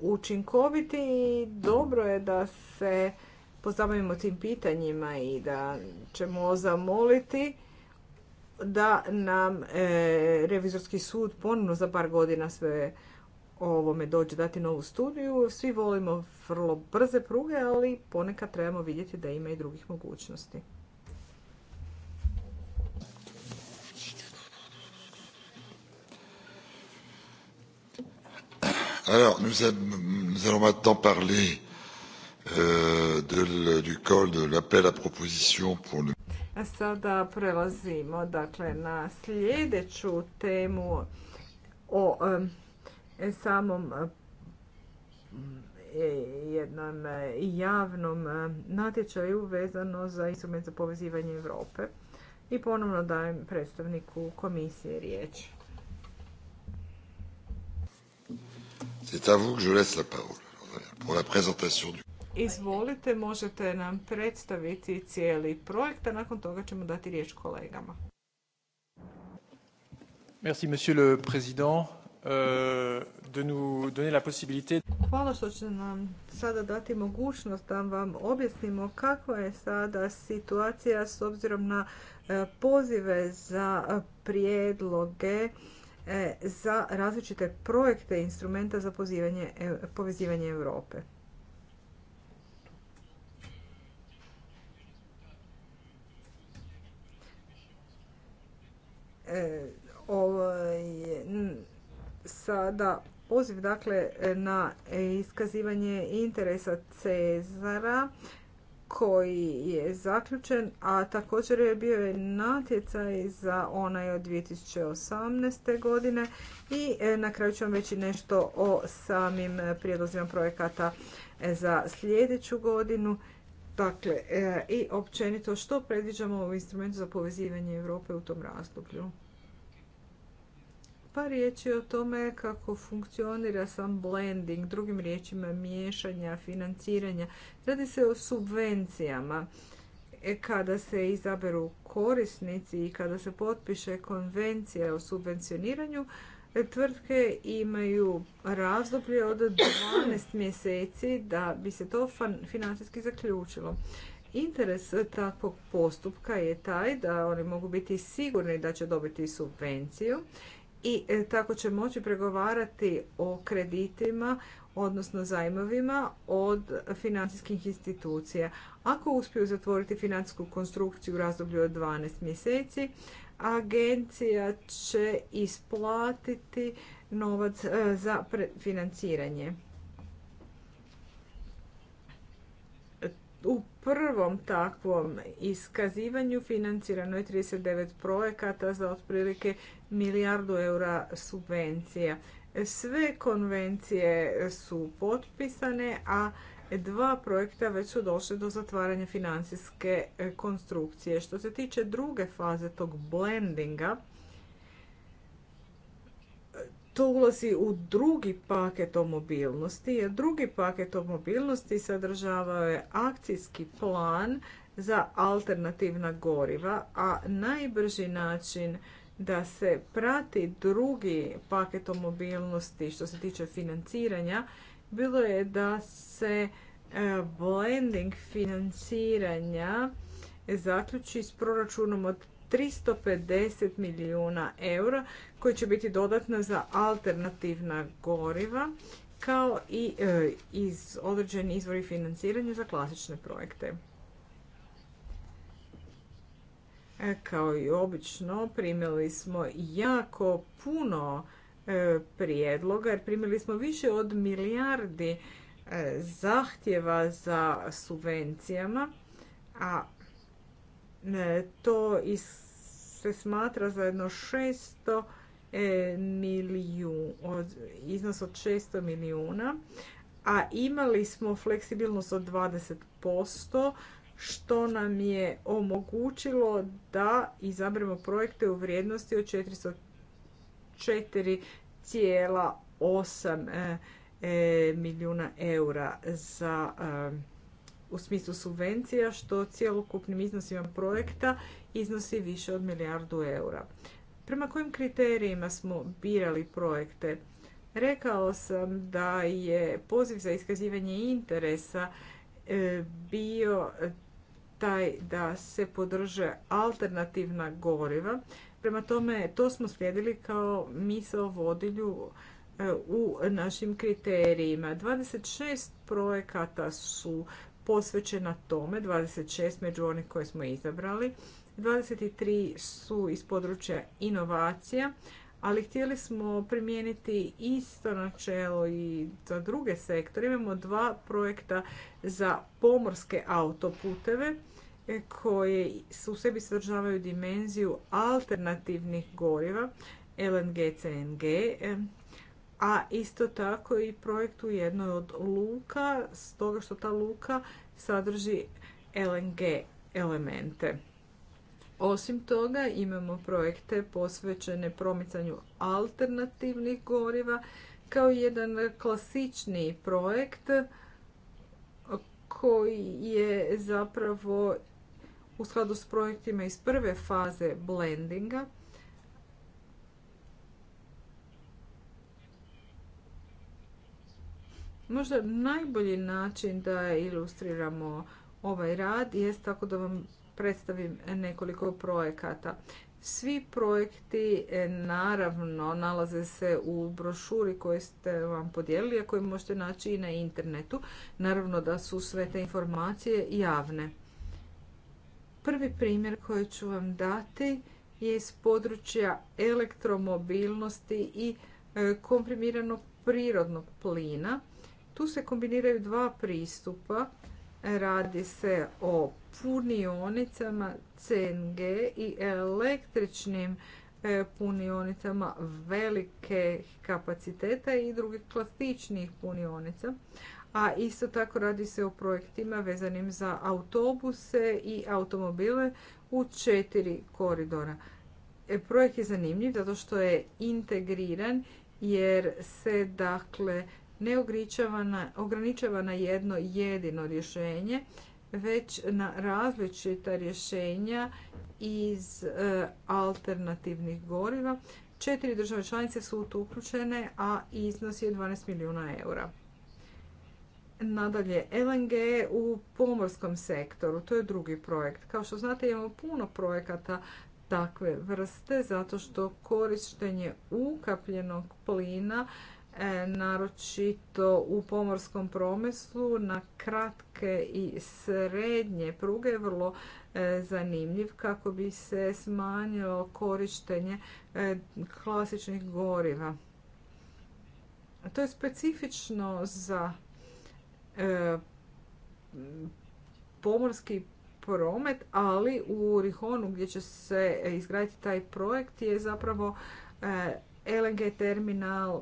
učinkoviti i dobro je da se pozabavimo tim pitanjima i da ćemo zamoliti da nam e, revizorski sud ponovno za par godina sve ovome dođe dati novu studiju. Svi volimo vrlo brze pruge, ali ponekad trebamo vidjeti da ima i drugih mogućnosti. Alors, nous, a, nous allons maintenant parler euh, de, du col de l'appel à proposition pour le... sada prelazimo dakle, na sljedeću temu o samom e, jednom e, javnom e, natječaju vezano za instrument za povezivanje Europe. I ponovno dajem predstavniku komisije riječ. Izvolite, možete nam predstaviti cijeli projekt, a nakon toga ćemo dati riječ kolegama. Merci, monsieur le président, euh, de Hvala što će nam sada dati mogućnost da vam objasnimo kakva je sada situacija s obzirom na e, pozive za prijedloge E, za različite projekte instrumenta za e, povezivanje Europe. E, ovaj, sada poziv dakle, na iskazivanje interesa Cezara koji je zaključen, a također je bio je natjecaj za onaj od 2018. godine i e, na kraju ću vam reći nešto o samim prijedlozima projekata e, za sljedeću godinu. Dakle, e, i općenito što predviđamo u instrumentu za povezivanje Europe u tom razdoblju. Pa je o tome kako funkcionira sam blending, drugim riječima miješanja, financiranja. Radi se o subvencijama. E, kada se izaberu korisnici i kada se potpiše konvencija o subvencioniranju, tvrtke imaju razdoblje od 12 (coughs) mjeseci da bi se to financijski zaključilo. Interes takvog postupka je taj da oni mogu biti sigurni da će dobiti subvenciju i e, tako će moći pregovarati o kreditima, odnosno zajmovima od financijskih institucija. Ako uspiju zatvoriti financijsku konstrukciju u razdoblju od 12 mjeseci, agencija će isplatiti novac e, za financiranje. U prvom takvom iskazivanju financirano je 39 projekata za otprilike milijardu eura subvencija. Sve konvencije su potpisane, a dva projekta već su došle do zatvaranja financijske konstrukcije. Što se tiče druge faze tog blendinga, to ulazi u drugi paket o mobilnosti, jer drugi paket o mobilnosti sadržavao je akcijski plan za alternativna goriva, a najbrži način da se prati drugi paket o mobilnosti što se tiče financiranja, bilo je da se e, blending financiranja zaključi s proračunom od 350 milijuna eura koji će biti dodatna za alternativna goriva kao i e, iz određeni izvori financiranja za klasične projekte. E, kao i obično primili smo jako puno e, prijedloga jer primili smo više od milijardi zahtjeva za subvencijama, a to se smatra za jedno 600 milijun, iznos od 600 milijuna, a imali smo fleksibilnost od 20%, što nam je omogućilo da izabremo projekte u vrijednosti od 404,8 e, e, milijuna eura za e, u smislu subvencija, što cjelokupnim iznosima projekta iznosi više od milijardu eura. Prema kojim kriterijima smo birali projekte? Rekao sam da je poziv za iskazivanje interesa e, bio taj da se podrže alternativna goriva. Prema tome, to smo slijedili kao misao vodilju e, u našim kriterijima. 26 projekata su posvećena tome, 26 među onih koje smo izabrali. 23 su iz područja inovacija, ali htjeli smo primijeniti isto načelo i za druge sektore. Imamo dva projekta za pomorske autoputeve e, koje u sebi sadržavaju dimenziju alternativnih goriva, LNG, CNG, e, a isto tako i projekt u jednoj od luka, stoga što ta luka sadrži LNG elemente. Osim toga imamo projekte posvećene promicanju alternativnih goriva kao jedan klasični projekt koji je zapravo u skladu s projektima iz prve faze blendinga. Možda najbolji način da ilustriramo ovaj rad je tako da vam predstavim nekoliko projekata. Svi projekti e, naravno nalaze se u brošuri koju ste vam podijelili, a koju možete naći i na internetu. Naravno da su sve te informacije javne. Prvi primjer koji ću vam dati je iz područja elektromobilnosti i e, komprimiranog prirodnog plina. Tu se kombiniraju dva pristupa. Radi se o punionicama CNG i električnim e, punionicama velike kapaciteta i drugih klasičnih punionica. A isto tako radi se o projektima vezanim za autobuse i automobile u četiri koridora. E, projekt je zanimljiv zato što je integriran jer se dakle ne ograničava na jedno jedino rješenje već na različita rješenja iz e, alternativnih goriva. Četiri države članice su u uključene, a iznos je 12 milijuna eura. Nadalje, LNG u pomorskom sektoru, to je drugi projekt. Kao što znate, imamo puno projekata takve vrste, zato što korištenje ukapljenog plina E, naročito u pomorskom promeslu na kratke i srednje pruge je vrlo e, zanimljiv kako bi se smanjilo korištenje e, klasičnih goriva. To je specifično za pomorski promet, ali u Rihonu gdje će se izgraditi taj projekt je zapravo LNG terminal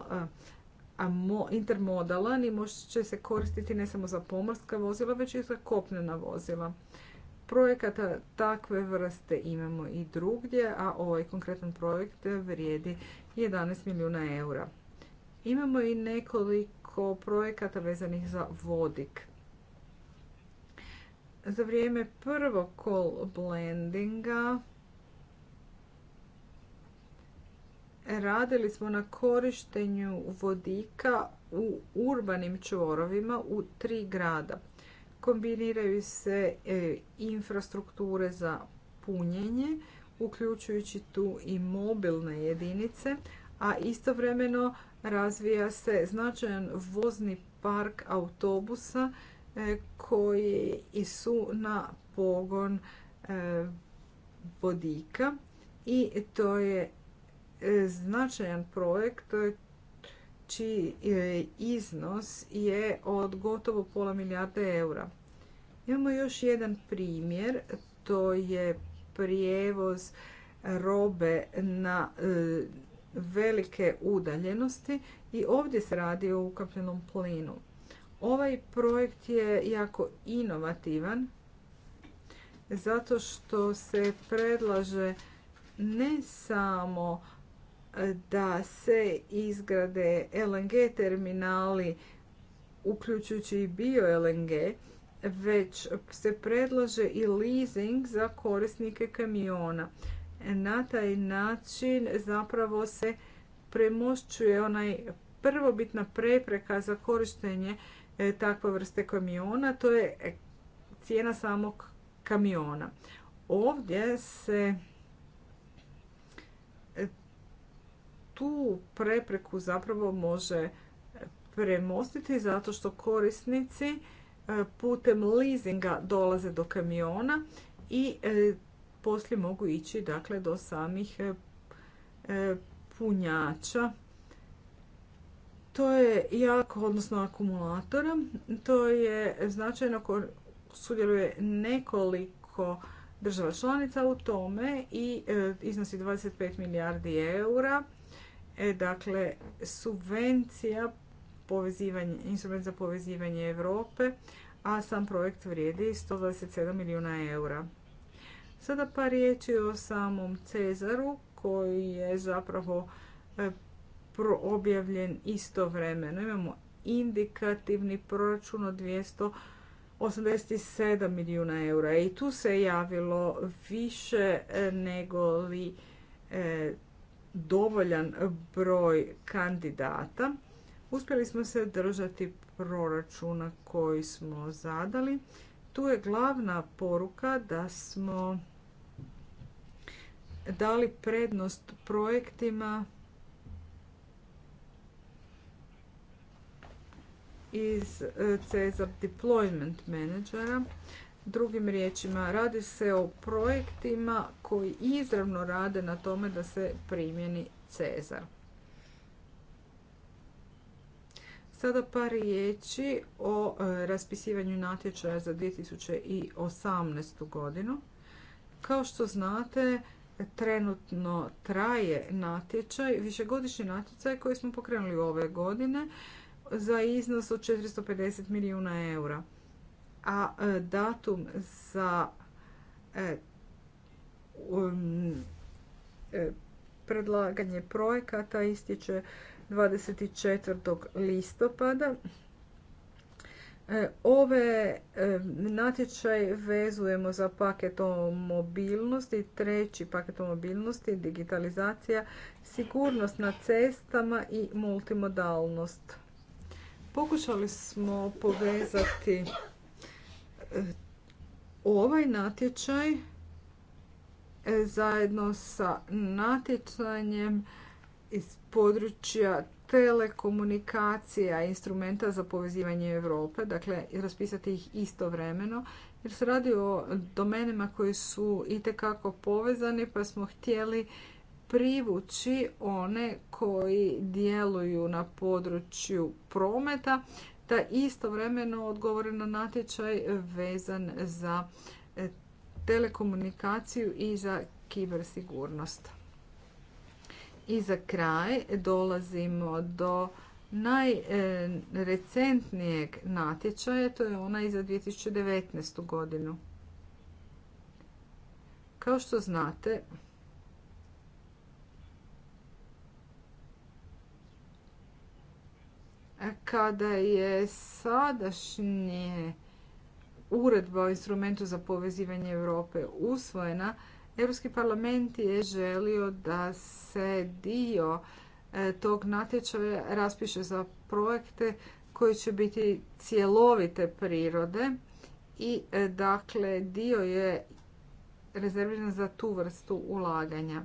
intermodalan i moći će se koristiti ne samo za pomorska vozila, već i za kopnena vozila. Projekata takve vrste imamo i drugdje, a ovaj konkretan projekt vrijedi 11 milijuna eura. Imamo i nekoliko projekata vezanih za vodik. Za vrijeme prvog call blendinga radili smo na korištenju vodika u urbanim čvorovima u tri grada. Kombiniraju se e, infrastrukture za punjenje, uključujući tu i mobilne jedinice, a istovremeno razvija se značajan vozni park autobusa e, koji su na pogon e, vodika i to je E, značajan projekt čiji e, iznos je od gotovo pola milijarde eura. Imamo još jedan primjer, to je prijevoz robe na e, velike udaljenosti i ovdje se radi o ukapljenom plinu. Ovaj projekt je jako inovativan zato što se predlaže ne samo da se izgrade LNG terminali, uključujući i bio-LNG, već se predlaže i leasing za korisnike kamiona. Na taj način zapravo se premošćuje onaj prvobitna prepreka za korištenje e, takve vrste kamiona, to je cijena samog kamiona. Ovdje se tu prepreku zapravo može premostiti zato što korisnici e, putem leasinga dolaze do kamiona i e, poslije mogu ići dakle do samih e, punjača. To je jako, odnosno akumulatora, to je značajno ko sudjeluje nekoliko država članica u tome i iznosi 25 milijardi eura E, dakle subvencija instrument za povezivanje Europe, a sam projekt vrijedi 127 milijuna eura. Sada pa riječi o samom Cezaru koji je zapravo e, objavljen istovremeno. Imamo indikativni proračun od 287 milijuna eura i tu se javilo više e, nego li dovoljan broj kandidata. Uspjeli smo se držati proračuna koji smo zadali. Tu je glavna poruka da smo dali prednost projektima iz eh, CESAR Deployment Managera Drugim riječima, radi se o projektima koji izravno rade na tome da se primjeni Cezar. Sada par riječi o e, raspisivanju natječaja za 2018. godinu. Kao što znate, trenutno traje natječaj, višegodišnji natječaj koji smo pokrenuli ove godine za iznos od 450 milijuna eura a e, datum za e, um, e, predlaganje projekata ističe 24. listopada. Ove natječaje vezujemo za paket o mobilnosti, treći paket o mobilnosti, digitalizacija, sigurnost na cestama i multimodalnost. Pokušali smo povezati Ovaj natječaj e, zajedno sa natječanjem iz područja telekomunikacija, instrumenta za povezivanje Europe, dakle raspisati ih istovremeno, jer se radi o domenima koji su itekako povezani, pa smo htjeli privući one koji djeluju na području prometa, da istovremeno odgovore na natječaj vezan za e, telekomunikaciju i za kibersigurnost. I za kraj dolazimo do najrecentnijeg e, natječaja, to je onaj za 2019. godinu. Kao što znate, kada je sadašnje uredba o instrumentu za povezivanje Europe usvojena, Europski parlament je želio da se dio e, tog natječaja raspiše za projekte koji će biti cjelovite prirode i e, dakle dio je rezerviran za tu vrstu ulaganja.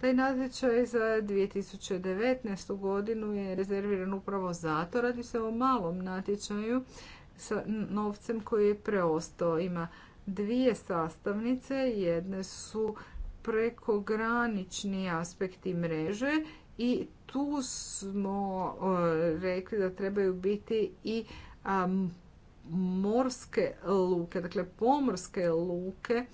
Taj natječaj za 2019. godinu je rezerviran upravo zato. Radi se o malom natječaju sa novcem koji je preostao. Ima dvije sastavnice. Jedne su prekogranični aspekti mreže i tu smo e, rekli da trebaju biti i morske luke, dakle pomorske luke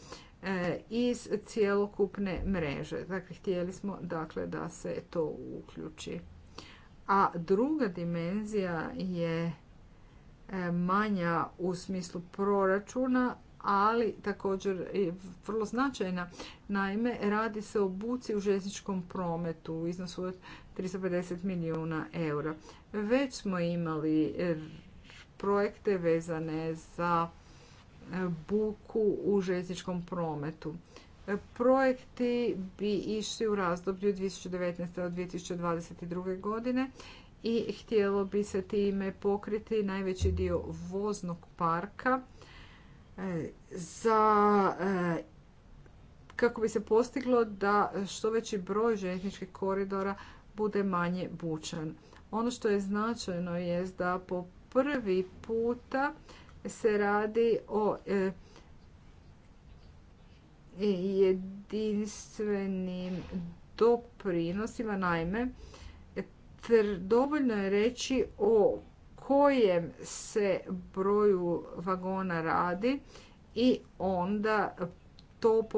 E, iz cijelokupne mreže. Dakle, htjeli smo dakle, da se to uključi. A druga dimenzija je e, manja u smislu proračuna, ali također je vrlo značajna. Naime, radi se o buci u željezničkom prometu u iznosu od 350 milijuna eura. Već smo imali projekte vezane za buku u željezničkom prometu. Projekti bi išli u razdoblju 2019. do 2022. godine i htjelo bi se time pokriti najveći dio voznog parka e, za e, kako bi se postiglo da što veći broj željezničkih koridora bude manje bučan. Ono što je značajno je da po prvi puta se radi o e, jedinstvenim doprinosima. Naime, dovoljno je reći o kojem se broju vagona radi i onda to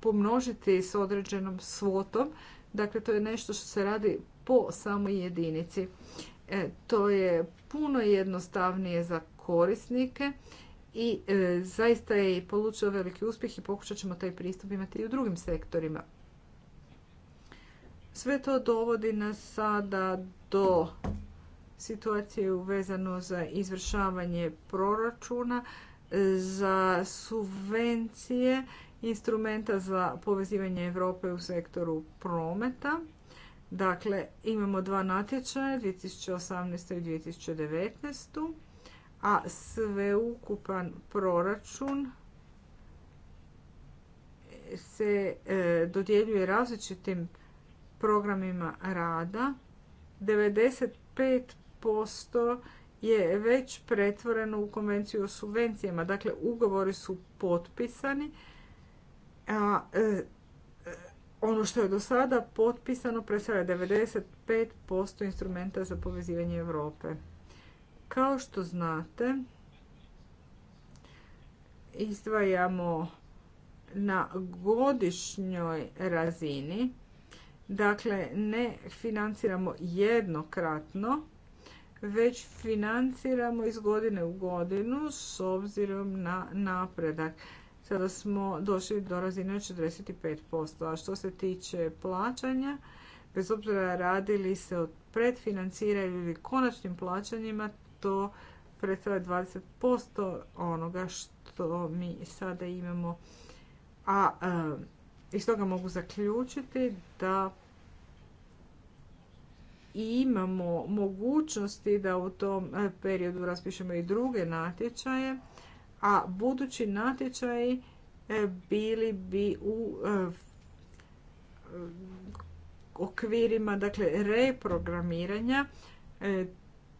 pomnožiti s određenom svotom. Dakle, to je nešto što se radi po samoj jedinici. E, to je puno jednostavnije za korisnike i e, zaista je i polučio veliki uspjeh i pokušat ćemo taj pristup imati i u drugim sektorima. Sve to dovodi nas sada do situacije uvezano za izvršavanje proračuna, e, za subvencije, instrumenta za povezivanje Europe u sektoru prometa. Dakle, imamo dva natječaja, 2018. i 2019 a sveukupan proračun se e, dodjeljuje različitim programima rada. 95% je već pretvoreno u konvenciju o subvencijama. Dakle, ugovori su potpisani, a e, ono što je do sada potpisano predstavlja 95% instrumenta za povezivanje Europe. Kao što znate, izdvajamo na godišnjoj razini, dakle ne financiramo jednokratno, već financiramo iz godine u godinu s obzirom na napredak. Sada smo došli do razine 45%, a što se tiče plaćanja, bez obzira radili se o predfinanciranju ili konačnim plaćanjima, to predstavlja 20% onoga što mi sada imamo. A eh, iz toga mogu zaključiti da imamo mogućnosti da u tom eh, periodu raspišemo i druge natječaje, a budući natječaji eh, bili bi u okvirima dakle reprogramiranja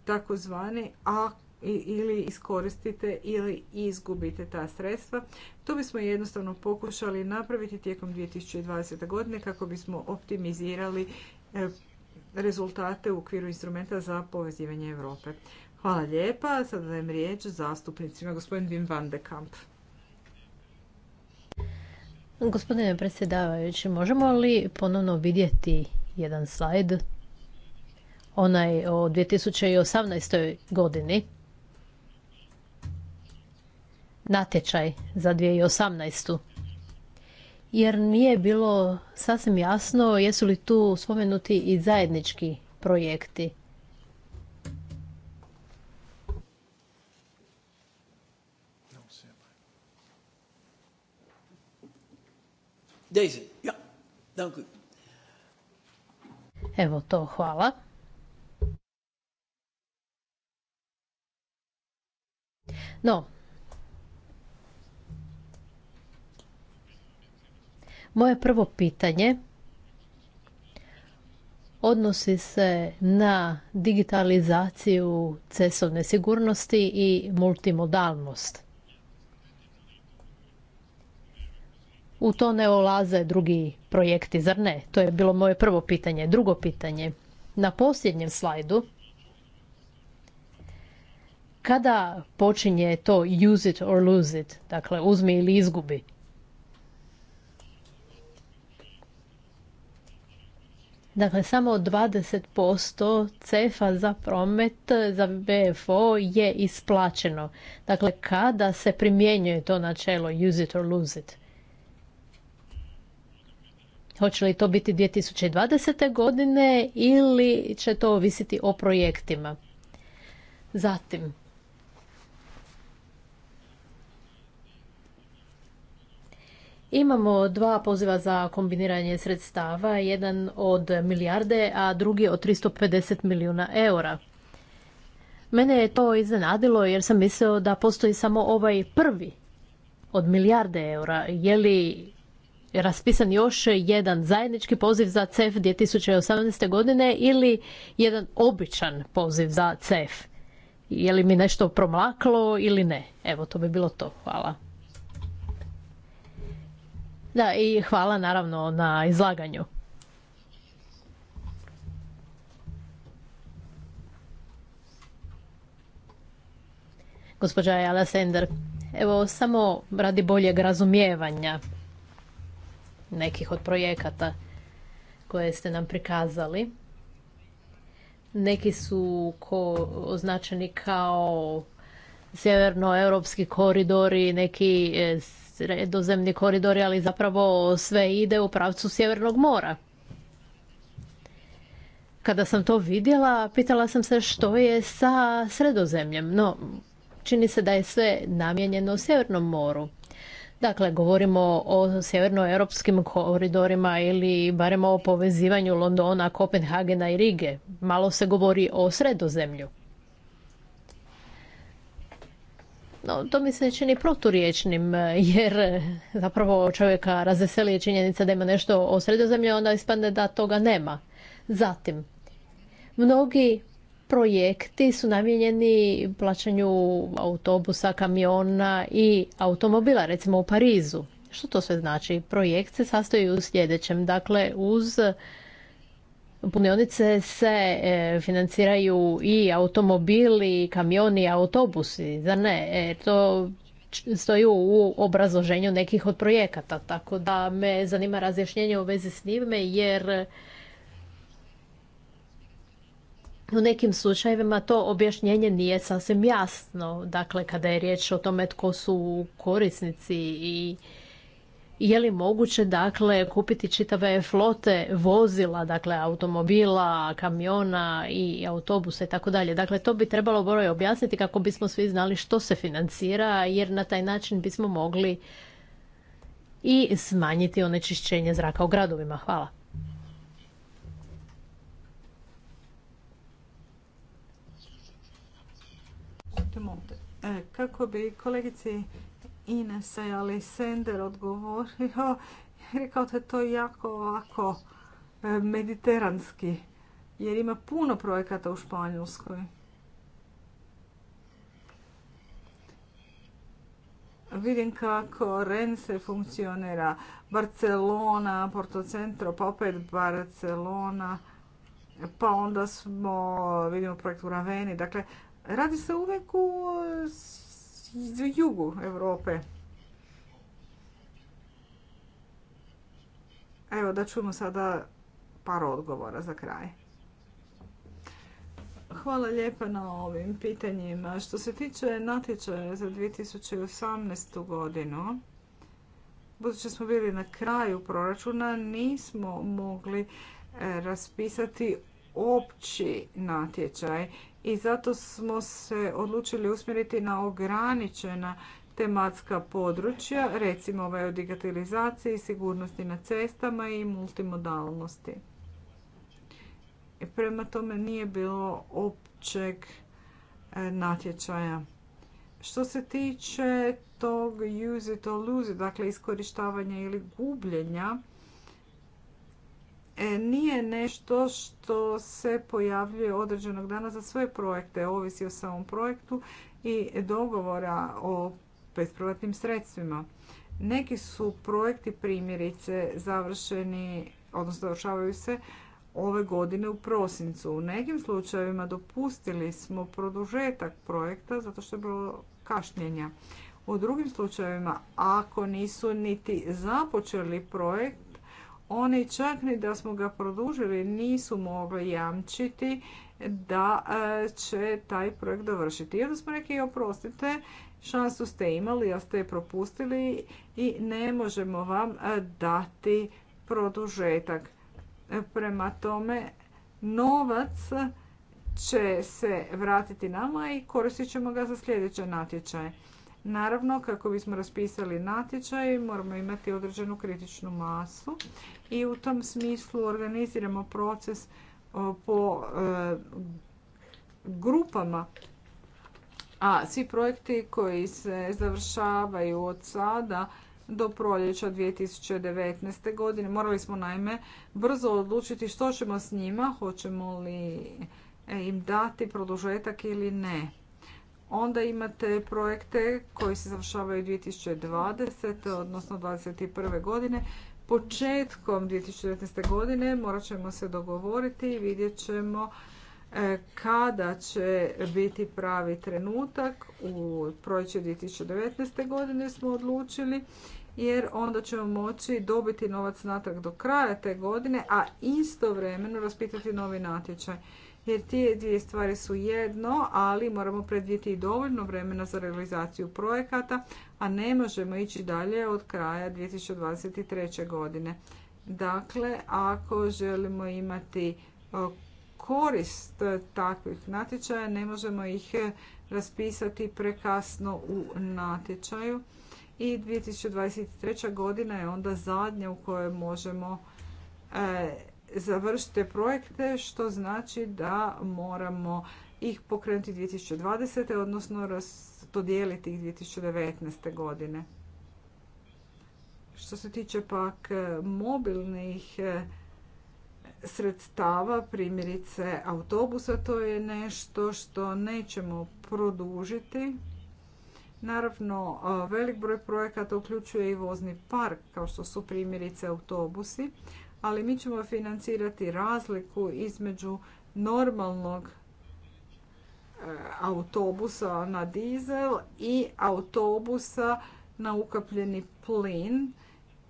takozvani a ili iskoristite ili izgubite ta sredstva. To bismo jednostavno pokušali napraviti tijekom 2020. godine kako bismo optimizirali e, rezultate u okviru instrumenta za povezivanje Europe. Hvala lijepa. Sada dajem riječ zastupnicima. Gospodin Wim van de Kamp. Gospodine predsjedavajući, možemo li ponovno vidjeti jedan slajd? onaj o 2018. godini, natječaj za 2018. Jer nije bilo sasvim jasno jesu li tu spomenuti i zajednički projekti. ja, Evo to, hvala. No, moje prvo pitanje odnosi se na digitalizaciju cesovne sigurnosti i multimodalnost. U to ne olaze drugi projekti, zar ne? To je bilo moje prvo pitanje. Drugo pitanje. Na posljednjem slajdu kada počinje to use it or lose it, dakle uzmi ili izgubi? Dakle, samo 20% cefa za promet za BFO je isplaćeno. Dakle, kada se primjenjuje to načelo use it or lose it? Hoće li to biti 2020. godine ili će to ovisiti o projektima? Zatim, Imamo dva poziva za kombiniranje sredstava, jedan od milijarde, a drugi od 350 milijuna eura. Mene je to iznenadilo jer sam mislio da postoji samo ovaj prvi od milijarde eura. Je li raspisan još jedan zajednički poziv za CEF 2018. godine ili jedan običan poziv za CEF? Je li mi nešto promaklo ili ne? Evo, to bi bilo to. Hvala. Da, i hvala naravno na izlaganju. Gospođa Jala Sender, evo samo radi boljeg razumijevanja nekih od projekata koje ste nam prikazali. Neki su ko, označeni kao sjevernoeuropski koridori, neki e, sredozemni koridori, ali zapravo sve ide u pravcu Sjevernog mora. Kada sam to vidjela, pitala sam se što je sa sredozemljem, no čini se da je sve namijenjeno Sjevernom moru. Dakle, govorimo o sjevernoeuropskim koridorima ili barem o povezivanju Londona, Kopenhagena i Rige. Malo se govori o sredozemlju. No, to mi se čini proturiječnim, e, jer e, zapravo čovjeka razveselije činjenica da ima nešto o sredozemlju, onda ispadne da toga nema. Zatim, mnogi projekti su namijenjeni plaćanju autobusa, kamiona i automobila, recimo u Parizu. Što to sve znači? Projekt se sastoji u sljedećem. Dakle, uz punionice se e, financiraju i automobili, kamioni, autobusi, zar ne? E, to stoji u obrazloženju nekih od projekata, tako da me zanima razjašnjenje u vezi s njime, jer u nekim slučajevima to objašnjenje nije sasvim jasno. Dakle, kada je riječ o tome tko su korisnici i je li moguće dakle kupiti čitave flote vozila, dakle automobila, kamiona i autobusa i tako dalje. Dakle to bi trebalo bolje objasniti kako bismo svi znali što se financira jer na taj način bismo mogli i smanjiti onečišćenje zraka u gradovima. Hvala. E, kako bi kolegici se ali Sender odgovorio, rekao da je to jako ovako e, mediteranski, jer ima puno projekata u Španjolskoj. Vidim kako rense funkcionira, Barcelona, Porto Centro, pa opet Barcelona, pa onda smo, vidimo projekt u Raveni, dakle, radi se uvijek u jugu Europe. Evo da čujemo sada par odgovora za kraj. Hvala lijepa na ovim pitanjima. Što se tiče natječaja za 2018. godinu, budući smo bili na kraju proračuna, nismo mogli e, raspisati opći natječaj i zato smo se odlučili usmjeriti na ograničena tematska područja, recimo ovaj o digitalizaciji, sigurnosti na cestama i multimodalnosti. Prema tome nije bilo općeg e, natječaja. Što se tiče tog use it or lose it, dakle iskorištavanja ili gubljenja, E, nije nešto što se pojavljuje određenog dana za svoje projekte, ovisi o samom projektu i dogovora o bespovratnim sredstvima. Neki su projekti primjerice završeni, odnosno završavaju se ove godine u prosincu. U nekim slučajevima dopustili smo produžetak projekta zato što je bilo kašnjenja. U drugim slučajevima, ako nisu niti započeli projekt, oni čak ni da smo ga produžili nisu mogli jamčiti da e, će taj projekt dovršiti. I smo rekli, oprostite, šansu ste imali, a ste je propustili i ne možemo vam e, dati produžetak. E, prema tome, novac će se vratiti nama i koristit ćemo ga za sljedeće natječaje. Naravno, kako bismo raspisali natječaj, moramo imati određenu kritičnu masu i u tom smislu organiziramo proces e, po e, grupama. A svi projekti koji se završavaju od sada do proljeća 2019. godine morali smo naime brzo odlučiti što ćemo s njima, hoćemo li e, im dati produžetak ili ne. Onda imate projekte koji se završavaju 2020. odnosno 2021. godine. Početkom 2019. godine morat ćemo se dogovoriti i vidjet ćemo e, kada će biti pravi trenutak. U projeću 2019. godine smo odlučili jer onda ćemo moći dobiti novac natrag do kraja te godine, a istovremeno raspitati novi natječaj jer te dvije stvari su jedno, ali moramo predvijeti i dovoljno vremena za realizaciju projekata, a ne možemo ići dalje od kraja 2023. godine. Dakle, ako želimo imati korist takvih natječaja, ne možemo ih raspisati prekasno u natječaju. I 2023. godina je onda zadnja u kojoj možemo e, završite projekte, što znači da moramo ih pokrenuti 2020. odnosno dodijeliti ih 2019. godine. Što se tiče pak mobilnih eh, sredstava, primjerice autobusa, to je nešto što nećemo produžiti. Naravno, eh, velik broj projekata uključuje i vozni park, kao što su primjerice autobusi, ali mi ćemo financirati razliku između normalnog e, autobusa na dizel i autobusa na ukapljeni plin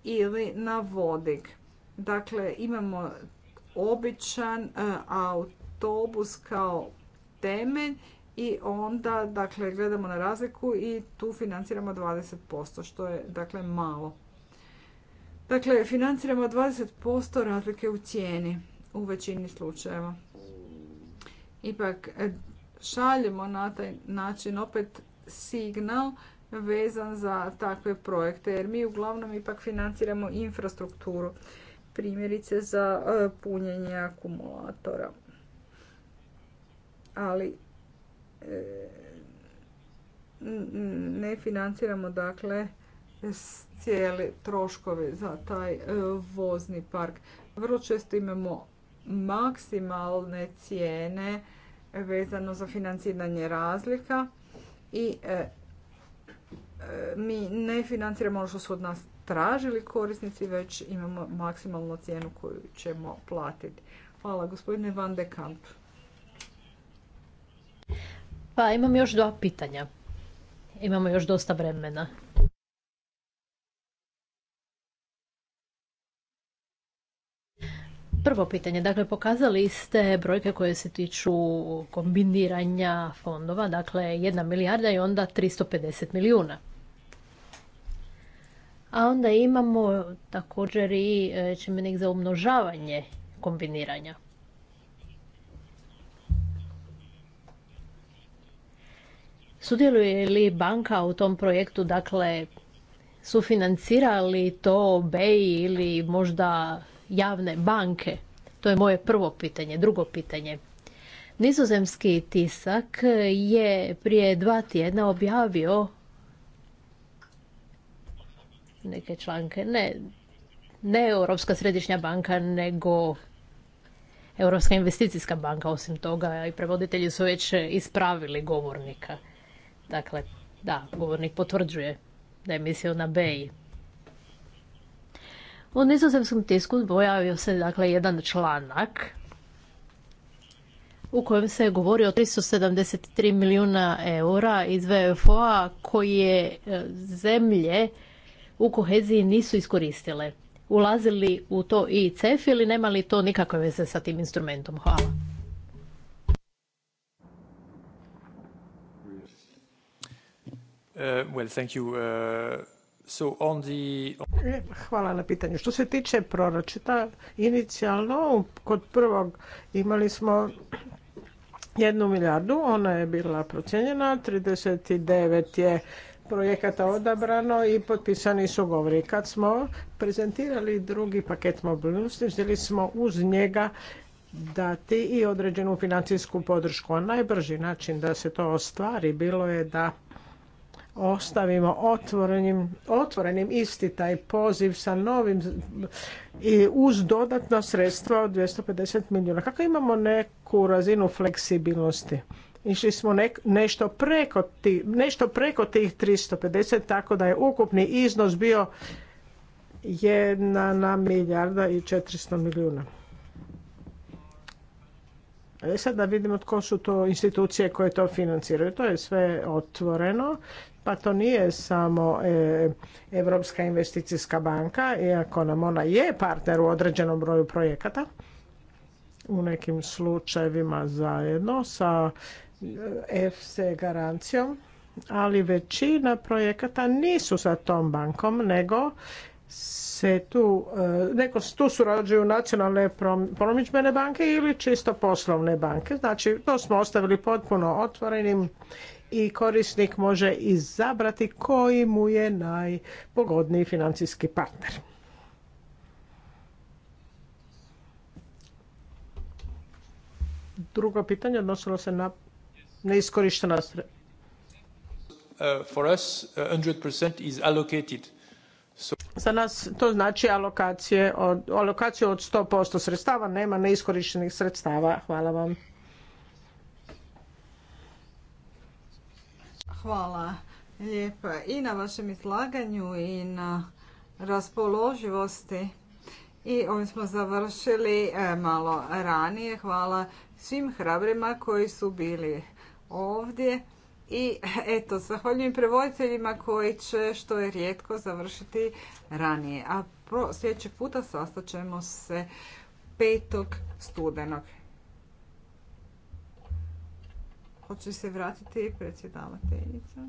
ili na vodik. Dakle, imamo običan e, autobus kao temelj i onda dakle, gledamo na razliku i tu financiramo 20%, što je dakle malo. Dakle, financiramo 20% razlike u cijeni u većini slučajeva. Ipak e, šaljemo na taj način opet signal vezan za takve projekte jer mi uglavnom ipak financiramo infrastrukturu primjerice za e, punjenje akumulatora. Ali e, ne financiramo dakle cijeli troškovi za taj e, vozni park. Vrlo često imamo maksimalne cijene vezano za financiranje razlika i e, e, mi ne financiramo ono što su od nas tražili korisnici, već imamo maksimalnu cijenu koju ćemo platiti. Hvala, gospodine Van de Kamp. Pa imam još dva pitanja. Imamo još dosta vremena. Prvo pitanje, dakle pokazali ste brojke koje se tiču kombiniranja fondova, dakle jedna milijarda i onda 350 milijuna. A onda imamo također i e, čimenik za umnožavanje kombiniranja. Sudjeluje li banka u tom projektu, dakle, sufinancira li to BEI ili možda javne banke? To je moje prvo pitanje. Drugo pitanje. Nizozemski tisak je prije dva tjedna objavio neke članke, ne, ne Europska središnja banka, nego Europska investicijska banka, osim toga, i prevoditelji su već ispravili govornika. Dakle, da, govornik potvrđuje da je mislio na BEI. U nizozemskom tisku pojavio se dakle jedan članak u kojem se govori o 373 milijuna eura iz VFO-a koje e, zemlje u koheziji nisu iskoristile. Ulazili u to i CEF ili nema li to nikakve veze sa tim instrumentom? Hvala. Uh, well, thank you. Uh, on e, Hvala na pitanju. Što se tiče proračeta, inicijalno kod prvog imali smo jednu milijardu, ona je bila procijenjena, 39 je projekata odabrano i potpisani su govori. Kad smo prezentirali drugi paket mobilnosti, želi smo uz njega dati i određenu financijsku podršku. A najbrži način da se to ostvari bilo je da ostavimo otvorenim, otvorenim isti taj poziv sa novim i uz dodatna sredstva od 250 milijuna. Kako imamo neku razinu fleksibilnosti? Išli smo nek, nešto, preko ti, nešto preko tih 350, tako da je ukupni iznos bio jedna na milijarda i 400 milijuna. E sad da vidimo tko su to institucije koje to financiraju. To je sve otvoreno pa to nije samo Europska investicijska banka, iako nam ona je partner u određenom broju projekata, u nekim slučajevima zajedno sa e, FC garancijom, ali većina projekata nisu sa tom bankom, nego se tu, e, neko tu surađuju nacionalne promidžbene banke ili čisto poslovne banke. Znači, to smo ostavili potpuno otvorenim i korisnik može izabrati koji mu je najpogodniji financijski partner. Drugo pitanje odnosilo se na neiskorištena sredstva. Uh, uh, Za nas to znači alokacije od, alokaciju od 100% sredstava, nema neiskorištenih sredstava. Hvala vam. Hvala lijepa i na vašem izlaganju i na raspoloživosti. I ovim smo završili e, malo ranije. Hvala svim hrabrima koji su bili ovdje. I eto, zahvaljujem prevoditeljima koji će, što je rijetko, završiti ranije. A sljedećeg puta ćemo se petog studenog. Hoće se vratiti predsjedavateljica.